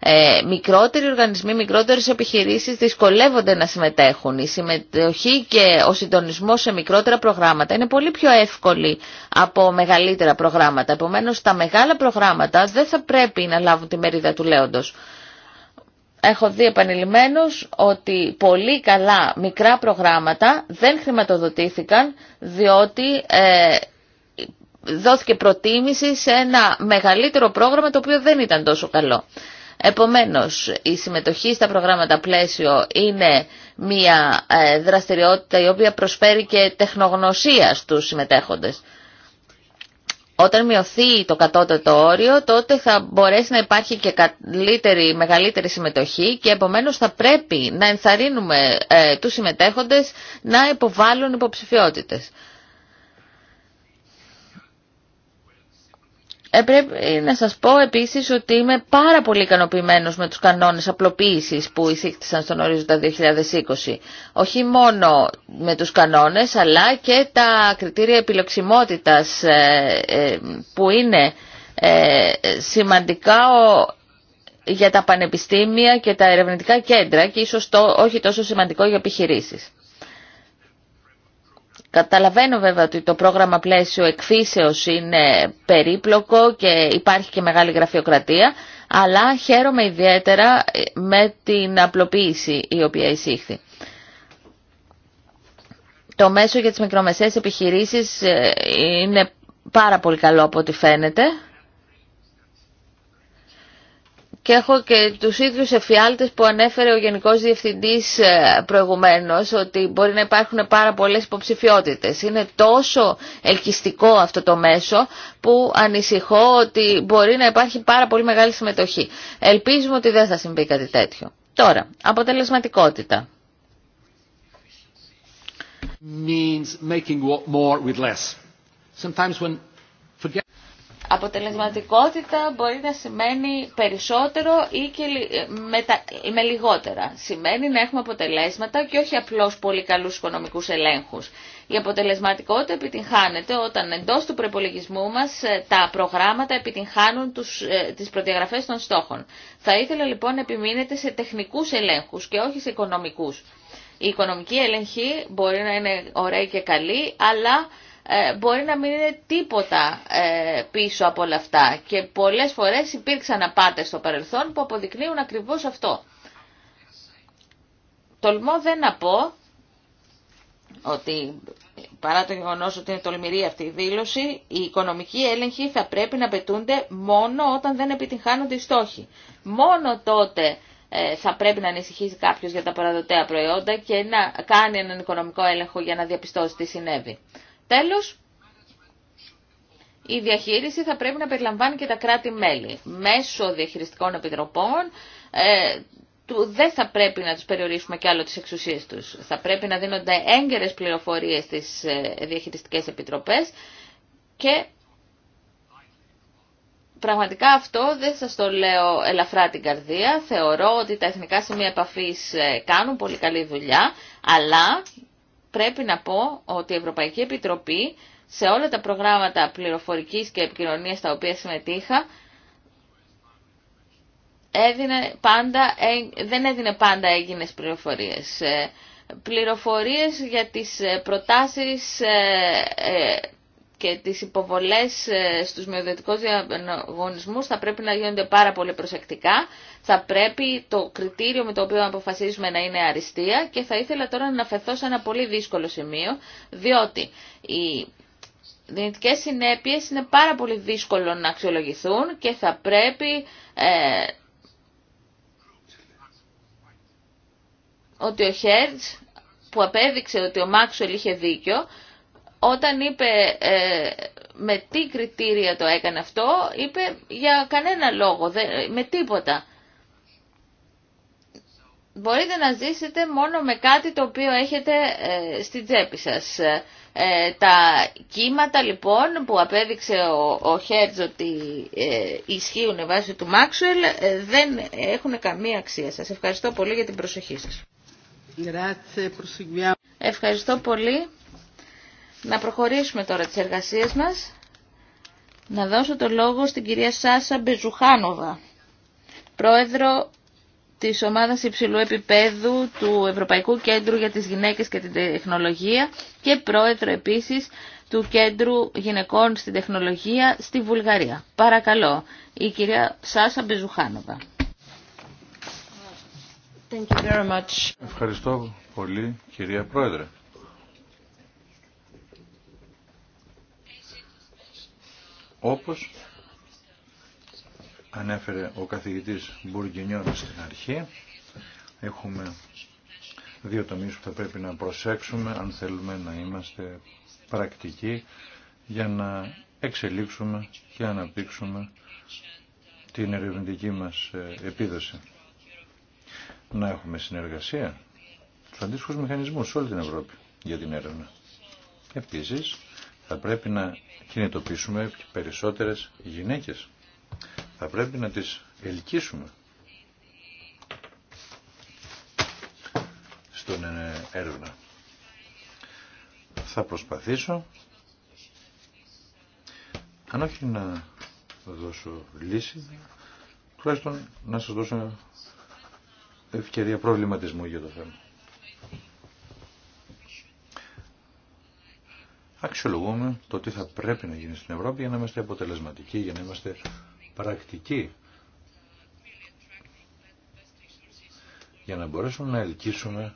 Ε, μικρότεροι οργανισμοί, μικρότερες επιχειρήσεις δυσκολεύονται να συμμετέχουν. Η συμμετοχή και ο συντονισμός σε μικρότερα προγράμματα είναι πολύ πιο εύκολη από μεγαλύτερα προγράμματα. Επομένως, τα μεγάλα προγράμματα δεν θα πρέπει να από τη μερίδα του λέοντος. Έχω δει επανειλημμένως ότι πολύ καλά μικρά προγράμματα δεν χρηματοδοτήθηκαν διότι ε, δόθηκε προτίμηση σε ένα μεγαλύτερο πρόγραμμα το οποίο δεν ήταν τόσο καλό. Επομένως, η συμμετοχή στα προγράμματα πλαίσιο είναι μια ε, δραστηριότητα η οποία προσφέρει και τεχνογνωσία στους συμμετέχοντες. Όταν μειωθεί το κατώτατο όριο, τότε θα μπορέσει να υπάρχει και καλύτερη, μεγαλύτερη συμμετοχή και επομένως θα πρέπει να ενθαρρύνουμε ε, τους συμμετέχοντες να υποβάλουν υποψηφιότητες. Ε, πρέπει να σας πω επίσης ότι είμαι πάρα πολύ ικανοποιημένο με τους κανόνες απλοποίησης που εισήχθησαν στον ορίζοντα 2020. Όχι μόνο με τους κανόνες αλλά και τα κριτήρια επιλοξιμότητας ε, ε, που είναι ε, σημαντικά για τα πανεπιστήμια και τα ερευνητικά κέντρα και ίσως το, όχι τόσο σημαντικό για επιχειρήσεις. Καταλαβαίνω βέβαια ότι το πρόγραμμα πλαίσιο εκφύσεως είναι περίπλοκο και υπάρχει και μεγάλη γραφειοκρατία, αλλά χαίρομαι ιδιαίτερα ε, με την απλοποίηση η οποία εισήχθη. Το μέσο για τις μικρομεσαίες επιχειρήσεις ε, είναι πάρα πολύ καλό από ό,τι φαίνεται. Και έχω και τους ίδιους εφιάλτες που ανέφερε ο Γενικός Διευθυντής ε, προηγουμένως, ότι μπορεί να υπάρχουν πάρα πολλές υποψηφιότητες. Είναι τόσο ελκυστικό αυτό το μέσο που ανησυχώ ότι μπορεί να υπάρχει πάρα πολύ μεγάλη συμμετοχή. Ελπίζουμε ότι δεν θα συμβεί κάτι τέτοιο. Τώρα, αποτελεσματικότητα. Means making Αποτελεσματικότητα μπορεί να σημαίνει περισσότερο ή και με, λιγότερα. Σημαίνει να έχουμε αποτελέσματα και όχι απλώς πολύ καλούς οικονομικούς ελέγχους. Η αποτελεσματικότητα επιτυγχάνεται όταν εντός του προπολογισμού μας ε, τα προγράμματα επιτυγχάνουν τους, ε, τις προδιαγραφές των στόχων. Θα ήθελα λοιπόν να επιμείνετε σε τεχνικούς ελέγχους και όχι σε οικονομικούς. Η οικονομική έλεγχη μπορεί να είναι ωραία και καλή, αλλά ε, μπορεί να μην είναι τίποτα ε, πίσω από όλα αυτά και πολλές φορές υπήρξαν απάτες στο παρελθόν που αποδεικνύουν ακριβώς αυτό. Τολμώ δεν να πω ότι παρά το γεγονό ότι είναι τολμηρή αυτή η δήλωση, οι οικονομικοί έλεγχοι θα πρέπει να πετούνται μόνο όταν δεν επιτυγχάνονται οι στόχοι. Μόνο τότε ε, θα πρέπει να ανησυχήσει κάποιο για τα παραδοτέα προϊόντα και να κάνει έναν οικονομικό έλεγχο για να διαπιστώσει τι συνέβη. Τέλος, η διαχείριση θα πρέπει να περιλαμβάνει και τα κράτη-μέλη. Μέσω διαχειριστικών επιτροπών ε, του, δεν θα πρέπει να τους περιορίσουμε κι άλλο τις εξουσίες τους. Θα πρέπει να δίνονται έγκαιρες πληροφορίες στις ε, διαχειριστικές επιτροπές και πραγματικά αυτό δεν σας το λέω ελαφρά την καρδία. Θεωρώ ότι τα εθνικά σημεία επαφής ε, κάνουν πολύ καλή δουλειά, αλλά πρέπει να πω ότι η Ευρωπαϊκή Επιτροπή σε όλα τα προγράμματα πληροφορικής και επικοινωνίας στα οποία συμμετείχα ε, δεν έδινε πάντα έγινες πληροφορίες. Ε, πληροφορίες για τις ε, προτάσεις και τις υποβολές ε, στους μειοδοτικούς διαγωνισμούς θα πρέπει να γίνονται πάρα πολύ προσεκτικά. Θα πρέπει το κριτήριο με το οποίο αποφασίζουμε να είναι αριστεία και θα ήθελα τώρα να αναφερθώ σε ένα πολύ δύσκολο σημείο, διότι οι δυνητικές συνέπειες είναι πάρα πολύ δύσκολο να αξιολογηθούν και θα πρέπει... Ε, ότι ο Χέρτς που απέδειξε ότι ο Μάξουελ είχε δίκιο, όταν είπε ε, με τι κριτήρια το έκανε αυτό, είπε για κανένα λόγο, δε, με τίποτα. Μπορείτε να ζήσετε μόνο με κάτι το οποίο έχετε στη ε, στην τσέπη σας. Ε, τα κύματα λοιπόν που απέδειξε ο, Χέρτζ ότι ισχύουν βάσει του Μάξουελ δεν έχουν καμία αξία. Σας ευχαριστώ πολύ για την προσοχή σας. Ευχαριστώ πολύ να προχωρήσουμε τώρα τις εργασίες μας. Να δώσω το λόγο στην κυρία Σάσα Μπεζουχάνοβα, πρόεδρο της ομάδας υψηλού επίπεδου του Ευρωπαϊκού Κέντρου για τις Γυναίκες και την Τεχνολογία και πρόεδρο επίσης του Κέντρου Γυναικών στην Τεχνολογία στη Βουλγαρία. Παρακαλώ, η κυρία Σάσα Μπεζουχάνοβα. Ευχαριστώ πολύ κυρία Πρόεδρε. όπως ανέφερε ο καθηγητής Bourguignon στην αρχή. Έχουμε δύο τομείς που θα πρέπει να προσέξουμε αν θέλουμε να είμαστε πρακτικοί για να εξελίξουμε και αναπτύξουμε την ερευνητική μας ε, επίδοση. Να έχουμε συνεργασία στους αντίστοιχους μηχανισμούς σε όλη την Ευρώπη για την έρευνα. Επίσης, θα πρέπει να κινητοποιήσουμε περισσότερες γυναίκες. Θα πρέπει να τις ελκύσουμε στον ε, έρευνα. Θα προσπαθήσω αν όχι να δώσω λύση, τουλάχιστον να σας δώσω ευκαιρία προβληματισμού για το θέμα. αξιολογούμε το τι θα πρέπει να γίνει στην Ευρώπη για να είμαστε αποτελεσματικοί, για να είμαστε πρακτικοί. Για να μπορέσουμε να ελκύσουμε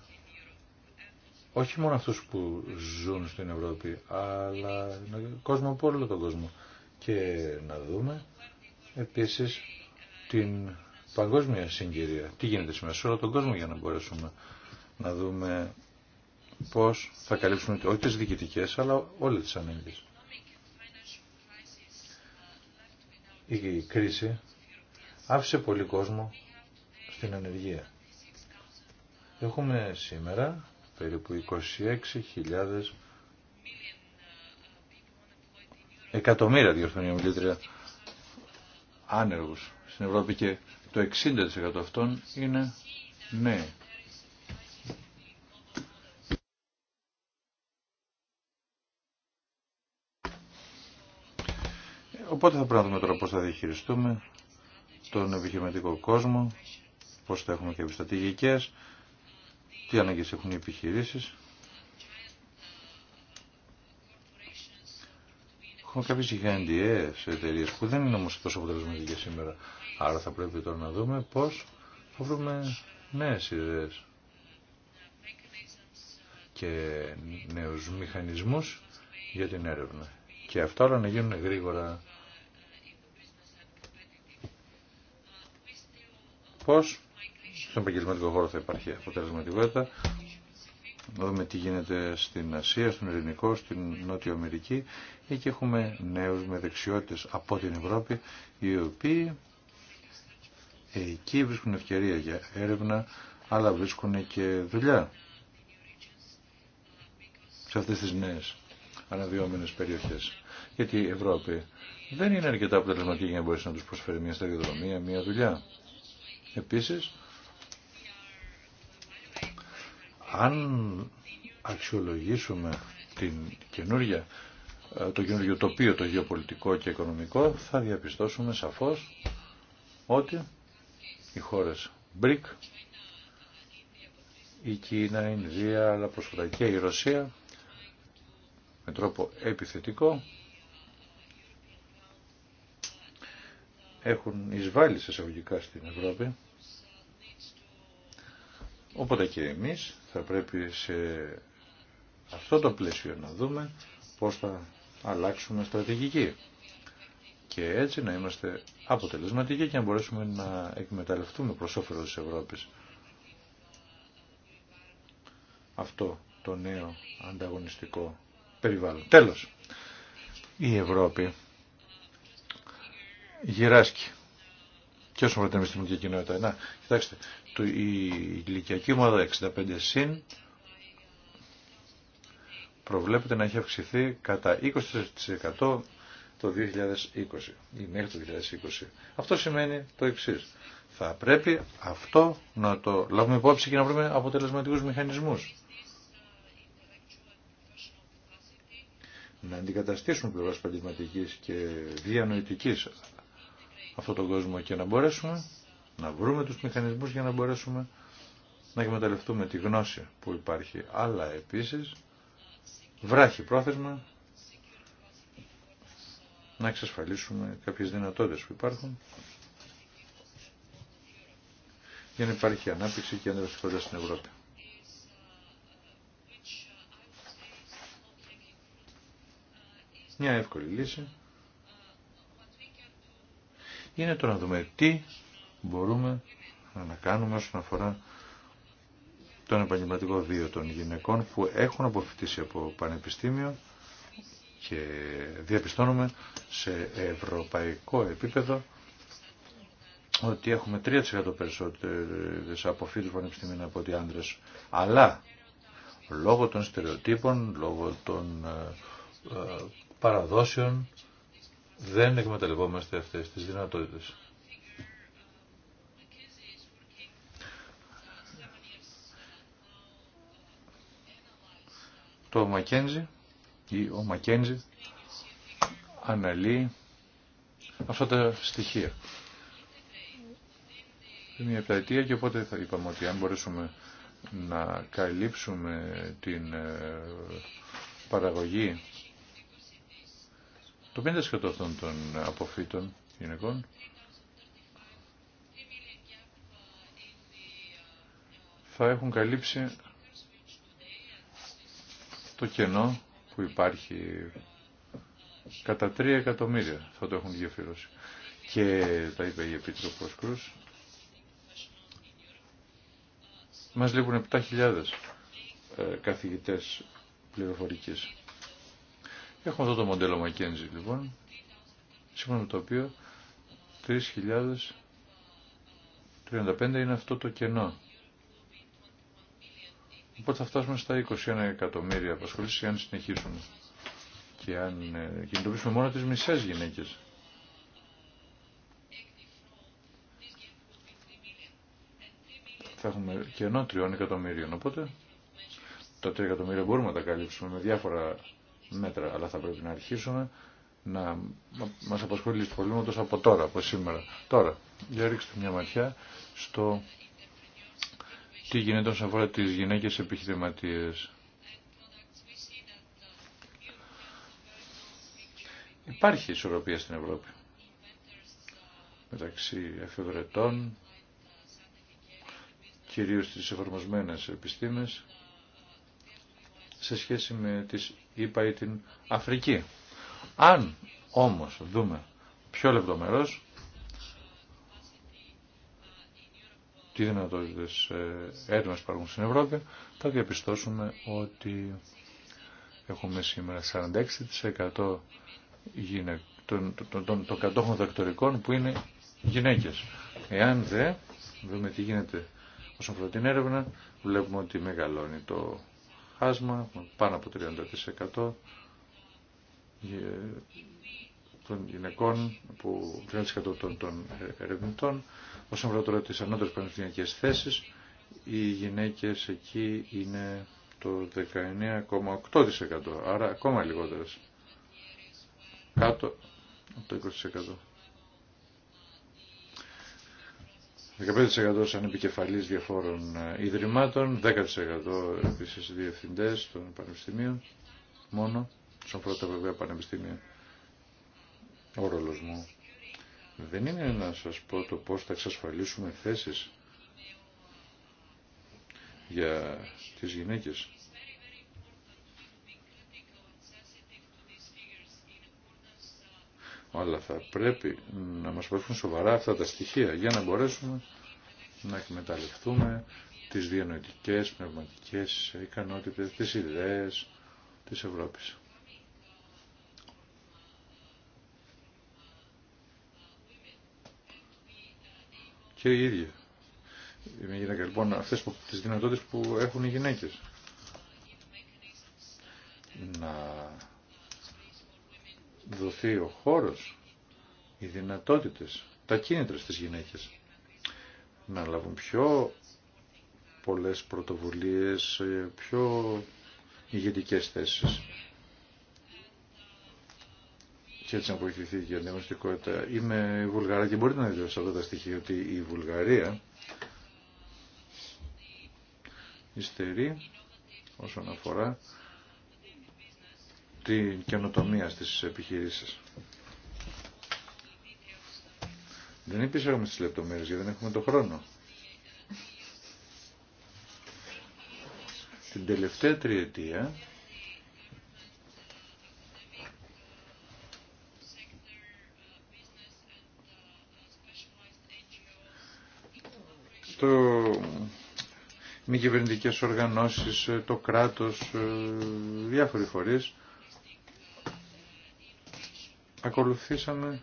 όχι μόνο αυτούς που ζουν στην Ευρώπη, αλλά κόσμο από όλο τον κόσμο. Και να δούμε επίσης την παγκόσμια συγκυρία. Τι γίνεται σήμερα σε όλο τον κόσμο για να μπορέσουμε να δούμε πώς θα καλύψουν όχι τις διοικητικές, αλλά όλες τις ανάγκες. Η κρίση άφησε πολύ κόσμο στην ανεργία. Έχουμε σήμερα περίπου 26.000 εκατομμύρια διορθώνει ομιλήτρια άνεργους στην Ευρώπη και το 60% αυτών είναι νέοι. Οπότε θα πρέπει να δούμε τώρα πώς θα διαχειριστούμε τον επιχειρηματικό κόσμο, πώς θα έχουμε και επιστατηγικές, τι ανάγκες έχουν οι επιχειρήσεις. Έχουμε κάποιες γιγαντιές εταιρείες που δεν είναι όμως τόσο αποτελεσματικές σήμερα. Άρα θα πρέπει τώρα να δούμε πώς θα βρούμε νέες ιδέες και νέους μηχανισμούς για την έρευνα. Και αυτά όλα να γίνουν γρήγορα. πώς στον επαγγελματικό χώρο θα υπάρχει αποτελεσματικότητα. Να δούμε τι γίνεται στην Ασία, στον Ελληνικό, στην Νότια Αμερική. Εκεί έχουμε νέους με δεξιότητες από την Ευρώπη, οι οποίοι εκεί βρίσκουν ευκαιρία για έρευνα, αλλά βρίσκουν και δουλειά σε αυτέ τι νέε αναδυόμενες περιοχές. Γιατί η Ευρώπη δεν είναι αρκετά αποτελεσματική για να μπορέσει να τους προσφέρει μια σταδιοδρομία, μια δουλειά. Επίσης, αν αξιολογήσουμε την καινούργια, ε, το καινούργιο τοπίο, το γεωπολιτικό και οικονομικό, θα διαπιστώσουμε σαφώς ότι οι χώρες BRIC, η Κίνα, η Ινδία, αλλά προσφατά και η Ρωσία, με τρόπο επιθετικό, έχουν εισβάλλει σε εισαγωγικά στην Ευρώπη Οπότε και εμείς θα πρέπει σε αυτό το πλαίσιο να δούμε πώς θα αλλάξουμε στρατηγική. Και έτσι να είμαστε αποτελεσματικοί και να μπορέσουμε να εκμεταλλευτούμε προς όφελο της Ευρώπης αυτό το νέο ανταγωνιστικό περιβάλλον. Τέλος, η Ευρώπη γυράσκει και όσο αφορά την επιστημονική κοινότητα. Να, κοιτάξτε, το, η ηλικιακή ομάδα 65 συν προβλέπεται να έχει αυξηθεί κατά 20% το 2020 ή μέχρι το 2020. Αυτό σημαίνει το εξή. Θα πρέπει αυτό να το λάβουμε υπόψη και να βρούμε αποτελεσματικούς μηχανισμούς. Να αντικαταστήσουμε πλευράς επαγγελματική και διανοητικής αυτόν τον κόσμο και να μπορέσουμε να βρούμε τους μηχανισμούς για να μπορέσουμε να εκμεταλλευτούμε τη γνώση που υπάρχει, αλλά επίσης βράχει πρόθεσμα να εξασφαλίσουμε κάποιες δυνατότητες που υπάρχουν για να υπάρχει ανάπτυξη και αντιδραστικότητα στην Ευρώπη. Μια εύκολη λύση είναι το να δούμε τι μπορούμε να κάνουμε όσον αφορά τον επαγγελματικό βίο των γυναικών που έχουν αποφυτίσει από πανεπιστήμιο και διαπιστώνουμε σε ευρωπαϊκό επίπεδο ότι έχουμε 3% περισσότερες αποφύτους πανεπιστήμιων από ότι άντρες. Αλλά λόγω των στερεοτύπων, λόγω των ε, ε, παραδόσεων δεν εκμεταλλευόμαστε αυτές τις δυνατότητες. Το Μακένζι ή ο Μακένζι αναλύει αυτά τα στοιχεία. Είναι Μια επταετία και οπότε θα είπαμε ότι αν μπορέσουμε να καλύψουμε την ε, παραγωγή το 50% αυτών των αποφύτων γυναικών θα έχουν καλύψει το κενό που υπάρχει κατά 3 εκατομμύρια θα το έχουν γεφυρώσει. Και τα είπε η Επίτροπος Κρούς. Μας λείπουν 7.000 ε, καθηγητές πληροφορικής. Έχουμε αυτό το μοντέλο Μακένζι λοιπόν, σύμφωνα με το οποίο 3.035 είναι αυτό το κενό. Οπότε θα φτάσουμε στα 21 εκατομμύρια απασχολήσεις αν συνεχίσουμε και αν ε, κινητοποιήσουμε μόνο τις μισές γυναίκες. Θα έχουμε κενό 3 εκατομμύριων, οπότε τα 3 εκατομμύρια μπορούμε να τα καλύψουμε με διάφορα μέτρα. Αλλά θα πρέπει να αρχίσουμε να μας απασχολεί του από τώρα, από σήμερα. Τώρα, για ρίξτε μια ματιά στο τι γίνεται όσον αφορά τις γυναίκες επιχειρηματίες. Υπάρχει ισορροπία στην Ευρώπη μεταξύ εφευρετών, κυρίως στις εφαρμοσμένες επιστήμες, σε σχέση με τις είπα ή την Αφρική. Αν όμως δούμε πιο λεπτομερώς τι δυνατότητες ε, έρευνας υπάρχουν στην Ευρώπη, θα διαπιστώσουμε ότι έχουμε σήμερα 46% των, κατόχων δακτορικών που είναι γυναίκες. Εάν δε, δούμε τι γίνεται όσον αφορά την έρευνα, βλέπουμε ότι μεγαλώνει το χάσμα πάνω από 30% των γυναικών που 30% των, των ερευνητών. Όσον αφορά τώρα τις ανώτερες πανεπιστημιακές θέσεις, οι γυναίκες εκεί είναι το 19,8%, άρα ακόμα λιγότερες, κάτω από το 20%. 15% σαν επικεφαλής διαφόρων ε, ιδρυμάτων, 10% επίσης διευθυντές των πανεπιστημίων, μόνο, στον πρώτο βέβαια πανεπιστήμια, ο ρόλος μου. Δεν είναι να σας πω το πώς θα εξασφαλίσουμε θέσεις για τις γυναίκες. Αλλά θα πρέπει να μας προσφέρουν σοβαρά αυτά τα στοιχεία για να μπορέσουμε να εκμεταλλευτούμε τις διανοητικές, πνευματικές ικανότητες, τις ιδέες της Ευρώπης. Και οι ίδια. Είμαι γυναίκα λοιπόν αυτές που, τις δυνατότητες που έχουν οι γυναίκες. Να δοθεί ο χώρος, οι δυνατότητες, τα κίνητρα στις γυναίκες να λάβουν πιο πολλές πρωτοβουλίες, ε, πιο ηγετικές θέσεις και έτσι να βοηθηθεί η ανταγωνιστικότητα. Είμαι Βουλγαρά και μπορείτε να δείτε σε αυτά τα στοιχεία ότι η Βουλγαρία υστερεί όσον αφορά την καινοτομία στις επιχειρήσεις. Δεν επισέρχομαι στις λεπτομέρειες γιατί δεν έχουμε το χρόνο. Την τελευταία τριετία το μη κυβερνητικέ οργανώσεις, το κράτος, ε, διάφοροι φορείς ακολουθήσαμε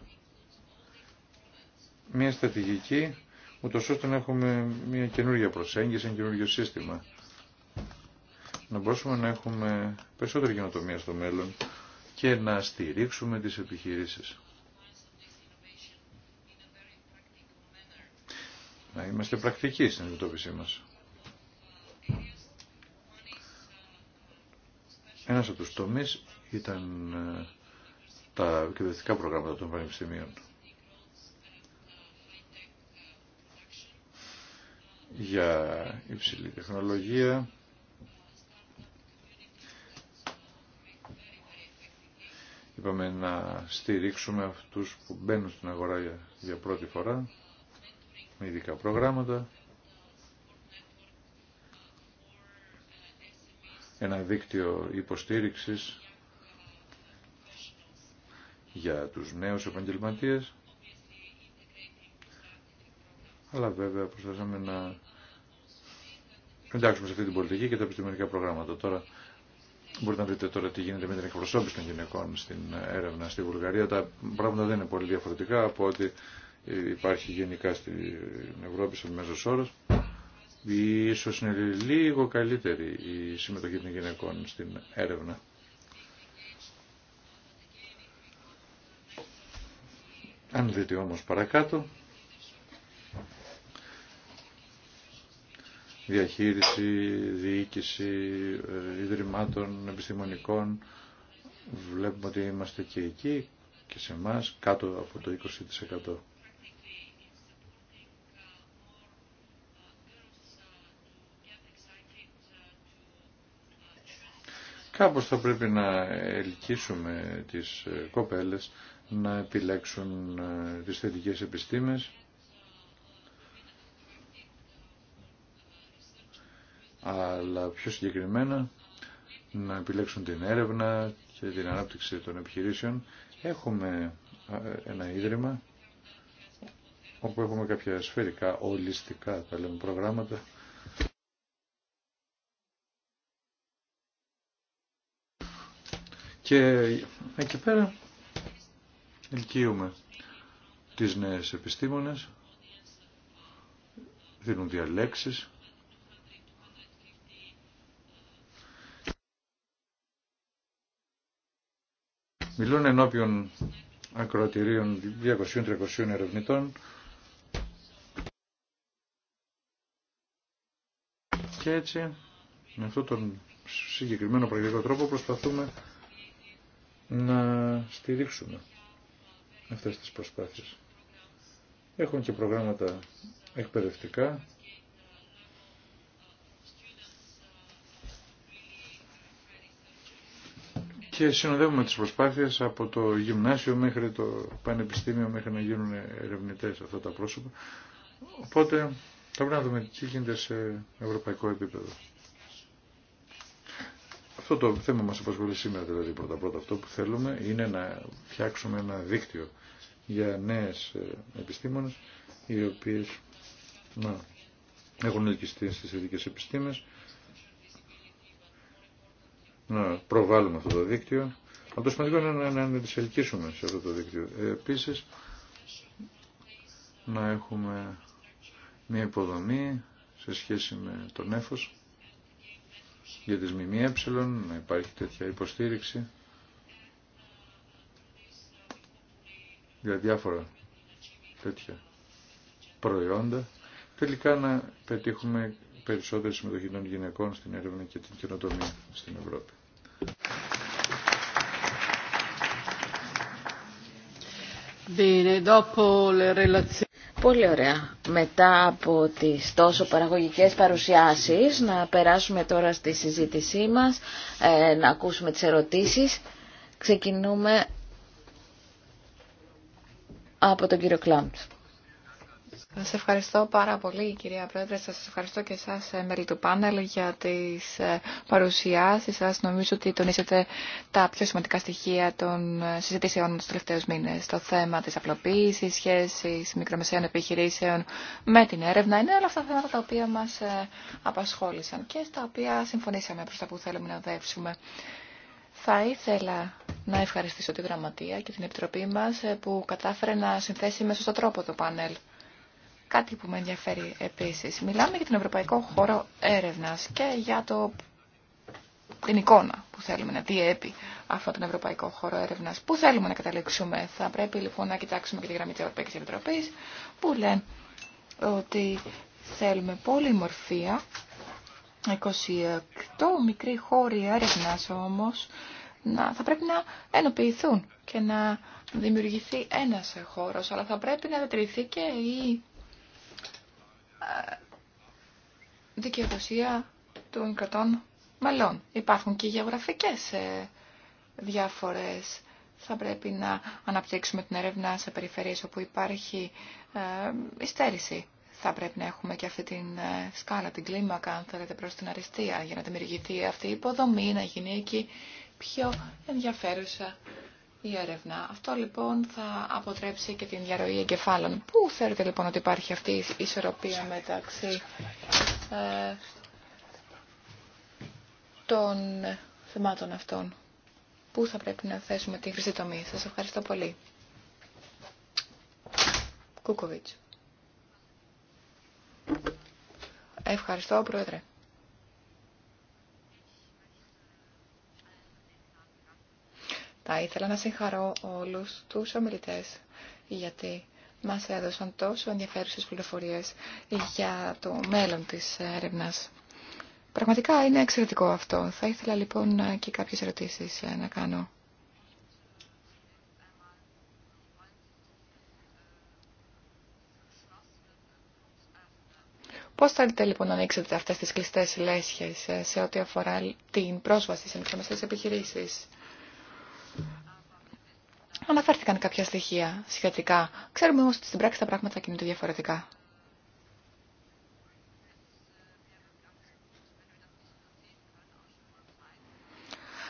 μια στρατηγική, ούτω ώστε να έχουμε μια καινούργια προσέγγιση, ένα καινούργιο σύστημα. Να μπορούμε να έχουμε περισσότερη καινοτομία στο μέλλον και να στηρίξουμε τις επιχειρήσεις. Να είμαστε πρακτικοί στην αντιμετώπιση μας. Ένας από τους τομείς ήταν ε, τα εκπαιδευτικά προγράμματα των πανεπιστημίων. για υψηλή τεχνολογία είπαμε να στηρίξουμε αυτούς που μπαίνουν στην αγορά για, για πρώτη φορά με ειδικά προγράμματα ένα δίκτυο υποστήριξης για τους νέους επαγγελματίες. Αλλά βέβαια προσπαθήσαμε να εντάξουμε σε αυτή την πολιτική και τα επιστημονικά προγράμματα. Τώρα μπορείτε να δείτε τώρα τι γίνεται με την εκπροσώπηση των γυναικών στην έρευνα στη Βουλγαρία. Τα πράγματα δεν είναι πολύ διαφορετικά από ό,τι υπάρχει γενικά στην Ευρώπη σε μέσο όρο. Ίσως είναι λίγο καλύτερη η συμμετοχή των γυναικών στην έρευνα. Αν δείτε όμως παρακάτω, διαχείριση, διοίκηση ε, ιδρυμάτων επιστημονικών, βλέπουμε ότι είμαστε και εκεί και σε εμά κάτω από το 20%. Κάπως θα πρέπει να ελκύσουμε τις ε, κοπέλες να επιλέξουν ε, τις θετικές επιστήμες. αλλά πιο συγκεκριμένα να επιλέξουν την έρευνα και την ανάπτυξη των επιχειρήσεων. Έχουμε ε, ένα ίδρυμα όπου έχουμε κάποια σφαιρικά, ολιστικά τα λέμε προγράμματα και εκεί πέρα Ελκύουμε τις νέες επιστήμονες, δίνουν διαλέξεις, μιλούν ενώπιον ακροατηρίων 200-300 ερευνητών και έτσι με αυτόν τον συγκεκριμένο πραγματικό τρόπο προσπαθούμε να στηρίξουμε αυτές τις προσπάθειες. Έχουν και προγράμματα εκπαιδευτικά. Και συνοδεύουμε τις προσπάθειες από το γυμνάσιο μέχρι το πανεπιστήμιο μέχρι να γίνουν ερευνητές αυτά τα πρόσωπα. Οπότε θα πρέπει να δούμε τι γίνεται σε ευρωπαϊκό επίπεδο. Αυτό το θέμα μας απασχολεί σήμερα, δηλαδή πρώτα πρώτα αυτό που θέλουμε είναι να φτιάξουμε ένα δίκτυο για νέες ε, επιστήμονες οι οποίες να, έχουν ελκυστεί στις ειδικές επιστήμες να προβάλλουμε αυτό το δίκτυο αλλά το σημαντικό είναι να, να, να τις ελκύσουμε σε αυτό το δίκτυο. Ε, επίσης να έχουμε μια υποδομή σε σχέση με τον έφος για τις ΜΜΕ, να υπάρχει τέτοια υποστήριξη για διάφορα τέτοια προϊόντα. Τελικά να πετύχουμε περισσότερη συμμετοχή των γυναικών στην έρευνα και την καινοτομία στην Ευρώπη. Πολύ ωραία. Μετά από τις τόσο παραγωγικές παρουσιάσεις, να περάσουμε τώρα στη συζήτησή μας, ε, να ακούσουμε τις ερωτήσεις. Ξεκινούμε από τον κύριο Κλάμπ. Σας ευχαριστώ πάρα πολύ κυρία Πρόεδρε, σας ευχαριστώ και εσάς ε, μέλη του πάνελ για τις ε, παρουσιάσεις σας. Νομίζω ότι τονίσατε τα πιο σημαντικά στοιχεία των ε, συζητήσεων τους τελευταίους μήνες. Το θέμα της απλοποίησης, σχέσης μικρομεσαίων επιχειρήσεων με την έρευνα είναι όλα αυτά τα θέματα τα οποία μας απασχόλησαν και στα οποία συμφωνήσαμε προς τα που θέλουμε να οδεύσουμε. Θα ήθελα να ευχαριστήσω την Γραμματεία και την Επιτροπή μας που κατάφερε να συνθέσει με σωστό τρόπο το πάνελ. Κάτι που με ενδιαφέρει επίσης. Μιλάμε για τον Ευρωπαϊκό Χώρο Έρευνας και για το... την εικόνα που θέλουμε να διέπει αυτόν τον Ευρωπαϊκό Χώρο Έρευνας. Πού θέλουμε να καταλήξουμε. Θα πρέπει λοιπόν να κοιτάξουμε και τη γραμμή της Ευρωπαϊκής Επιτροπής που λένε ότι θέλουμε πολυμορφία 28 μικροί χώροι έρευνας όμως να, θα πρέπει να ενοποιηθούν και να δημιουργηθεί ένας χώρος, αλλά θα πρέπει να διατηρηθεί και η ε, δικαιοδοσία των κρατών μελών. Υπάρχουν και γεωγραφικές ε, διάφορες. Θα πρέπει να αναπτύξουμε την έρευνα σε περιφέρειες όπου υπάρχει ε, υστέρηση. Θα πρέπει να έχουμε και αυτή την σκάλα, την κλίμακα, αν θέλετε, προς την αριστεία, για να δημιουργηθεί αυτή η υποδομή, να γίνει εκεί πιο ενδιαφέρουσα η Αυτό λοιπόν θα αποτρέψει και την διαρροή εγκεφάλων. Πού θέλετε λοιπόν ότι υπάρχει αυτή η ισορροπία μεταξύ ε, των θεμάτων αυτών. Πού θα πρέπει να θέσουμε τη χρυσή τομή. Σας ευχαριστώ πολύ. Κούκοβιτς. Ευχαριστώ, Πρόεδρε. Θα ήθελα να συγχαρώ όλους τους ομιλητές γιατί μας έδωσαν τόσο ενδιαφέρουσες πληροφορίες για το μέλλον της έρευνας. Πραγματικά είναι εξαιρετικό αυτό. Θα ήθελα λοιπόν και κάποιες ερωτήσεις ε, να κάνω. Πώς θέλετε λοιπόν να ανοίξετε αυτές τις κλειστές λέσχες ε, σε ό,τι αφορά την πρόσβαση σε μικρομεσαίες επιχειρήσεις. Αναφέρθηκαν κάποια στοιχεία σχετικά. Ξέρουμε όμως ότι στην πράξη τα πράγματα κινούνται διαφορετικά.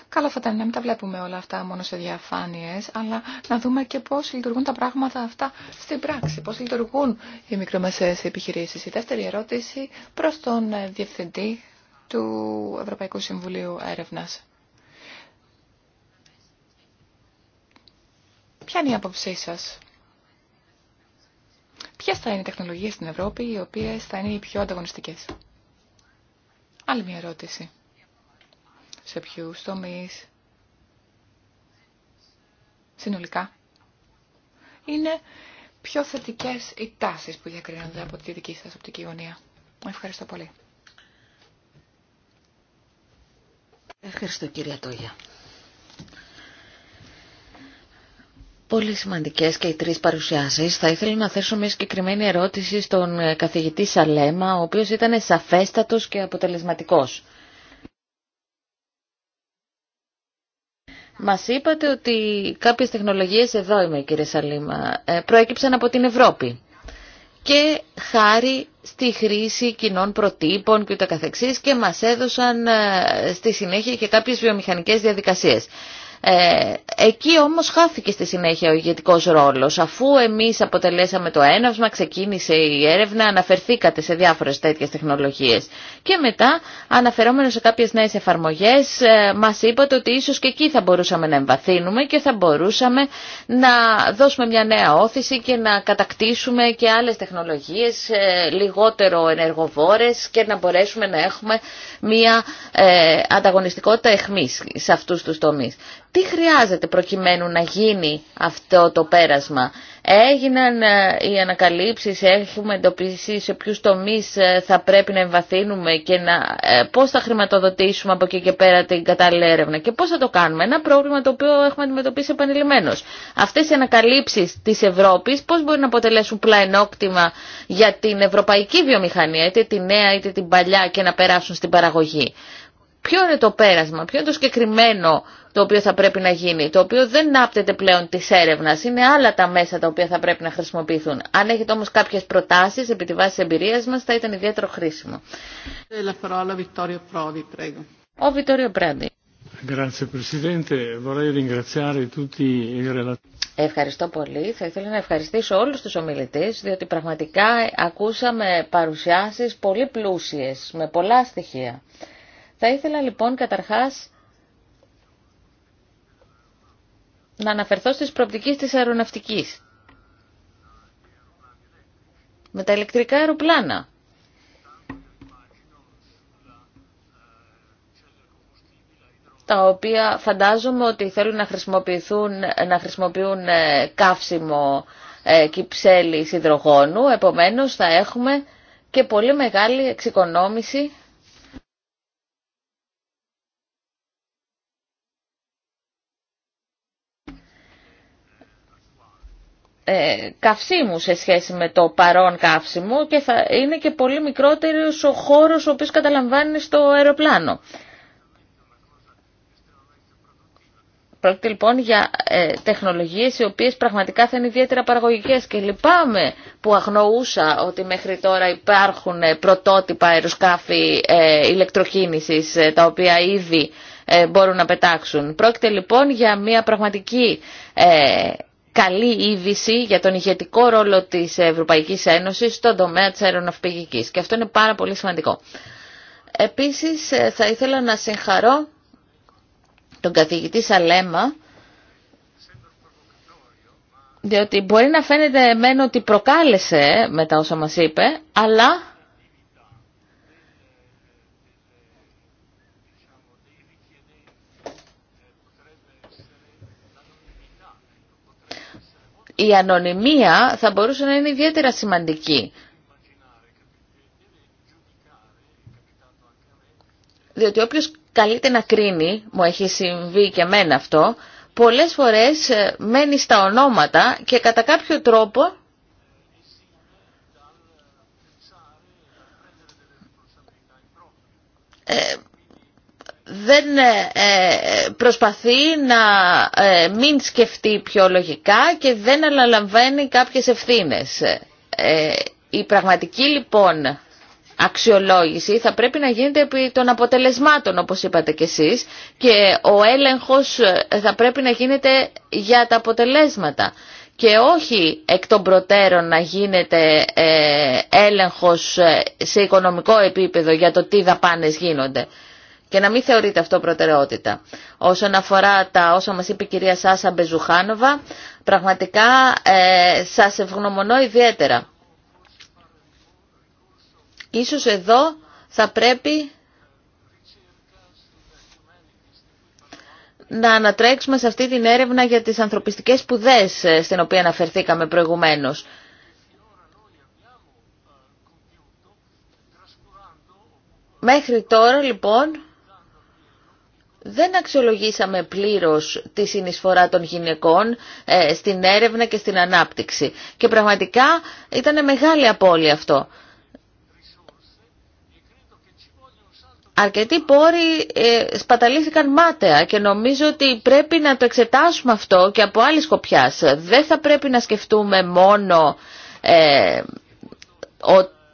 Καλό θα ήταν να μην τα βλέπουμε όλα αυτά μόνο σε διαφάνειες, αλλά να δούμε και πώς λειτουργούν τα πράγματα αυτά στην πράξη, πώς λειτουργούν οι μικρομεσαίες επιχειρήσεις. Η δεύτερη ερώτηση προς τον Διευθυντή του Ευρωπαϊκού Συμβουλίου Έρευνας. Ποια είναι η άποψή σας. Ποιες θα είναι οι τεχνολογίες στην Ευρώπη οι οποίες θα είναι οι πιο ανταγωνιστικές. Άλλη μια ερώτηση. Σε ποιους τομείς. Συνολικά. Είναι πιο θετικές οι τάσεις που διακρίνονται από τη δική σας οπτική γωνία. Ευχαριστώ πολύ. Ευχαριστώ κυρία Τόγια. πολύ σημαντικές και οι τρεις παρουσιάσεις. Θα ήθελα να θέσω μια συγκεκριμένη ερώτηση στον ε, καθηγητή Σαλέμα, ο οποίος ήταν σαφέστατος και αποτελεσματικός. Μας είπατε ότι κάποιες τεχνολογίες, εδώ είμαι κύριε Σαλήμα, ε, προέκυψαν από την Ευρώπη και χάρη στη χρήση κοινών προτύπων και ούτε καθεξής και μας έδωσαν ε, στη συνέχεια και κάποιες βιομηχανικές διαδικασίες. Ε, εκεί όμως χάθηκε στη συνέχεια ο ηγετικός ρόλος. Αφού εμείς αποτελέσαμε το έναυσμα, ξεκίνησε η έρευνα, αναφερθήκατε σε διάφορες τέτοιες τεχνολογίες. Και μετά, αναφερόμενο σε κάποιες νέες εφαρμογές, ε, μας είπατε ότι ίσως και εκεί θα μπορούσαμε να εμβαθύνουμε και θα μπορούσαμε να δώσουμε μια νέα όθηση και να κατακτήσουμε και άλλες τεχνολογίες ε, λιγότερο ενεργοβόρες και να μπορέσουμε να έχουμε μια ανταγωνιστικότητα εχμής σε αυτούς τους τομείς τι χρειάζεται προκειμένου να γίνει αυτό το πέρασμα. Έγιναν ε, οι ανακαλύψεις, έχουμε εντοπίσει σε ποιους τομείς ε, θα πρέπει να εμβαθύνουμε και να, ε, πώς θα χρηματοδοτήσουμε από εκεί και πέρα την κατάλληλη έρευνα και πώς θα το κάνουμε. Ένα πρόβλημα το οποίο έχουμε αντιμετωπίσει επανειλημμένως. Αυτές οι ανακαλύψεις της Ευρώπης πώς μπορεί να αποτελέσουν πλαενόκτημα για την ευρωπαϊκή βιομηχανία, είτε τη νέα είτε την παλιά και να περάσουν στην παραγωγή ποιο είναι το πέρασμα, ποιο είναι το συγκεκριμένο το οποίο θα πρέπει να γίνει, το οποίο δεν άπτεται πλέον τη έρευνα, είναι άλλα τα μέσα τα οποία θα πρέπει να χρησιμοποιηθούν. Αν έχετε όμω κάποιε προτάσει επί τη βάση εμπειρία μα, θα ήταν ιδιαίτερο χρήσιμο. Ο Βιτόριο Πράντι. Ευχαριστώ πολύ. Θα ήθελα να ευχαριστήσω όλους τους ομιλητές, διότι πραγματικά ακούσαμε παρουσιάσεις πολύ πλούσιες, με πολλά στοιχεία. Θα ήθελα λοιπόν καταρχάς να αναφερθώ στις προοπτικές της αεροναυτικής. Με τα ηλεκτρικά αεροπλάνα. τα οποία φαντάζομαι ότι θέλουν να, χρησιμοποιηθούν, να χρησιμοποιούν ε, καύσιμο ε, κυψέλη, υδρογόνου, επομένως θα έχουμε και πολύ μεγάλη εξοικονόμηση ε, καυσίμου σε σχέση με το παρόν καύσιμο και θα είναι και πολύ μικρότερος ο χώρος ο οποίος καταλαμβάνει στο αεροπλάνο. Πρόκειται λοιπόν για ε, τεχνολογίες οι οποίες πραγματικά θα είναι ιδιαίτερα παραγωγικές και λυπάμαι που αγνοούσα ότι μέχρι τώρα υπάρχουν ε, πρωτότυπα αεροσκάφη ε, ηλεκτροκίνησης ε, τα οποία ήδη ε, μπορούν να πετάξουν. Πρόκειται λοιπόν για μια πραγματική καλή είδηση για τον ηγετικό ρόλο της Ευρωπαϊκής Ένωσης στον τομέα της αεροναυπηγικής. Και αυτό είναι πάρα πολύ σημαντικό. Επίσης ε, θα ήθελα να συγχαρώ τον καθηγητή Σαλέμα, διότι μπορεί να φαίνεται εμένα ότι προκάλεσε μετά τα όσα μας είπε, αλλά η ανωνυμία θα μπορούσε να είναι ιδιαίτερα σημαντική. Διότι όποιος καλείται να κρίνει, μου έχει συμβεί και εμένα αυτό, πολλές φορές ε, μένει στα ονόματα και κατά κάποιο τρόπο ε, δεν ε, ε, προσπαθεί να ε, μην σκεφτεί πιο λογικά και δεν αναλαμβάνει κάποιες ευθύνες. Η πραγματική λοιπόν αξιολόγηση θα πρέπει να γίνεται επί των αποτελεσμάτων όπως είπατε και εσείς και ο έλεγχος θα πρέπει να γίνεται για τα αποτελέσματα και όχι εκ των προτέρων να γίνεται έλεγχος σε οικονομικό επίπεδο για το τι δαπάνες γίνονται και να μην θεωρείται αυτό προτεραιότητα. Όσον αφορά τα όσα μας είπε η κυρία Σάσα Μπεζουχάνοβα, πραγματικά ε, σας ευγνωμονώ ιδιαίτερα. Ίσως εδώ θα πρέπει να ανατρέξουμε σε αυτή την έρευνα για τις ανθρωπιστικές σπουδέ ε, στην οποία αναφερθήκαμε προηγουμένως. Μέχρι τώρα λοιπόν δεν αξιολογήσαμε πλήρως τη συνεισφορά των γυναικών ε, στην έρευνα και στην ανάπτυξη. Και πραγματικά ήταν μεγάλη απώλεια αυτό. Αρκετοί πόροι ε, σπαταλήθηκαν μάταια και νομίζω ότι πρέπει να το εξετάσουμε αυτό και από άλλη σκοπιά. Δεν θα πρέπει να σκεφτούμε μόνο ε,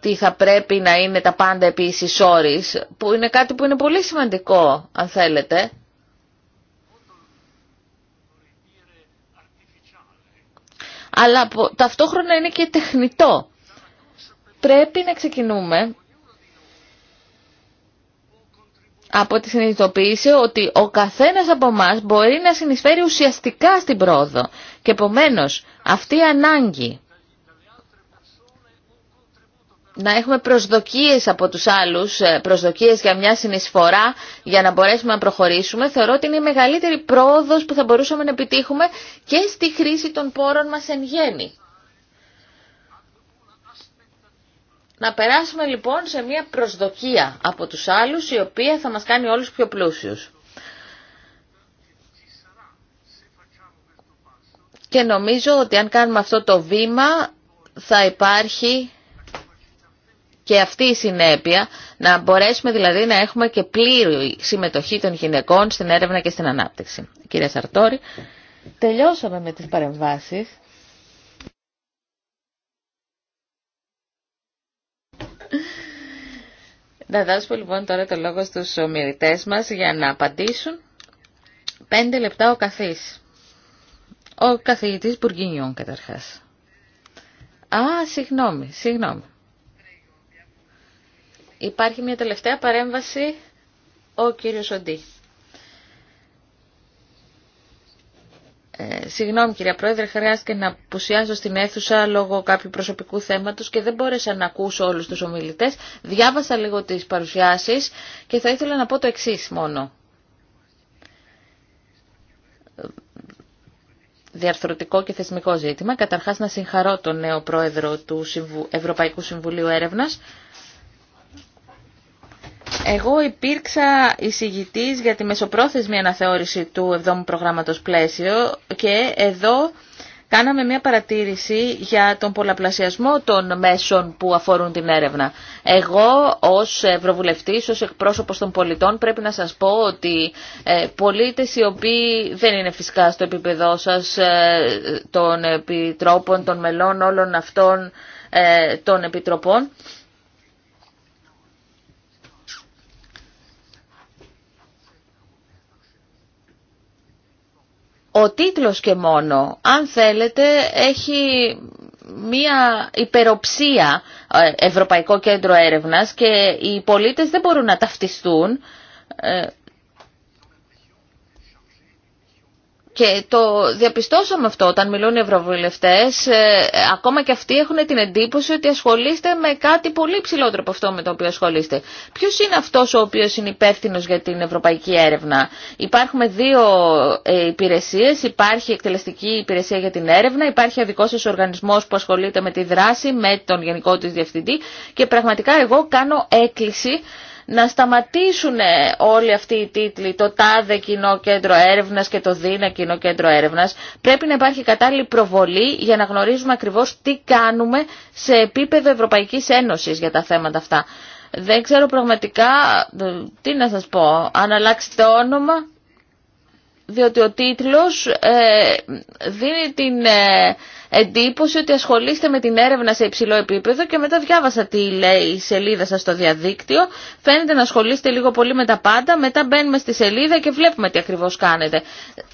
ότι θα πρέπει να είναι τα πάντα επίσης όρις, που είναι κάτι που είναι πολύ σημαντικό, αν θέλετε. Αλλά ταυτόχρονα είναι και τεχνητό. Πρέπει να ξεκινούμε από τη συνειδητοποίηση ότι ο καθένας από εμά μπορεί να συνεισφέρει ουσιαστικά στην πρόοδο. Και επομένως αυτή η ανάγκη να έχουμε προσδοκίες από τους άλλους, ε, προσδοκίες για μια συνεισφορά για να μπορέσουμε να προχωρήσουμε, θεωρώ ότι είναι η μεγαλύτερη πρόοδος που θα μπορούσαμε να επιτύχουμε και στη χρήση των πόρων μας εν γέννη. Να περάσουμε λοιπόν σε μια προσδοκία από τους άλλους η οποία θα μας κάνει όλους πιο πλούσιους. Και νομίζω ότι αν κάνουμε αυτό το βήμα θα υπάρχει και αυτή η συνέπεια να μπορέσουμε δηλαδή να έχουμε και πλήρη συμμετοχή των γυναικών στην έρευνα και στην ανάπτυξη. Κύριε Σαρτόρη, τελειώσαμε με τις παρεμβάσεις. Να δώσουμε λοιπόν τώρα το λόγο στους ομιλητές μας για να απαντήσουν. Πέντε λεπτά ο καθής. Ο καθηγητής Μπουργκίνιον καταρχάς. Α, συγγνώμη, συγγνώμη. Υπάρχει μια τελευταία παρέμβαση, ο κύριος Οντή. Ε, συγγνώμη κυρία Πρόεδρε, χρειάστηκε να πουσιάζω στην αίθουσα λόγω κάποιου προσωπικού θέματος και δεν μπόρεσα να ακούσω όλους τους ομιλητές. Διάβασα λίγο τις παρουσιάσεις και θα ήθελα να πω το εξή μόνο. διαρθρωτικό και θεσμικό ζήτημα. Καταρχάς να συγχαρώ τον νέο πρόεδρο του Ευρωπαϊκού Συμβουλίου Έρευνας εγώ υπήρξα εισηγητή για τη μεσοπρόθεσμη αναθεώρηση του 7ου προγράμματος πλαίσιο και εδώ κάναμε μια παρατήρηση για τον πολλαπλασιασμό των μέσων που αφορούν την έρευνα. Εγώ ως Ευρωβουλευτής, ως εκπρόσωπος των πολιτών πρέπει να σας πω ότι ε, πολίτες οι οποίοι δεν είναι φυσικά στο επίπεδό σας ε, των επιτρόπων, των μελών όλων αυτών ε, των επιτροπών Ο τίτλος και μόνο, αν θέλετε, έχει μία υπεροψία ε, Ευρωπαϊκό Κέντρο Έρευνας και οι πολίτες δεν μπορούν να ταυτιστούν ε, Και το διαπιστώσαμε αυτό όταν μιλούν οι ευρωβουλευτές, ε, ακόμα και αυτοί έχουν την εντύπωση ότι ασχολείστε με κάτι πολύ ψηλότερο από αυτό με το οποίο ασχολείστε. Ποιος είναι αυτός ο οποίος είναι υπεύθυνος για την ευρωπαϊκή έρευνα. Υπάρχουν δύο ε, υπηρεσίες, υπάρχει εκτελεστική υπηρεσία για την έρευνα, υπάρχει ο δικός σας οργανισμός που ασχολείται με τη δράση, με τον γενικό της διευθυντή και πραγματικά εγώ κάνω έκκληση να σταματήσουν όλοι αυτοί οι τίτλοι, το τάδε κοινό κέντρο έρευνας και το δίνα κοινό κέντρο έρευνας. Πρέπει να υπάρχει κατάλληλη προβολή για να γνωρίζουμε ακριβώς τι κάνουμε σε επίπεδο Ευρωπαϊκής Ένωσης για τα θέματα αυτά. Δεν ξέρω πραγματικά, ε, τι να σας πω, αν αλλάξετε το όνομα, διότι ο τίτλος ε, δίνει την... Ε, εντύπωση ότι ασχολείστε με την έρευνα σε υψηλό επίπεδο και μετά διάβασα τι λέει η σελίδα σας στο διαδίκτυο. Φαίνεται να ασχολείστε λίγο πολύ με τα πάντα, μετά μπαίνουμε στη σελίδα και βλέπουμε τι ακριβώς κάνετε.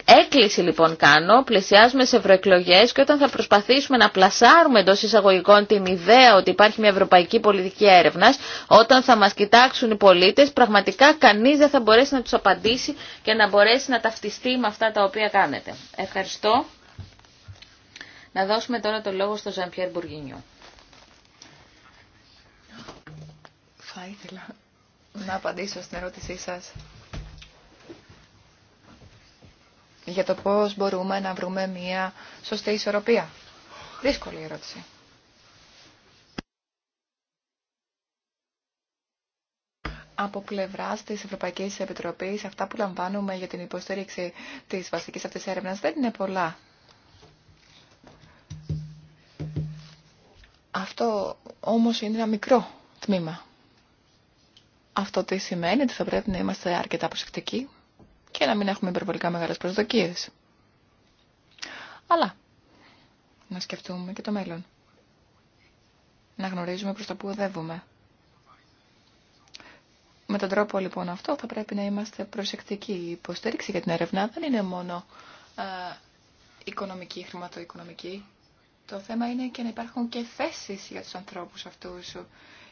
Έκκληση λοιπόν κάνω, πλησιάζουμε σε ευρωεκλογέ και όταν θα προσπαθήσουμε να πλασάρουμε εντό εισαγωγικών την ιδέα ότι υπάρχει μια ευρωπαϊκή πολιτική έρευνα, όταν θα μα κοιτάξουν οι πολίτε, πραγματικά κανεί δεν θα μπορέσει να του απαντήσει και να μπορέσει να ταυτιστεί με αυτά τα οποία κάνετε. Ευχαριστώ. Να δώσουμε τώρα το λόγο στον Ζαμπιέρ Μπουργινιού. Θα ήθελα να απαντήσω στην ερώτησή σας για το πώς μπορούμε να βρούμε μια σωστή ισορροπία. Δύσκολη ερώτηση. από πλευρά τη Ευρωπαϊκή Επιτροπή, αυτά που λαμβάνουμε για την υποστήριξη τη βασική αυτή έρευνα δεν είναι πολλά. Αυτό όμως είναι ένα μικρό τμήμα. Αυτό τι σημαίνει ότι θα πρέπει να είμαστε αρκετά προσεκτικοί και να μην έχουμε υπερβολικά μεγάλες προσδοκίες. Αλλά να σκεφτούμε και το μέλλον. Να γνωρίζουμε προς τα που οδεύουμε. Με τον τρόπο λοιπόν αυτό θα πρέπει να είμαστε προσεκτικοί. Η υποστήριξη για την έρευνα δεν είναι μόνο ε, οικονομική, χρηματοοικονομική. Το θέμα είναι και να υπάρχουν και θέσεις για τους ανθρώπους αυτούς.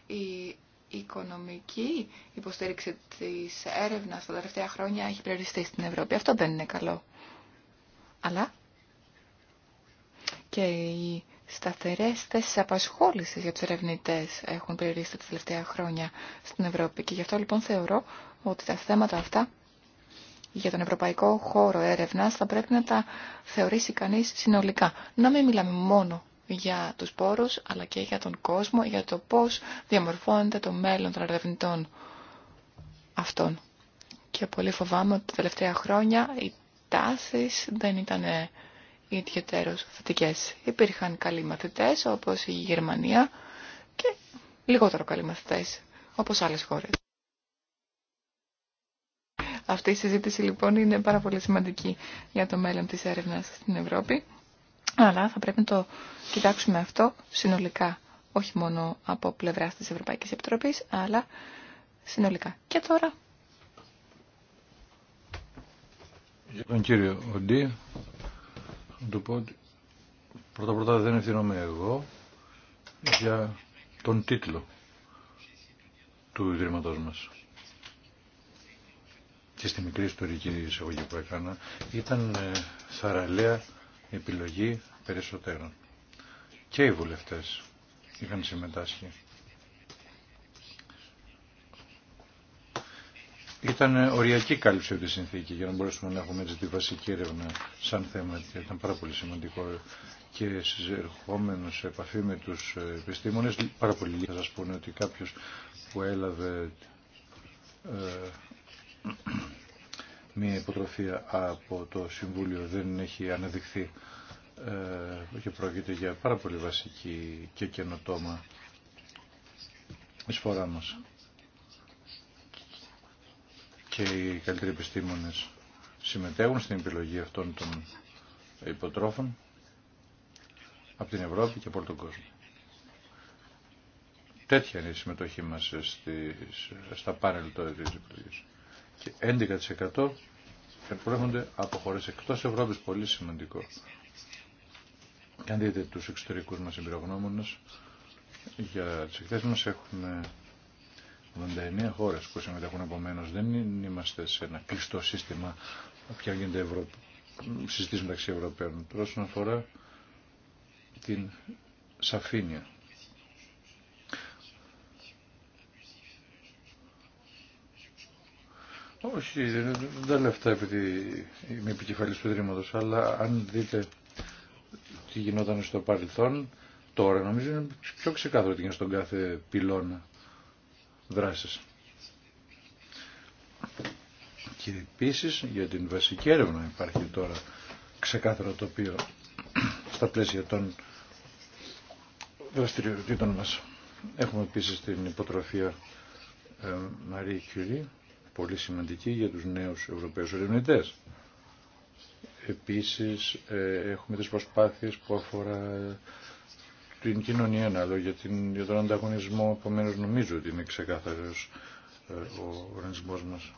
Η οικονομική υποστήριξη της έρευνας τα τελευταία χρόνια έχει περιοριστεί στην Ευρώπη. Αυτό δεν είναι καλό. Αλλά και οι σταθερές θέσεις απασχόλησης για τους ερευνητές έχουν περιοριστεί τα τελευταία χρόνια στην Ευρώπη. Και γι' αυτό λοιπόν θεωρώ ότι τα θέματα αυτά για τον ευρωπαϊκό χώρο έρευνας θα πρέπει να τα θεωρήσει κανείς συνολικά. Να μην μιλάμε μόνο για τους πόρους, αλλά και για τον κόσμο, για το πώς διαμορφώνεται το μέλλον των ερευνητών αυτών. Και πολύ φοβάμαι ότι τα τελευταία χρόνια οι τάσεις δεν ήταν ιδιαίτερως θετικές. Υπήρχαν καλοί μαθητές, όπως η Γερμανία, και λιγότερο καλοί μαθητές, όπως άλλες χώρες. Αυτή η συζήτηση λοιπόν είναι πάρα πολύ σημαντική για το μέλλον της έρευνας στην Ευρώπη. Αλλά θα πρέπει να το κοιτάξουμε αυτό συνολικά, όχι μόνο από πλευράς της Ευρωπαϊκής Επιτροπής, αλλά συνολικά. Και τώρα... Για τον κύριο Οντή, θα του πω ότι πρώτα-πρώτα δεν ευθυνομαι εγώ για τον τίτλο του Ιδρύματός μας και στη μικρή ιστορική εισαγωγή που έκανα ήταν ε, θαραλέα επιλογή περισσότερων. Και οι βουλευτές είχαν συμμετάσχει. Ήταν ε, οριακή κάλυψη τη συνθήκη για να μπορέσουμε να έχουμε έτσι τη βασική έρευνα σαν θέμα και ήταν πάρα πολύ σημαντικό και ερχόμενο σε επαφή με τους ε, επιστήμονες πάρα πολύ λίγοι θα σας πούνε ότι κάποιος που έλαβε μια υποτροφία από το Συμβούλιο δεν έχει αναδειχθεί ε, και πρόκειται για πάρα πολύ βασική και καινοτόμα εισφορά μας. Και οι καλύτεροι επιστήμονες συμμετέχουν στην επιλογή αυτών των υποτρόφων από την Ευρώπη και από όλο τον κόσμο. Τέτοια είναι η συμμετοχή μας στις, στα πάνελ τώρα της επιλογής και 11% προέρχονται από χώρες εκτός Ευρώπης, πολύ σημαντικό. Και αν δείτε τους εξωτερικούς μας εμπειρογνώμονες, για τις εκθέσει μας έχουμε 89 χώρες που συμμετέχουν Επομένω, Δεν είμαστε σε ένα κλειστό σύστημα πια γίνεται Ευρωπη... μεταξύ Ευρωπαίων. Τώρα όσον αφορά την σαφήνεια. Όχι, δεν τα λέω αυτά επειδή είμαι επικεφαλής του Ιδρύματος, αλλά αν δείτε τι γινόταν στο παρελθόν, τώρα νομίζω είναι πιο ξεκάθαρο τι γίνεται στον κάθε πυλώνα δράσης. Και επίση για την βασική έρευνα υπάρχει τώρα ξεκάθαρο τοπίο στα πλαίσια των δραστηριοτήτων μας. Έχουμε επίση την υποτροφία Μαρία ε, πολύ σημαντική για τους νέους Ευρωπαίους ερευνητέ. Επίσης ε, έχουμε τις προσπάθειες που αφορά την κοινωνία ανάλογα για, την, για τον ανταγωνισμό, επομένω νομίζω ότι είναι ξεκάθαρος ε, ο οργανισμός μας.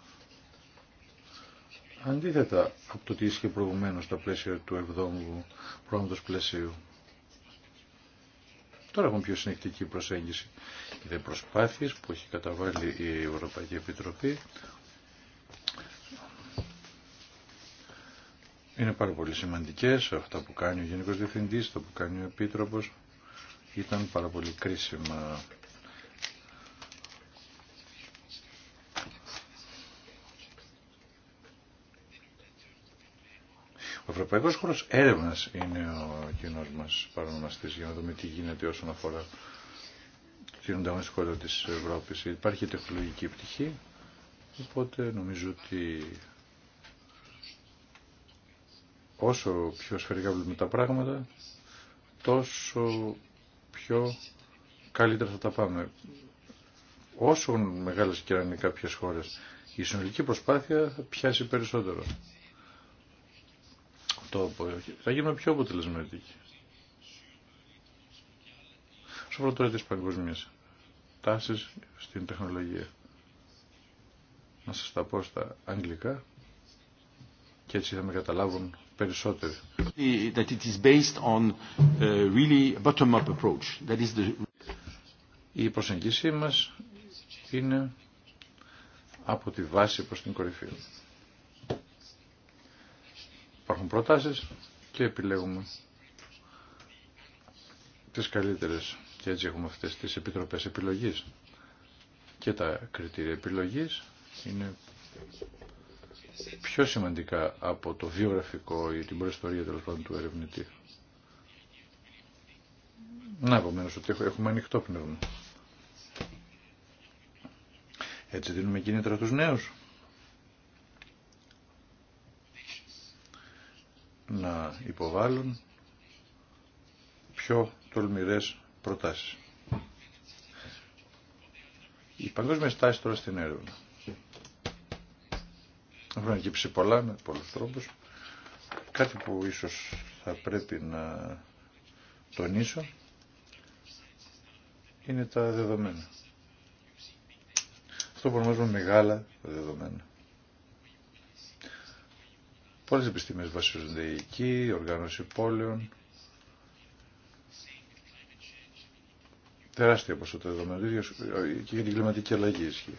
Αντίθετα από το τι ίσχυε προηγουμένως στα πλαίσια του 7ου πρόγραμματος πλαισίου. Τώρα έχουμε πιο συνεκτική προσέγγιση. δε προσπάθειες που έχει καταβάλει η Ευρωπαϊκή Επιτροπή. Είναι πάρα πολύ σημαντικές αυτά που κάνει ο Γενικός Διευθυντής, το που κάνει ο Επίτροπος. Ήταν πάρα πολύ κρίσιμα. Ευρωπαϊκό χώρο έρευνα είναι ο κοινό μα παρονομαστή για να δούμε τι γίνεται όσον αφορά την ανταγωνιστικότητα τη Ευρώπη. Υπάρχει τεχνολογική πτυχή, οπότε νομίζω ότι όσο πιο σφαιρικά βλέπουμε τα πράγματα, τόσο πιο καλύτερα θα τα πάμε. Όσο μεγάλες και αν είναι κάποιες χώρες, η συνολική προσπάθεια θα πιάσει περισσότερο. Θα γίνουμε πιο αποτελεσματικοί. Σε αφορά τώρα τις παγκοσμίες τάσεις στην τεχνολογία. Να σα τα πω στα αγγλικά και έτσι θα με καταλάβουν περισσότεροι. That it based on uh, really bottom-up approach. That is the... Η προσεγγίση μας είναι από τη βάση προς την κορυφή. Υπάρχουν προτάσεις και επιλέγουμε τις καλύτερες και έτσι έχουμε αυτές τις επιτροπές επιλογής. Και τα κριτήρια επιλογής είναι πιο σημαντικά από το βιογραφικό ή την προϊστορία του ερευνητή. Να επομένω ότι έχουμε ανοιχτό πνεύμα. Έτσι δίνουμε κίνητρα τους νέους να υποβάλουν πιο τολμηρές προτάσεις. Η παγκόσμια στάση τώρα στην έρευνα. Έχουν αγγίψει πολλά με πολλούς τρόπους. Κάτι που ίσως θα πρέπει να τονίσω είναι τα δεδομένα. Αυτό που ονομάζουμε μεγάλα δεδομένα. Πολλές επιστήμες βασίζονται εκεί, οργάνωση πόλεων. Τεράστια ποσότητα δεδομένων και για την κλιματική αλλαγή ισχύει.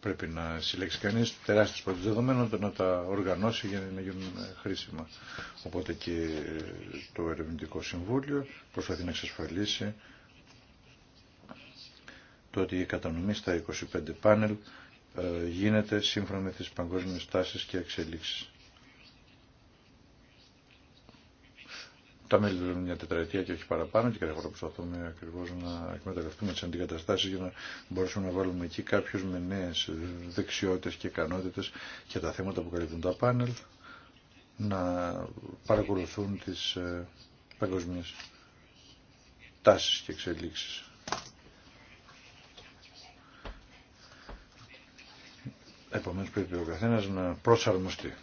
Πρέπει να συλλέξει κανεί τεράστιε ποσότητες δεδομένων, να τα οργανώσει για να γίνουν χρήσιμα. Οπότε και το Ερευνητικό Συμβούλιο προσπαθεί να εξασφαλίσει το ότι η κατανομή στα 25 πάνελ ε, γίνεται σύμφωνα με τις παγκόσμιες τάσεις και εξελίξεις. Τα μέλη δουλεύουν μια τετραετία και όχι παραπάνω και φορά προσπαθούμε ακριβώ να εκμεταλλευτούμε τι αντικαταστάσει για να μπορέσουμε να βάλουμε εκεί κάποιου με νέε δεξιότητε και ικανότητε και τα θέματα που καλύπτουν τα πάνελ να παρακολουθούν τι ε, παγκοσμίε τάσει και εξελίξει. Επομένως πρέπει ο καθένας να προσαρμοστεί,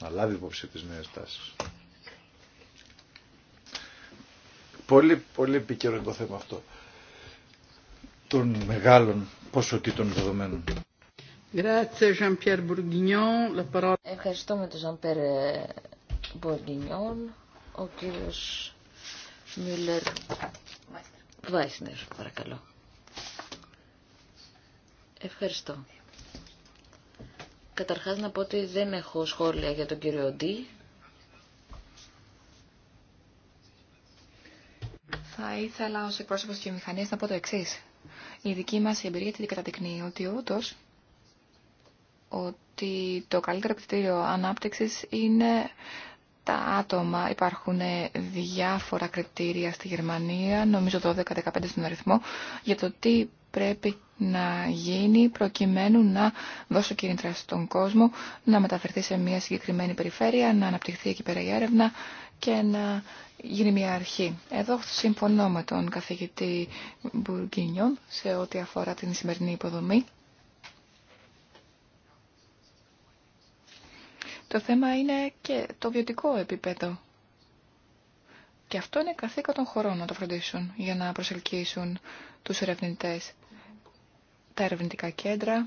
να λάβει υπόψη τις νέες τάσεις. Πολύ, πολύ επικαιρό είναι το θέμα αυτό των μεγάλων ποσοτήτων δεδομένων. με τον Ζανπέρ ε, Bourguignon, ο κύριος Μίλλερ Βάισνερ, παρακαλώ. Ευχαριστώ. Καταρχάς να πω ότι δεν έχω σχόλια για τον κύριο Ντί. Θα ήθελα ως εκπρόσωπος της βιομηχανίας να πω το εξή. Η δική μας εμπειρία την καταδεικνύει ότι όντως ότι το καλύτερο κριτήριο ανάπτυξης είναι τα άτομα. Υπάρχουν διάφορα κριτήρια στη Γερμανία, νομίζω 12-15 στον αριθμό, για το τι πρέπει να γίνει προκειμένου να δώσω κίνητρα στον κόσμο, να μεταφερθεί σε μια συγκεκριμένη περιφέρεια, να αναπτυχθεί εκεί πέρα η έρευνα και να γίνει μια αρχή. Εδώ συμφωνώ με τον καθηγητή Μπουργκίνιον σε ό,τι αφορά την σημερινή υποδομή. Το θέμα είναι και το βιωτικό επίπεδο. Και αυτό είναι καθήκον των χωρών να το φροντίσουν για να προσελκύσουν τους ερευνητές τα ερευνητικά κέντρα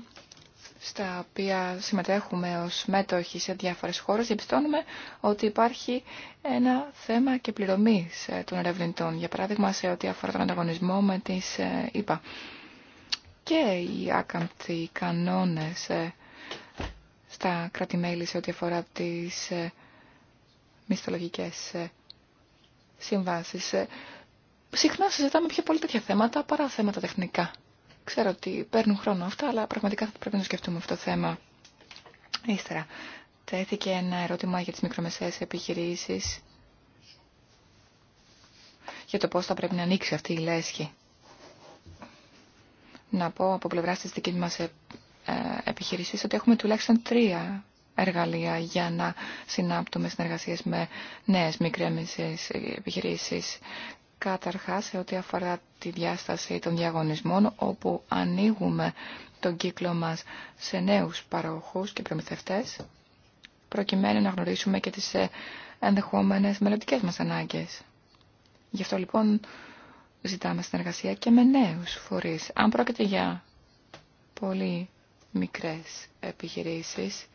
στα οποία συμμετέχουμε ως μέτοχοι σε διάφορες χώρες, διαπιστώνουμε ότι υπάρχει ένα θέμα και πληρωμή των ερευνητών, για παράδειγμα σε ό,τι αφορά τον ανταγωνισμό με τις ΕΠΑ. Και οι άκαμπτοι κανόνες ε, στα κράτη-μέλη σε ό,τι αφορά τις ε, μισθολογικές ε, συμβάσεις. Συχνά συζητάμε πιο πολύ τέτοια θέματα παρά θέματα τεχνικά. Ξέρω ότι παίρνουν χρόνο αυτά, αλλά πραγματικά θα πρέπει να σκεφτούμε αυτό το θέμα. Ύστερα, τέθηκε ένα ερώτημα για τις μικρομεσαίες επιχειρήσεις, για το πώς θα πρέπει να ανοίξει αυτή η λέσχη. Να πω από πλευράς της δικής μας ε, ε, επιχειρήσεις ότι έχουμε τουλάχιστον τρία εργαλεία για να συνάπτουμε συνεργασίες με νέες μικρές επιχειρήσεις. Καταρχάς, σε ό,τι αφορά τη διάσταση των διαγωνισμών, όπου ανοίγουμε τον κύκλο μας σε νέους παροχούς και προμηθευτές, προκειμένου να γνωρίσουμε και τις ε, ενδεχόμενες μελλοντικέ μας ανάγκες. Γι' αυτό λοιπόν ζητάμε συνεργασία και με νέους φορείς. Αν πρόκειται για πολύ μικρές επιχειρήσεις,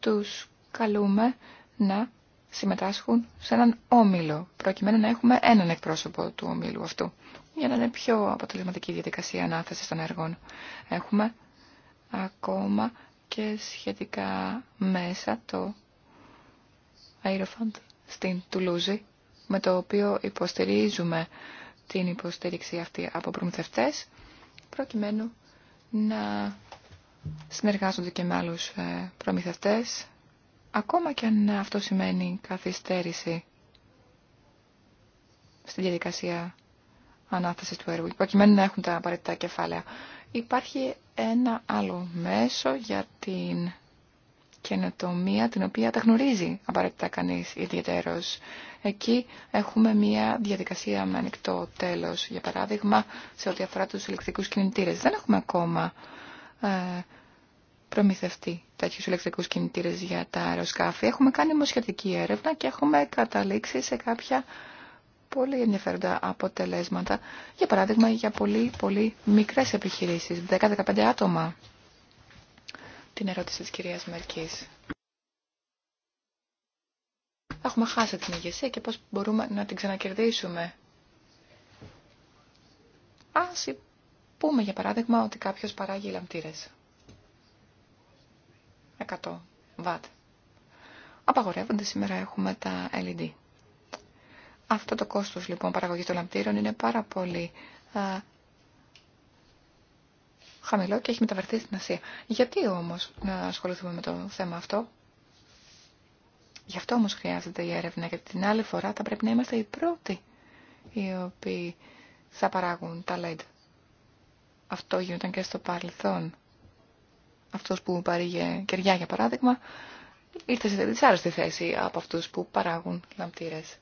τους καλούμε να συμμετάσχουν σε έναν όμιλο, προκειμένου να έχουμε έναν εκπρόσωπο του ομίλου αυτού, για να είναι πιο αποτελεσματική η διαδικασία ανάθεσης των έργων. Έχουμε ακόμα και σχετικά μέσα το Aerofund στην Τουλούζη, με το οποίο υποστηρίζουμε την υποστήριξη αυτή από προμηθευτές, προκειμένου να συνεργάζονται και με άλλους ε, προμηθευτές Ακόμα και αν αυτό σημαίνει καθυστέρηση στη διαδικασία ανάθεσης του έργου, προκειμένου να έχουν τα απαραίτητα κεφάλαια. Υπάρχει ένα άλλο μέσο για την καινοτομία, την οποία τα γνωρίζει απαραίτητα κανείς ιδιαίτερος. Εκεί έχουμε μια διαδικασία με ανοιχτό τέλος, για παράδειγμα, σε ό,τι αφορά τους ηλεκτρικούς κινητήρες. Δεν έχουμε ακόμα ε, προμηθευτεί τέτοιου ηλεκτρικού κινητήρε για τα αεροσκάφη. Έχουμε κάνει όμω σχετική έρευνα και έχουμε καταλήξει σε κάποια πολύ ενδιαφέροντα αποτελέσματα. Για παράδειγμα, για πολύ, πολύ μικρέ επιχειρήσει, 10-15 άτομα. Την ερώτηση τη κυρία Μερκή. Έχουμε χάσει την ηγεσία και πώς μπορούμε να την ξανακερδίσουμε. Ας πούμε για παράδειγμα ότι κάποιος παράγει λαμπτήρες. 100 βατ. Απαγορεύονται σήμερα έχουμε τα LED. Αυτό το κόστος λοιπόν παραγωγής των λαμπτήρων είναι πάρα πολύ χαμηλό και έχει μεταβερθεί στην Ασία. Γιατί όμως να ασχοληθούμε με το θέμα αυτό. Γι' αυτό όμως χρειάζεται η έρευνα γιατί την άλλη φορά θα πρέπει να είμαστε οι πρώτοι οι οποίοι θα παράγουν τα LED. Αυτό γινόταν και στο παρελθόν. Αυτό που παρήγε κεριά για παράδειγμα, ήρθε σε δυσάρεστη θέση από αυτού που παράγουν λαμπτήρες.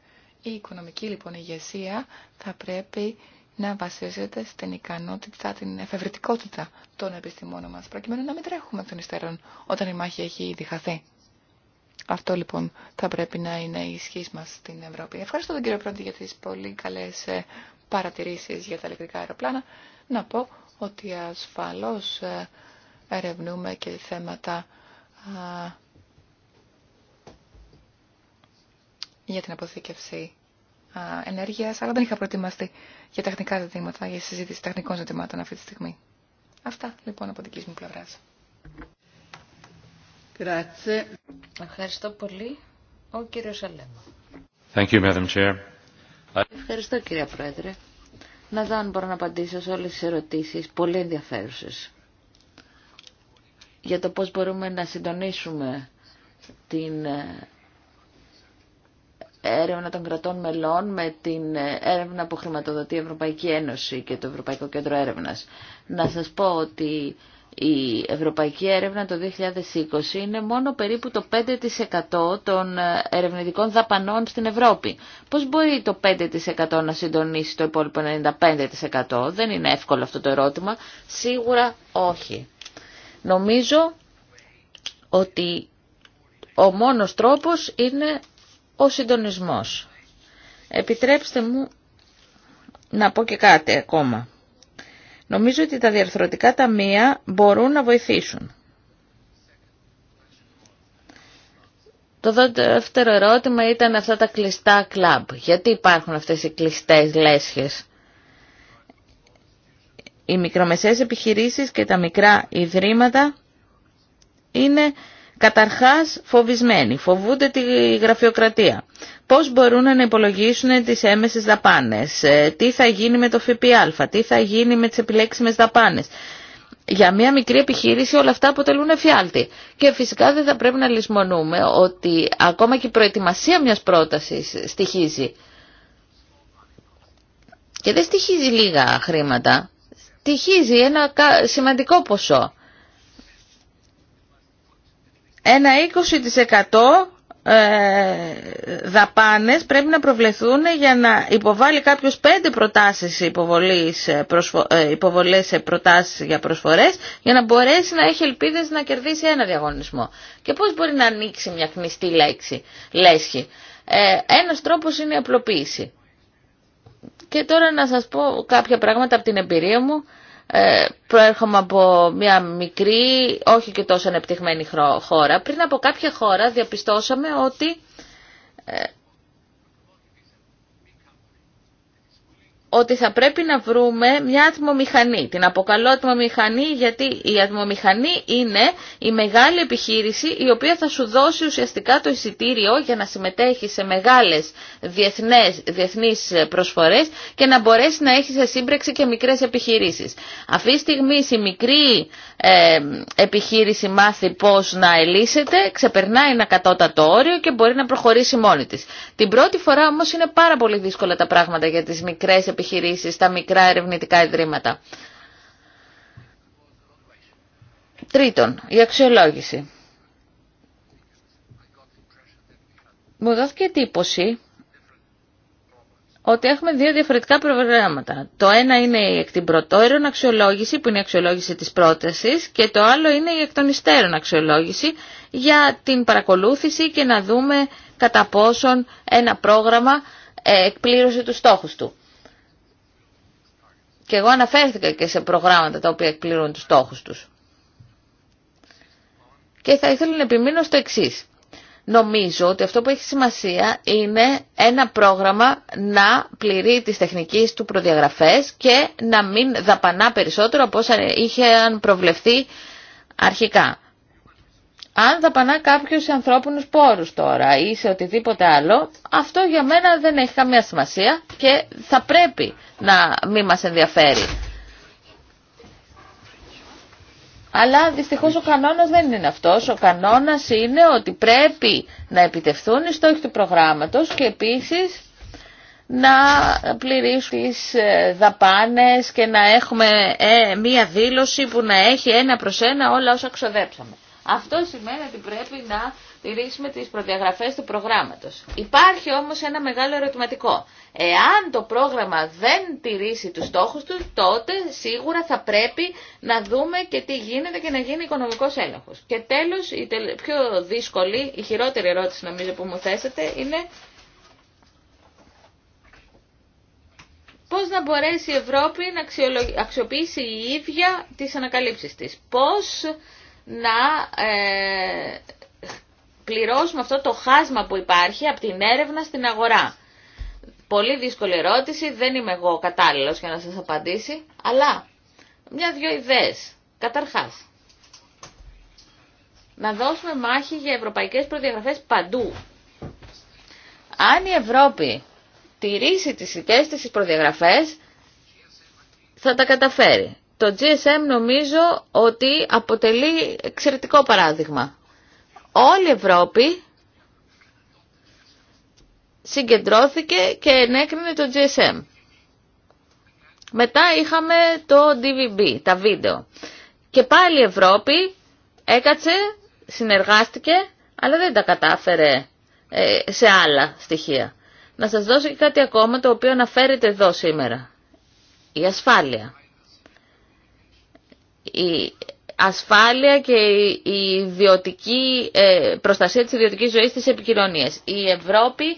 Η οικονομική λοιπόν ηγεσία θα πρέπει να βασίζεται στην ικανότητα, την εφευρετικότητα των επιστημόνων μας, προκειμένου να μην τρέχουμε των υστέρων όταν η μάχη έχει ήδη χαθεί. Αυτό λοιπόν θα πρέπει να είναι η ισχύ μα στην Ευρώπη. Ευχαριστώ τον κύριο Πρόντι για τι πολύ καλέ ε, παρατηρήσει για τα ηλεκτρικά αεροπλάνα. Να πω ότι ασφαλώ ε, ερευνούμε και θέματα για την αποθήκευση ενέργειας, αλλά δεν είχα προετοιμαστεί για τεχνικά ζητήματα, για συζήτηση τεχνικών ζητημάτων αυτή τη στιγμή. Αυτά λοιπόν από δική μου πλευρά. Ευχαριστώ πολύ. Ο κύριο Αλέμα. Ευχαριστώ κύριε Πρόεδρε. Να δω αν μπορώ να απαντήσω σε όλες τις ερωτήσεις, πολύ ενδιαφέρουσες για το πώς μπορούμε να συντονίσουμε την ε, έρευνα των κρατών μελών με την ε, έρευνα που χρηματοδοτεί η Ευρωπαϊκή Ένωση και το Ευρωπαϊκό Κέντρο Έρευνας. Να σας πω ότι η ευρωπαϊκή έρευνα το 2020 είναι μόνο περίπου το 5% των ε, ερευνητικών δαπανών στην Ευρώπη. Πώς μπορεί το 5% να συντονίσει το υπόλοιπο 95%? Δεν είναι εύκολο αυτό το ερώτημα. Σίγουρα όχι. Νομίζω ότι ο μόνος τρόπος είναι ο συντονισμός. Επιτρέψτε μου να πω και κάτι ακόμα. Νομίζω ότι τα διαρθρωτικά ταμεία μπορούν να βοηθήσουν. Το δεύτερο ερώτημα ήταν αυτά τα κλειστά κλαμπ. Γιατί υπάρχουν αυτές οι κλειστές λέσχες οι μικρομεσαίες επιχειρήσεις και τα μικρά ιδρύματα είναι καταρχάς φοβισμένοι, φοβούνται τη γραφειοκρατία. Πώς μπορούν να υπολογίσουν τις έμεσες δαπάνες, ε, τι θα γίνει με το ΦΠΑ, τι θα γίνει με τις επιλέξιμες δαπάνες. Για μια μικρή επιχείρηση όλα αυτά αποτελούν εφιάλτη. Και φυσικά δεν θα πρέπει να λησμονούμε ότι ακόμα και η προετοιμασία μιας πρότασης στοιχίζει. Και δεν στοιχίζει λίγα χρήματα στοιχίζει ένα σημαντικό ποσό. Ένα 20% ε, δαπάνες πρέπει να προβλεφθούν για να υποβάλει κάποιος πέντε προτάσεις υποβολής, ε, ε, υποβολές σε προτάσεις για προσφορές για να μπορέσει να έχει ελπίδες να κερδίσει ένα διαγωνισμό. Και πώς μπορεί να ανοίξει μια χνηστή λέξη, λέσχη. Ε, ένας τρόπος είναι η απλοποίηση. Και τώρα να σας πω κάποια πράγματα από την εμπειρία μου. Ε, προέρχομαι από μια μικρή, όχι και τόσο ανεπτυγμένη χώρα. Πριν από κάποια χώρα διαπιστώσαμε ότι ε, ότι θα πρέπει να βρούμε μια ατμομηχανή. Την αποκαλώ ατμομηχανή γιατί η ατμομηχανή είναι η μεγάλη επιχείρηση η οποία θα σου δώσει ουσιαστικά το εισιτήριο για να συμμετέχει σε μεγάλες διεθνές, διεθνείς προσφορές και να μπορέσει να έχει σε σύμπρεξη και μικρές επιχειρήσεις. Αυτή τη στιγμή η μικρή ε, επιχείρηση μάθει πώς να ελύσεται, ξεπερνάει ένα κατώτατο όριο και μπορεί να προχωρήσει μόνη της. Την πρώτη φορά όμως είναι πάρα πολύ δύσκολα τα πράγματα για τις μικρές επιχειρήσεις, τα μικρά ερευνητικά ιδρύματα. Τρίτον, η αξιολόγηση. Μου δόθηκε εντύπωση ότι έχουμε δύο διαφορετικά προγράμματα. Το ένα είναι η εκ την αξιολόγηση, που είναι η αξιολόγηση της πρότασης, και το άλλο είναι η εκ των υστέρων αξιολόγηση για την παρακολούθηση και να δούμε κατά πόσον ένα πρόγραμμα ε, εκπλήρωσε τους στόχους του. Και εγώ αναφέρθηκα και σε προγράμματα τα οποία εκπληρώνουν τους στόχους τους. Και θα ήθελα να επιμείνω στο εξή: Νομίζω ότι αυτό που έχει σημασία είναι ένα πρόγραμμα να πληρεί τις τεχνικές του προδιαγραφές και να μην δαπανά περισσότερο από όσα είχε προβλεφθεί αρχικά. Αν δαπανά κάποιος σε ανθρώπινους πόρους τώρα ή σε οτιδήποτε άλλο, αυτό για μένα δεν έχει καμία σημασία και θα πρέπει να μην μας ενδιαφέρει. Αλλά δυστυχώς ο κανόνας δεν είναι αυτός. Ο κανόνας είναι ότι πρέπει να επιτευθούν οι στόχοι του προγράμματος και επίσης να πληρήσουν τις ε, δαπάνες και να έχουμε ε, μία δήλωση που να έχει ένα προς ένα όλα όσα ξοδέψαμε. Αυτό σημαίνει ότι πρέπει να τηρήσουμε τις προδιαγραφές του προγράμματος. Υπάρχει όμως ένα μεγάλο ερωτηματικό. Εάν το πρόγραμμα δεν τηρήσει τους στόχους του, τότε σίγουρα θα πρέπει να δούμε και τι γίνεται και να γίνει οικονομικός έλεγχος. Και τέλος, η πιο δύσκολη, η χειρότερη ερώτηση νομίζω που μου θέσατε είναι πώς να μπορέσει η Ευρώπη να αξιοποιήσει η ίδια τις ανακαλύψεις της. Πώς να ε, πληρώσουμε αυτό το χάσμα που υπάρχει από την έρευνα στην αγορά. Πολύ δύσκολη ερώτηση, δεν είμαι εγώ κατάλληλος για να σας απαντήσει, αλλά μια-δυο ιδέες. Καταρχάς, να δώσουμε μάχη για ευρωπαϊκές προδιαγραφές παντού. Αν η Ευρώπη τηρήσει τις δικές της προδιαγραφές, θα τα καταφέρει. Το GSM νομίζω ότι αποτελεί εξαιρετικό παράδειγμα. Όλη η Ευρώπη συγκεντρώθηκε και ενέκρινε το GSM. Μετά είχαμε το DVB, τα βίντεο. Και πάλι η Ευρώπη έκατσε, συνεργάστηκε, αλλά δεν τα κατάφερε ε, σε άλλα στοιχεία. Να σας δώσω και κάτι ακόμα το οποίο αναφέρεται εδώ σήμερα. Η ασφάλεια η ασφάλεια και η ιδιωτική, ε, προστασία της ιδιωτικής ζωής στις επικοινωνίες. Η Ευρώπη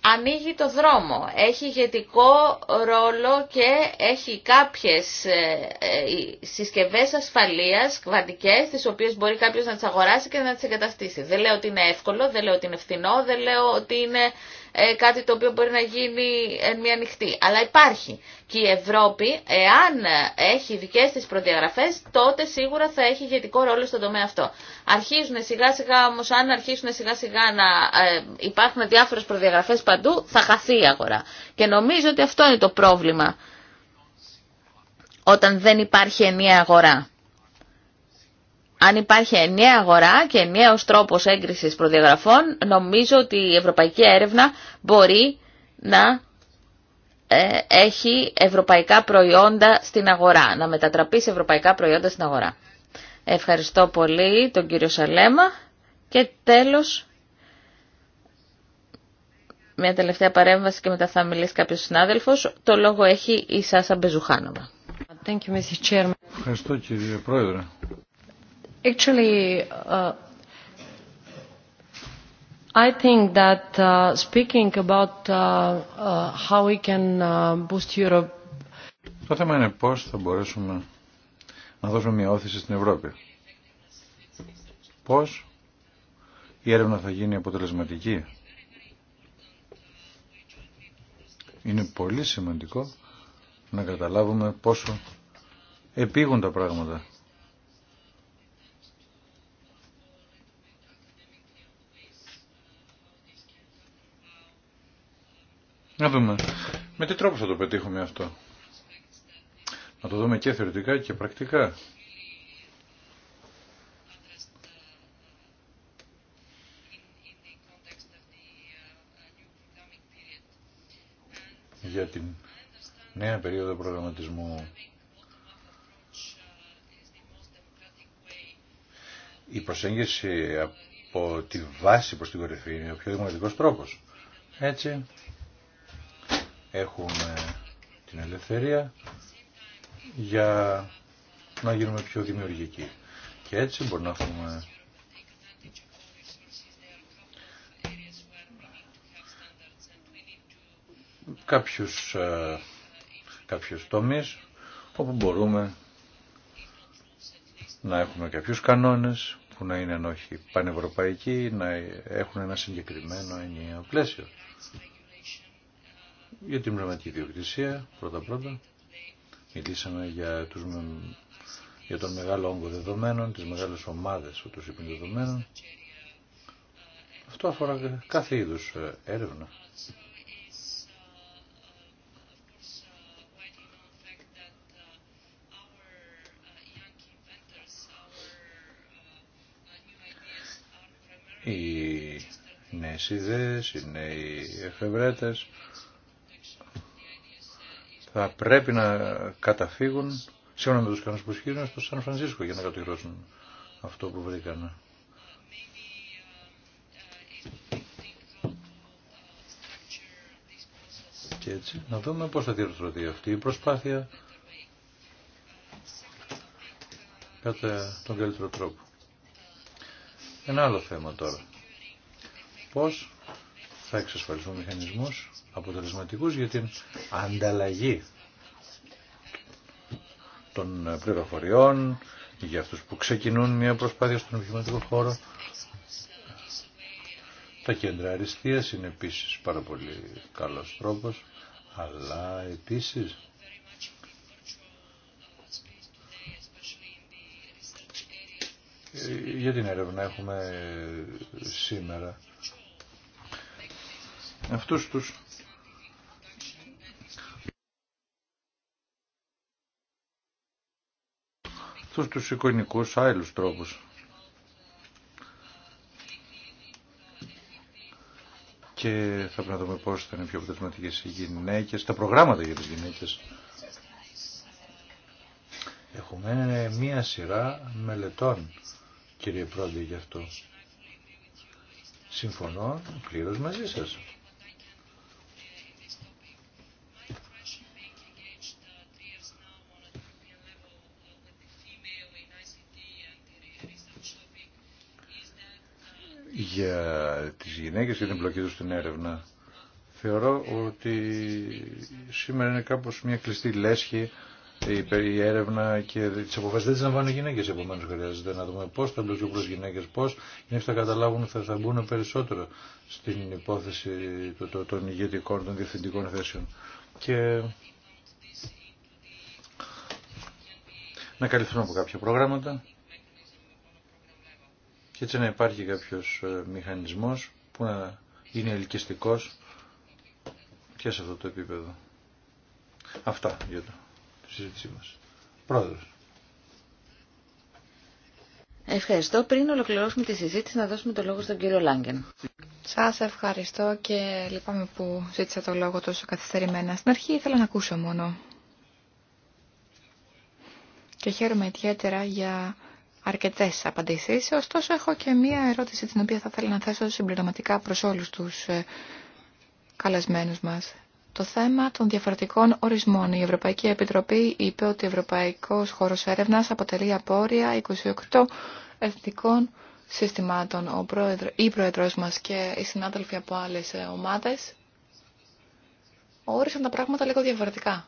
ανοίγει το δρόμο, έχει ηγετικό ρόλο και έχει κάποιες ε, ε, συσκευές ασφαλείας κβαντικές, τις οποίες μπορεί κάποιος να τις αγοράσει και να τις εγκαταστήσει. Δεν λέω ότι είναι εύκολο, δεν λέω ότι είναι φθηνό, δεν λέω ότι είναι ε, κάτι το οποίο μπορεί να γίνει εν μία νυχτή. Αλλά υπάρχει. Και η Ευρώπη, εάν έχει δικέ τη προδιαγραφέ, τότε σίγουρα θα έχει ηγετικό ρόλο στον τομέα αυτό. Αρχίζουν σιγά σιγά όμω, αν αρχίσουν σιγά σιγά να ε, υπάρχουν διάφορε προδιαγραφέ παντού, θα χαθεί η αγορά. Και νομίζω ότι αυτό είναι το πρόβλημα όταν δεν υπάρχει ενιαία αγορά αν υπάρχει ενιαία αγορά και ενιαίος τρόπος έγκρισης προδιαγραφών, νομίζω ότι η ευρωπαϊκή έρευνα μπορεί να ε, έχει ευρωπαϊκά προϊόντα στην αγορά, να μετατραπεί σε ευρωπαϊκά προϊόντα στην αγορά. Ευχαριστώ πολύ τον κύριο Σαλέμα και τέλος μια τελευταία παρέμβαση και μετά θα μιλήσει κάποιος συνάδελφος. Το λόγο έχει η Σάσα Μπεζουχάνοβα. Ευχαριστώ κύριε Πρόεδρε. Actually, uh, I think uh, speaking about uh, Το θέμα είναι πώς θα μπορέσουμε να δώσουμε μια όθηση στην Ευρώπη. Πώς η έρευνα θα γίνει αποτελεσματική. Είναι πολύ σημαντικό να καταλάβουμε πόσο επίγουν τα πράγματα Να δούμε. Με τι τρόπο θα το πετύχουμε αυτό. Να το δούμε και θεωρητικά και πρακτικά. Για την νέα περίοδο προγραμματισμού η προσέγγιση από τη βάση προς την κορυφή είναι ο πιο δημοκρατικός τρόπος. Έτσι έχουμε την ελευθερία για να γίνουμε πιο δημιουργικοί. Και έτσι μπορούμε να έχουμε κάποιους, ε, κάποιους τομείς όπου μπορούμε να έχουμε κάποιους κανόνες που να είναι όχι πανευρωπαϊκοί, να έχουν ένα συγκεκριμένο ενιαίο πλαίσιο για την πνευματική διοκτησία, πρώτα-πρώτα. Μιλήσαμε για, τους, για τον μεγάλο όγκο δεδομένων, τις μεγάλες ομάδες τους είπαν δεδομένων. Αυτό αφορά κάθε είδους ε, έρευνα. Οι νέες ιδέες, οι νέοι εφευρέτες, θα πρέπει να καταφύγουν σύμφωνα με τους κανόνες που ισχύουν στο Σαν Φρανσίσκο για να κατοχυρώσουν αυτό που βρήκαν. Και έτσι, να δούμε πώς θα διορθωθεί αυτή η προσπάθεια κατά τον καλύτερο τρόπο. Ένα άλλο θέμα τώρα. Πώς θα εξασφαλιστούν μηχανισμούς αποτελεσματικούς για την ανταλλαγή των πληροφοριών, για αυτούς που ξεκινούν μια προσπάθεια στον επιχειρηματικό χώρο. Τα κέντρα αριστείας είναι επίσης πάρα πολύ καλός τρόπος, αλλά επίσης για την έρευνα έχουμε σήμερα αυτούς τους αυτούς τους εικονικούς άλλους τρόπους. Και θα πρέπει να δούμε πώς θα είναι πιο αποτελεσματικέ οι γυναίκες, τα προγράμματα για τις γυναίκες. Έχουμε μία σειρά μελετών, κύριε πρόεδρε γι' αυτό. Συμφωνώ πλήρως μαζί σας. για τις γυναίκες και την εμπλοκή του στην έρευνα. Θεωρώ ότι σήμερα είναι κάπως μια κλειστή λέσχη η έρευνα και τι αποφάσει δεν τι λαμβάνουν οι γυναίκε. Επομένω, χρειάζεται να δούμε πώ θα μπλοκούν προ γυναίκε, πώ οι γυναίκε θα καταλάβουν, θα, θα μπουν περισσότερο στην υπόθεση των ηγετικών, των διευθυντικών θέσεων. Και να καλυφθούν από κάποια προγράμματα και έτσι να υπάρχει κάποιος ε, μηχανισμός που να είναι ελκυστικός και σε αυτό το επίπεδο. Αυτά για το συζήτησή μας. Πρόεδρος. Ευχαριστώ. Πριν ολοκληρώσουμε τη συζήτηση, να δώσουμε το λόγο στον κύριο Λάγκεν. Σα ευχαριστώ και λυπάμαι που ζήτησα το λόγο τόσο καθυστερημένα. Στην αρχή ήθελα να ακούσω μόνο. Και χαίρομαι ιδιαίτερα για αρκετές απαντήσεις, ωστόσο έχω και μία ερώτηση την οποία θα ήθελα να θέσω συμπληρωματικά προς όλους τους ε, καλεσμένους μας. Το θέμα των διαφορετικών ορισμών. Η Ευρωπαϊκή Επιτροπή είπε ότι ο Ευρωπαϊκό Χώρο Έρευνα αποτελεί απόρρια 28 εθνικών συστημάτων. Ο πρόεδρο, η μας και οι συνάδελφοι από άλλε ομάδε. όρισαν τα πράγματα λίγο διαφορετικά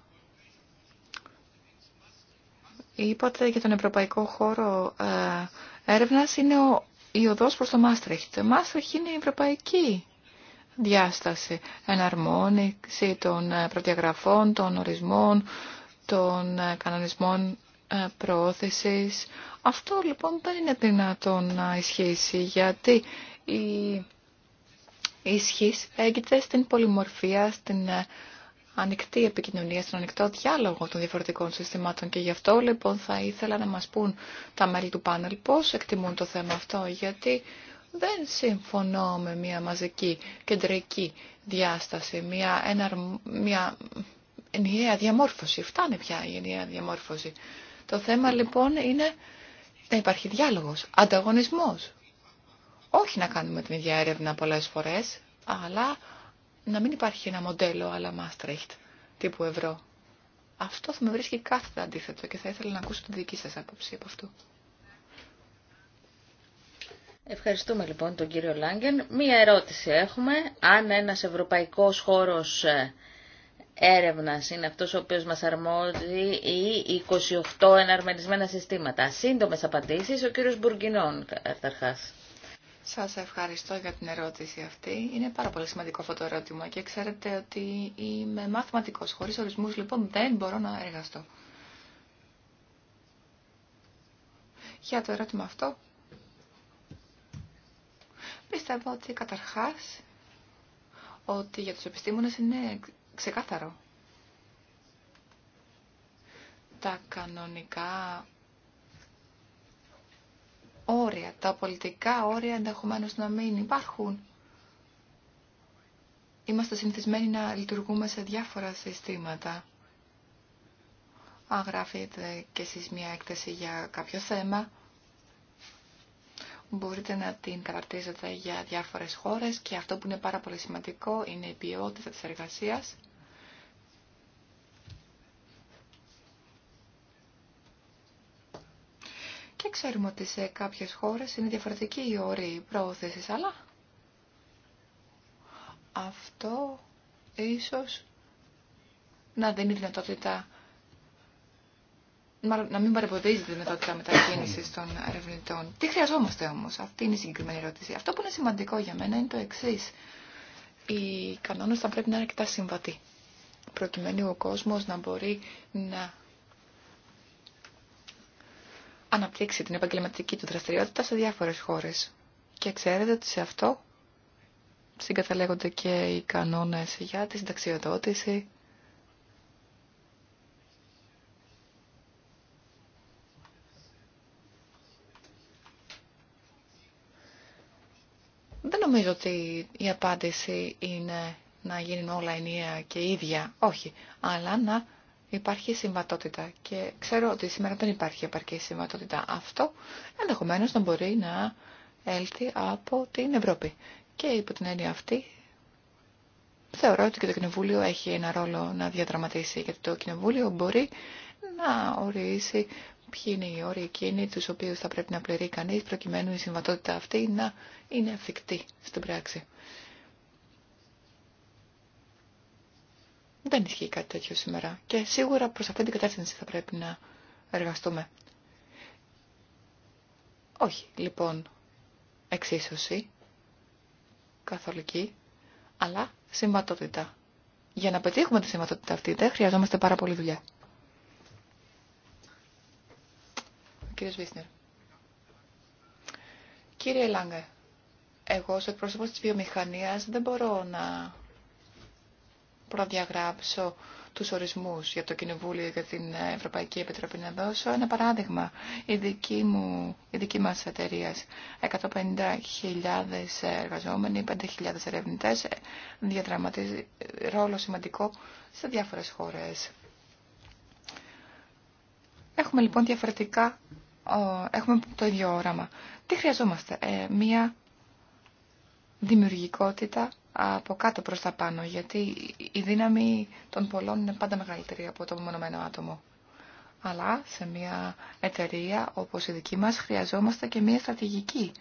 είπατε για τον ευρωπαϊκό χώρο ε, έρευνας είναι ο, η οδός προς το Μάστρεχτ. Το Μάστρεχτ είναι η ευρωπαϊκή διάσταση, εναρμόνιση των ε, προδιαγραφών, των ορισμών, των ε, κανονισμών προώθησης. Αυτό λοιπόν δεν είναι δυνατόν να ισχύσει γιατί η ισχύς έγκυται στην πολυμορφία, στην ανοιχτή επικοινωνία, στον ανοιχτό διάλογο των διαφορετικών συστημάτων και γι' αυτό λοιπόν θα ήθελα να μας πούν τα μέλη του πάνελ πώς εκτιμούν το θέμα αυτό, γιατί δεν συμφωνώ με μια μαζική κεντρική διάσταση, μια, ένα, μια ενιαία διαμόρφωση. Φτάνει πια η ενιαία διαμόρφωση. Το θέμα λοιπόν είναι να υπάρχει διάλογος, ανταγωνισμός. Όχι να κάνουμε την ίδια έρευνα πολλές φορές, αλλά να μην υπάρχει ένα μοντέλο αλλά Maastricht τύπου ευρώ. Αυτό θα με βρίσκει κάθετα αντίθετο και θα ήθελα να ακούσω τη δική σας άποψη από αυτού. Ευχαριστούμε λοιπόν τον κύριο Λάγκεν. Μία ερώτηση έχουμε. Αν ένας ευρωπαϊκός χώρος ε, έρευνας είναι αυτός ο οποίος μας αρμόζει ή 28 εναρμενισμένα συστήματα. Σύντομες απαντήσεις ο κύριος Μπουργκινών καταρχάς. Σας ευχαριστώ για την ερώτηση αυτή. Είναι πάρα πολύ σημαντικό αυτό το ερώτημα και ξέρετε ότι είμαι μαθηματικός. Χωρίς ορισμούς λοιπόν δεν μπορώ να εργαστώ. Για το ερώτημα αυτό πιστεύω ότι καταρχάς ότι για τους επιστήμονες είναι ξεκάθαρο. Τα κανονικά όρια, τα πολιτικά όρια ενδεχομένω να μην υπάρχουν. Είμαστε συνηθισμένοι να λειτουργούμε σε διάφορα συστήματα. Αν γράφετε κι εσείς μια έκθεση για κάποιο θέμα, μπορείτε να την καταρτίζετε για διάφορες χώρες και αυτό που είναι πάρα πολύ σημαντικό είναι η ποιότητα της εργασίας Και ξέρουμε ότι σε κάποιες χώρες είναι διαφορετική η όρη προώθησης, αλλά αυτό ίσως να δίνει δυνατότητα, να μην παρεμποδίζει τη δυνατότητα μετακίνησης των ερευνητών. Τι χρειαζόμαστε όμως, αυτή είναι η συγκεκριμένη ερώτηση. Αυτό που είναι σημαντικό για μένα είναι το εξή. Οι κανόνες θα πρέπει να είναι αρκετά συμβατοί προκειμένου ο κόσμος να μπορεί να αναπτύξει την επαγγελματική του δραστηριότητα σε διάφορες χώρες. Και ξέρετε ότι σε αυτό συγκαταλέγονται και οι κανόνες για τη συνταξιοδότηση, Δεν νομίζω ότι η απάντηση είναι να γίνουν όλα ενιαία και ίδια. Όχι. Αλλά να υπάρχει συμβατότητα και ξέρω ότι σήμερα δεν υπάρχει επαρκή συμβατότητα. Αυτό ενδεχομένω να μπορεί να έλθει από την Ευρώπη. Και υπό την έννοια αυτή θεωρώ ότι και το Κοινοβούλιο έχει ένα ρόλο να διαδραματίσει γιατί το Κοινοβούλιο μπορεί να ορίσει ποιοι είναι οι όροι εκείνοι τους οποίους θα πρέπει να πληρεί κανεί προκειμένου η συμβατότητα αυτή να είναι εφικτή στην πράξη. Δεν ισχύει κάτι τέτοιο σήμερα και σίγουρα προς αυτήν την κατεύθυνση θα πρέπει να εργαστούμε. Όχι, λοιπόν, εξίσωση, καθολική, αλλά συμβατότητα. Για να πετύχουμε τη συμβατότητα αυτή δεν χρειαζόμαστε πάρα πολύ δουλειά. Κύριε. Κύριε Λάγκε, εγώ ως εκπρόσωπος της βιομηχανίας δεν μπορώ να προδιαγράψω του ορισμού για το Κοινοβούλιο για την Ευρωπαϊκή Επιτροπή. Να δώσω ένα παράδειγμα. Η δική, μου, η δική μας εταιρεία 150.000 εργαζόμενοι, 5.000 ερευνητέ διαδραματίζει ρόλο σημαντικό σε διάφορες χώρες. Έχουμε λοιπόν διαφορετικά, έχουμε το ίδιο όραμα. Τι χρειαζόμαστε, ε, μία δημιουργικότητα από κάτω προς τα πάνω, γιατί η δύναμη των πολλών είναι πάντα μεγαλύτερη από το μονομένο άτομο. Αλλά σε μια εταιρεία όπως η δική μας χρειαζόμαστε και μια στρατηγική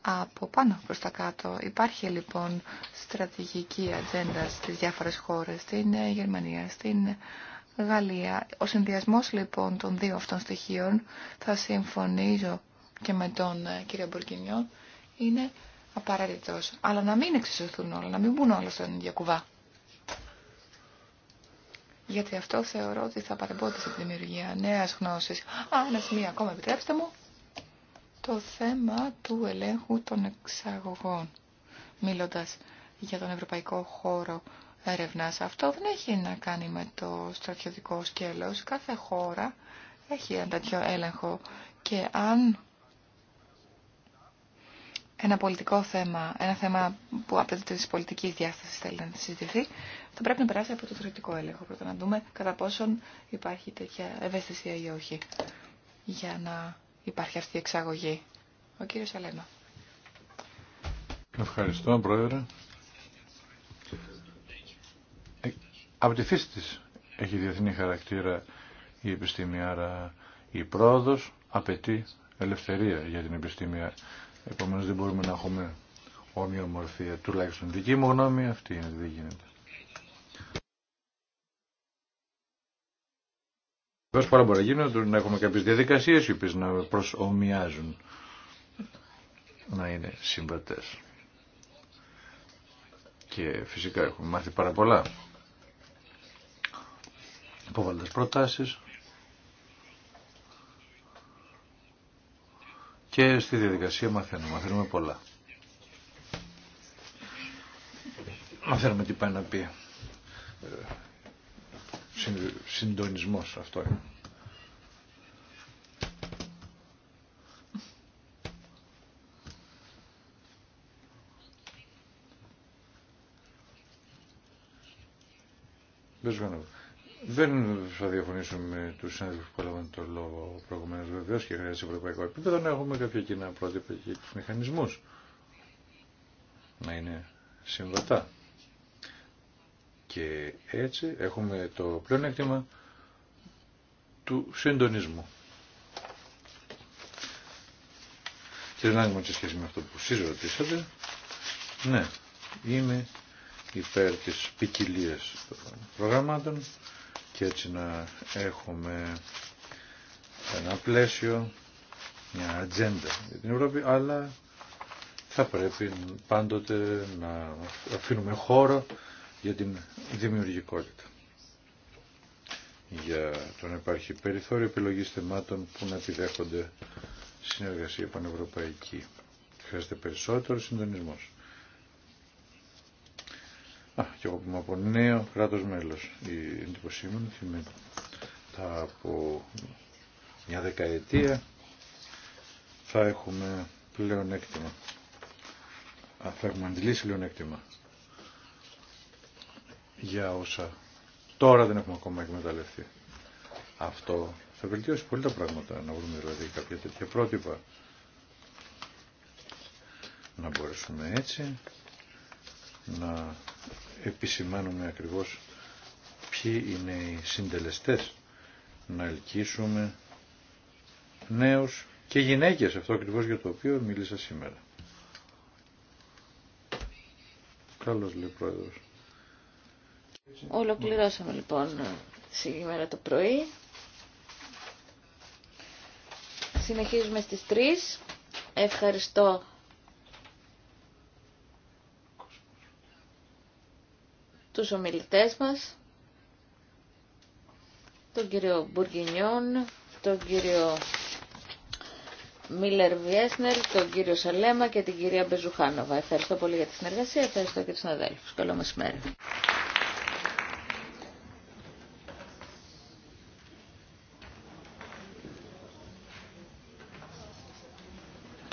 από πάνω προς τα κάτω. Υπάρχει λοιπόν στρατηγική ατζέντα στις διάφορες χώρες, στην Γερμανία, στην Γαλλία. Ο συνδυασμός λοιπόν των δύο αυτών στοιχείων, θα συμφωνήσω και με τον ε, κύριο Μπουργκινιό, είναι απαραίτητος, αλλά να μην εξισωθούν όλα, να μην μπουν όλα στον ίδιο κουβά. Γιατί αυτό θεωρώ ότι θα παρεμπόδισε τη δημιουργία νέα γνώση. Α, ένα σημείο ακόμα, επιτρέψτε μου. Το θέμα του ελέγχου των εξαγωγών. Μιλώντα για τον ευρωπαϊκό χώρο έρευνα, αυτό δεν έχει να κάνει με το στρατιωτικό σκέλο. Κάθε χώρα έχει ένα τέτοιο έλεγχο. Και αν ένα πολιτικό θέμα, ένα θέμα που απαιτείται τη πολιτική διάσταση θέλει να συζητηθεί, θα πρέπει να περάσει από το θεωρητικό έλεγχο. Πρώτα να δούμε κατά πόσον υπάρχει τέτοια ευαισθησία ή όχι για να υπάρχει αυτή η εξαγωγή. Ο κύριος Αλένα. Ευχαριστώ, Πρόεδρε. Ε, από τη φύση της έχει διεθνή χαρακτήρα η επιστήμη, άρα η πρόοδος απαιτεί ελευθερία για την επιστήμη. Επομένως δεν μπορούμε να έχουμε ομοιομορφία. Τουλάχιστον δική μου γνώμη αυτή είναι, δεν γίνεται. Βεβαίω πολλά μπορεί να γίνει, να έχουμε κάποιε διαδικασίε οι οποίε να προσωμιάζουν να είναι συμβατέ. Και φυσικά έχουμε μάθει πάρα πολλά. υποβάλλοντας προτάσεις... και στη διαδικασία μαθαίνουμε, μαθαίνουμε πολλά. Μαθαίνουμε τι πάει να πει. Ε, συντονισμός αυτό είναι. Μπες δεν θα διαφωνήσουμε με του συναδέλφου που έλαβαν τον λόγο προηγουμένω βεβαίω και χρειάζεται σε ευρωπαϊκό επίπεδο να έχουμε κάποια κοινά πρότυπα και του μηχανισμού να είναι συμβατά. Και έτσι έχουμε το πλεονέκτημα του συντονισμού. Και δεν άγγιμα σε σχέση με αυτό που εσείς ρωτήσατε, ναι, είμαι υπέρ τη ποικιλία των προγραμμάτων και έτσι να έχουμε ένα πλαίσιο, μια ατζέντα για την Ευρώπη, αλλά θα πρέπει πάντοτε να αφήνουμε χώρο για την δημιουργικότητα. Για το να υπάρχει περιθώριο επιλογής θεμάτων που να επιδέχονται συνεργασία πανευρωπαϊκή. Χρειάζεται περισσότερο συντονισμός. Α, και εγώ που είμαι από νέο κράτος μέλος. Η εντύπωσή μου είναι θα από μια δεκαετία θα έχουμε πλέον έκτημα. Α, θα έχουμε αντιλήσει πλέον έκτημα για όσα τώρα δεν έχουμε ακόμα εκμεταλλευτεί. Αυτό θα βελτιώσει πολύ τα πράγματα, να βρούμε δηλαδή κάποια τέτοια πρότυπα. Να μπορέσουμε έτσι να επισημάνουμε ακριβώς ποιοι είναι οι συντελεστές να ελκύσουμε νέους και γυναίκες αυτό ακριβώς για το οποίο μίλησα σήμερα. Καλώς λέει πρόεδρος. Ολοκληρώσαμε λοιπόν σήμερα το πρωί. Συνεχίζουμε στις 3. Ευχαριστώ τους ομιλητές μας, τον κύριο Μπουργκινιόν, τον κύριο Μίλερ Βιέσνερ, τον κύριο Σαλέμα και την κυρία Μπεζουχάνοβα. Ευχαριστώ πολύ για τη συνεργασία, ευχαριστώ και τους συναδέλφους. Καλό μεσημέρι.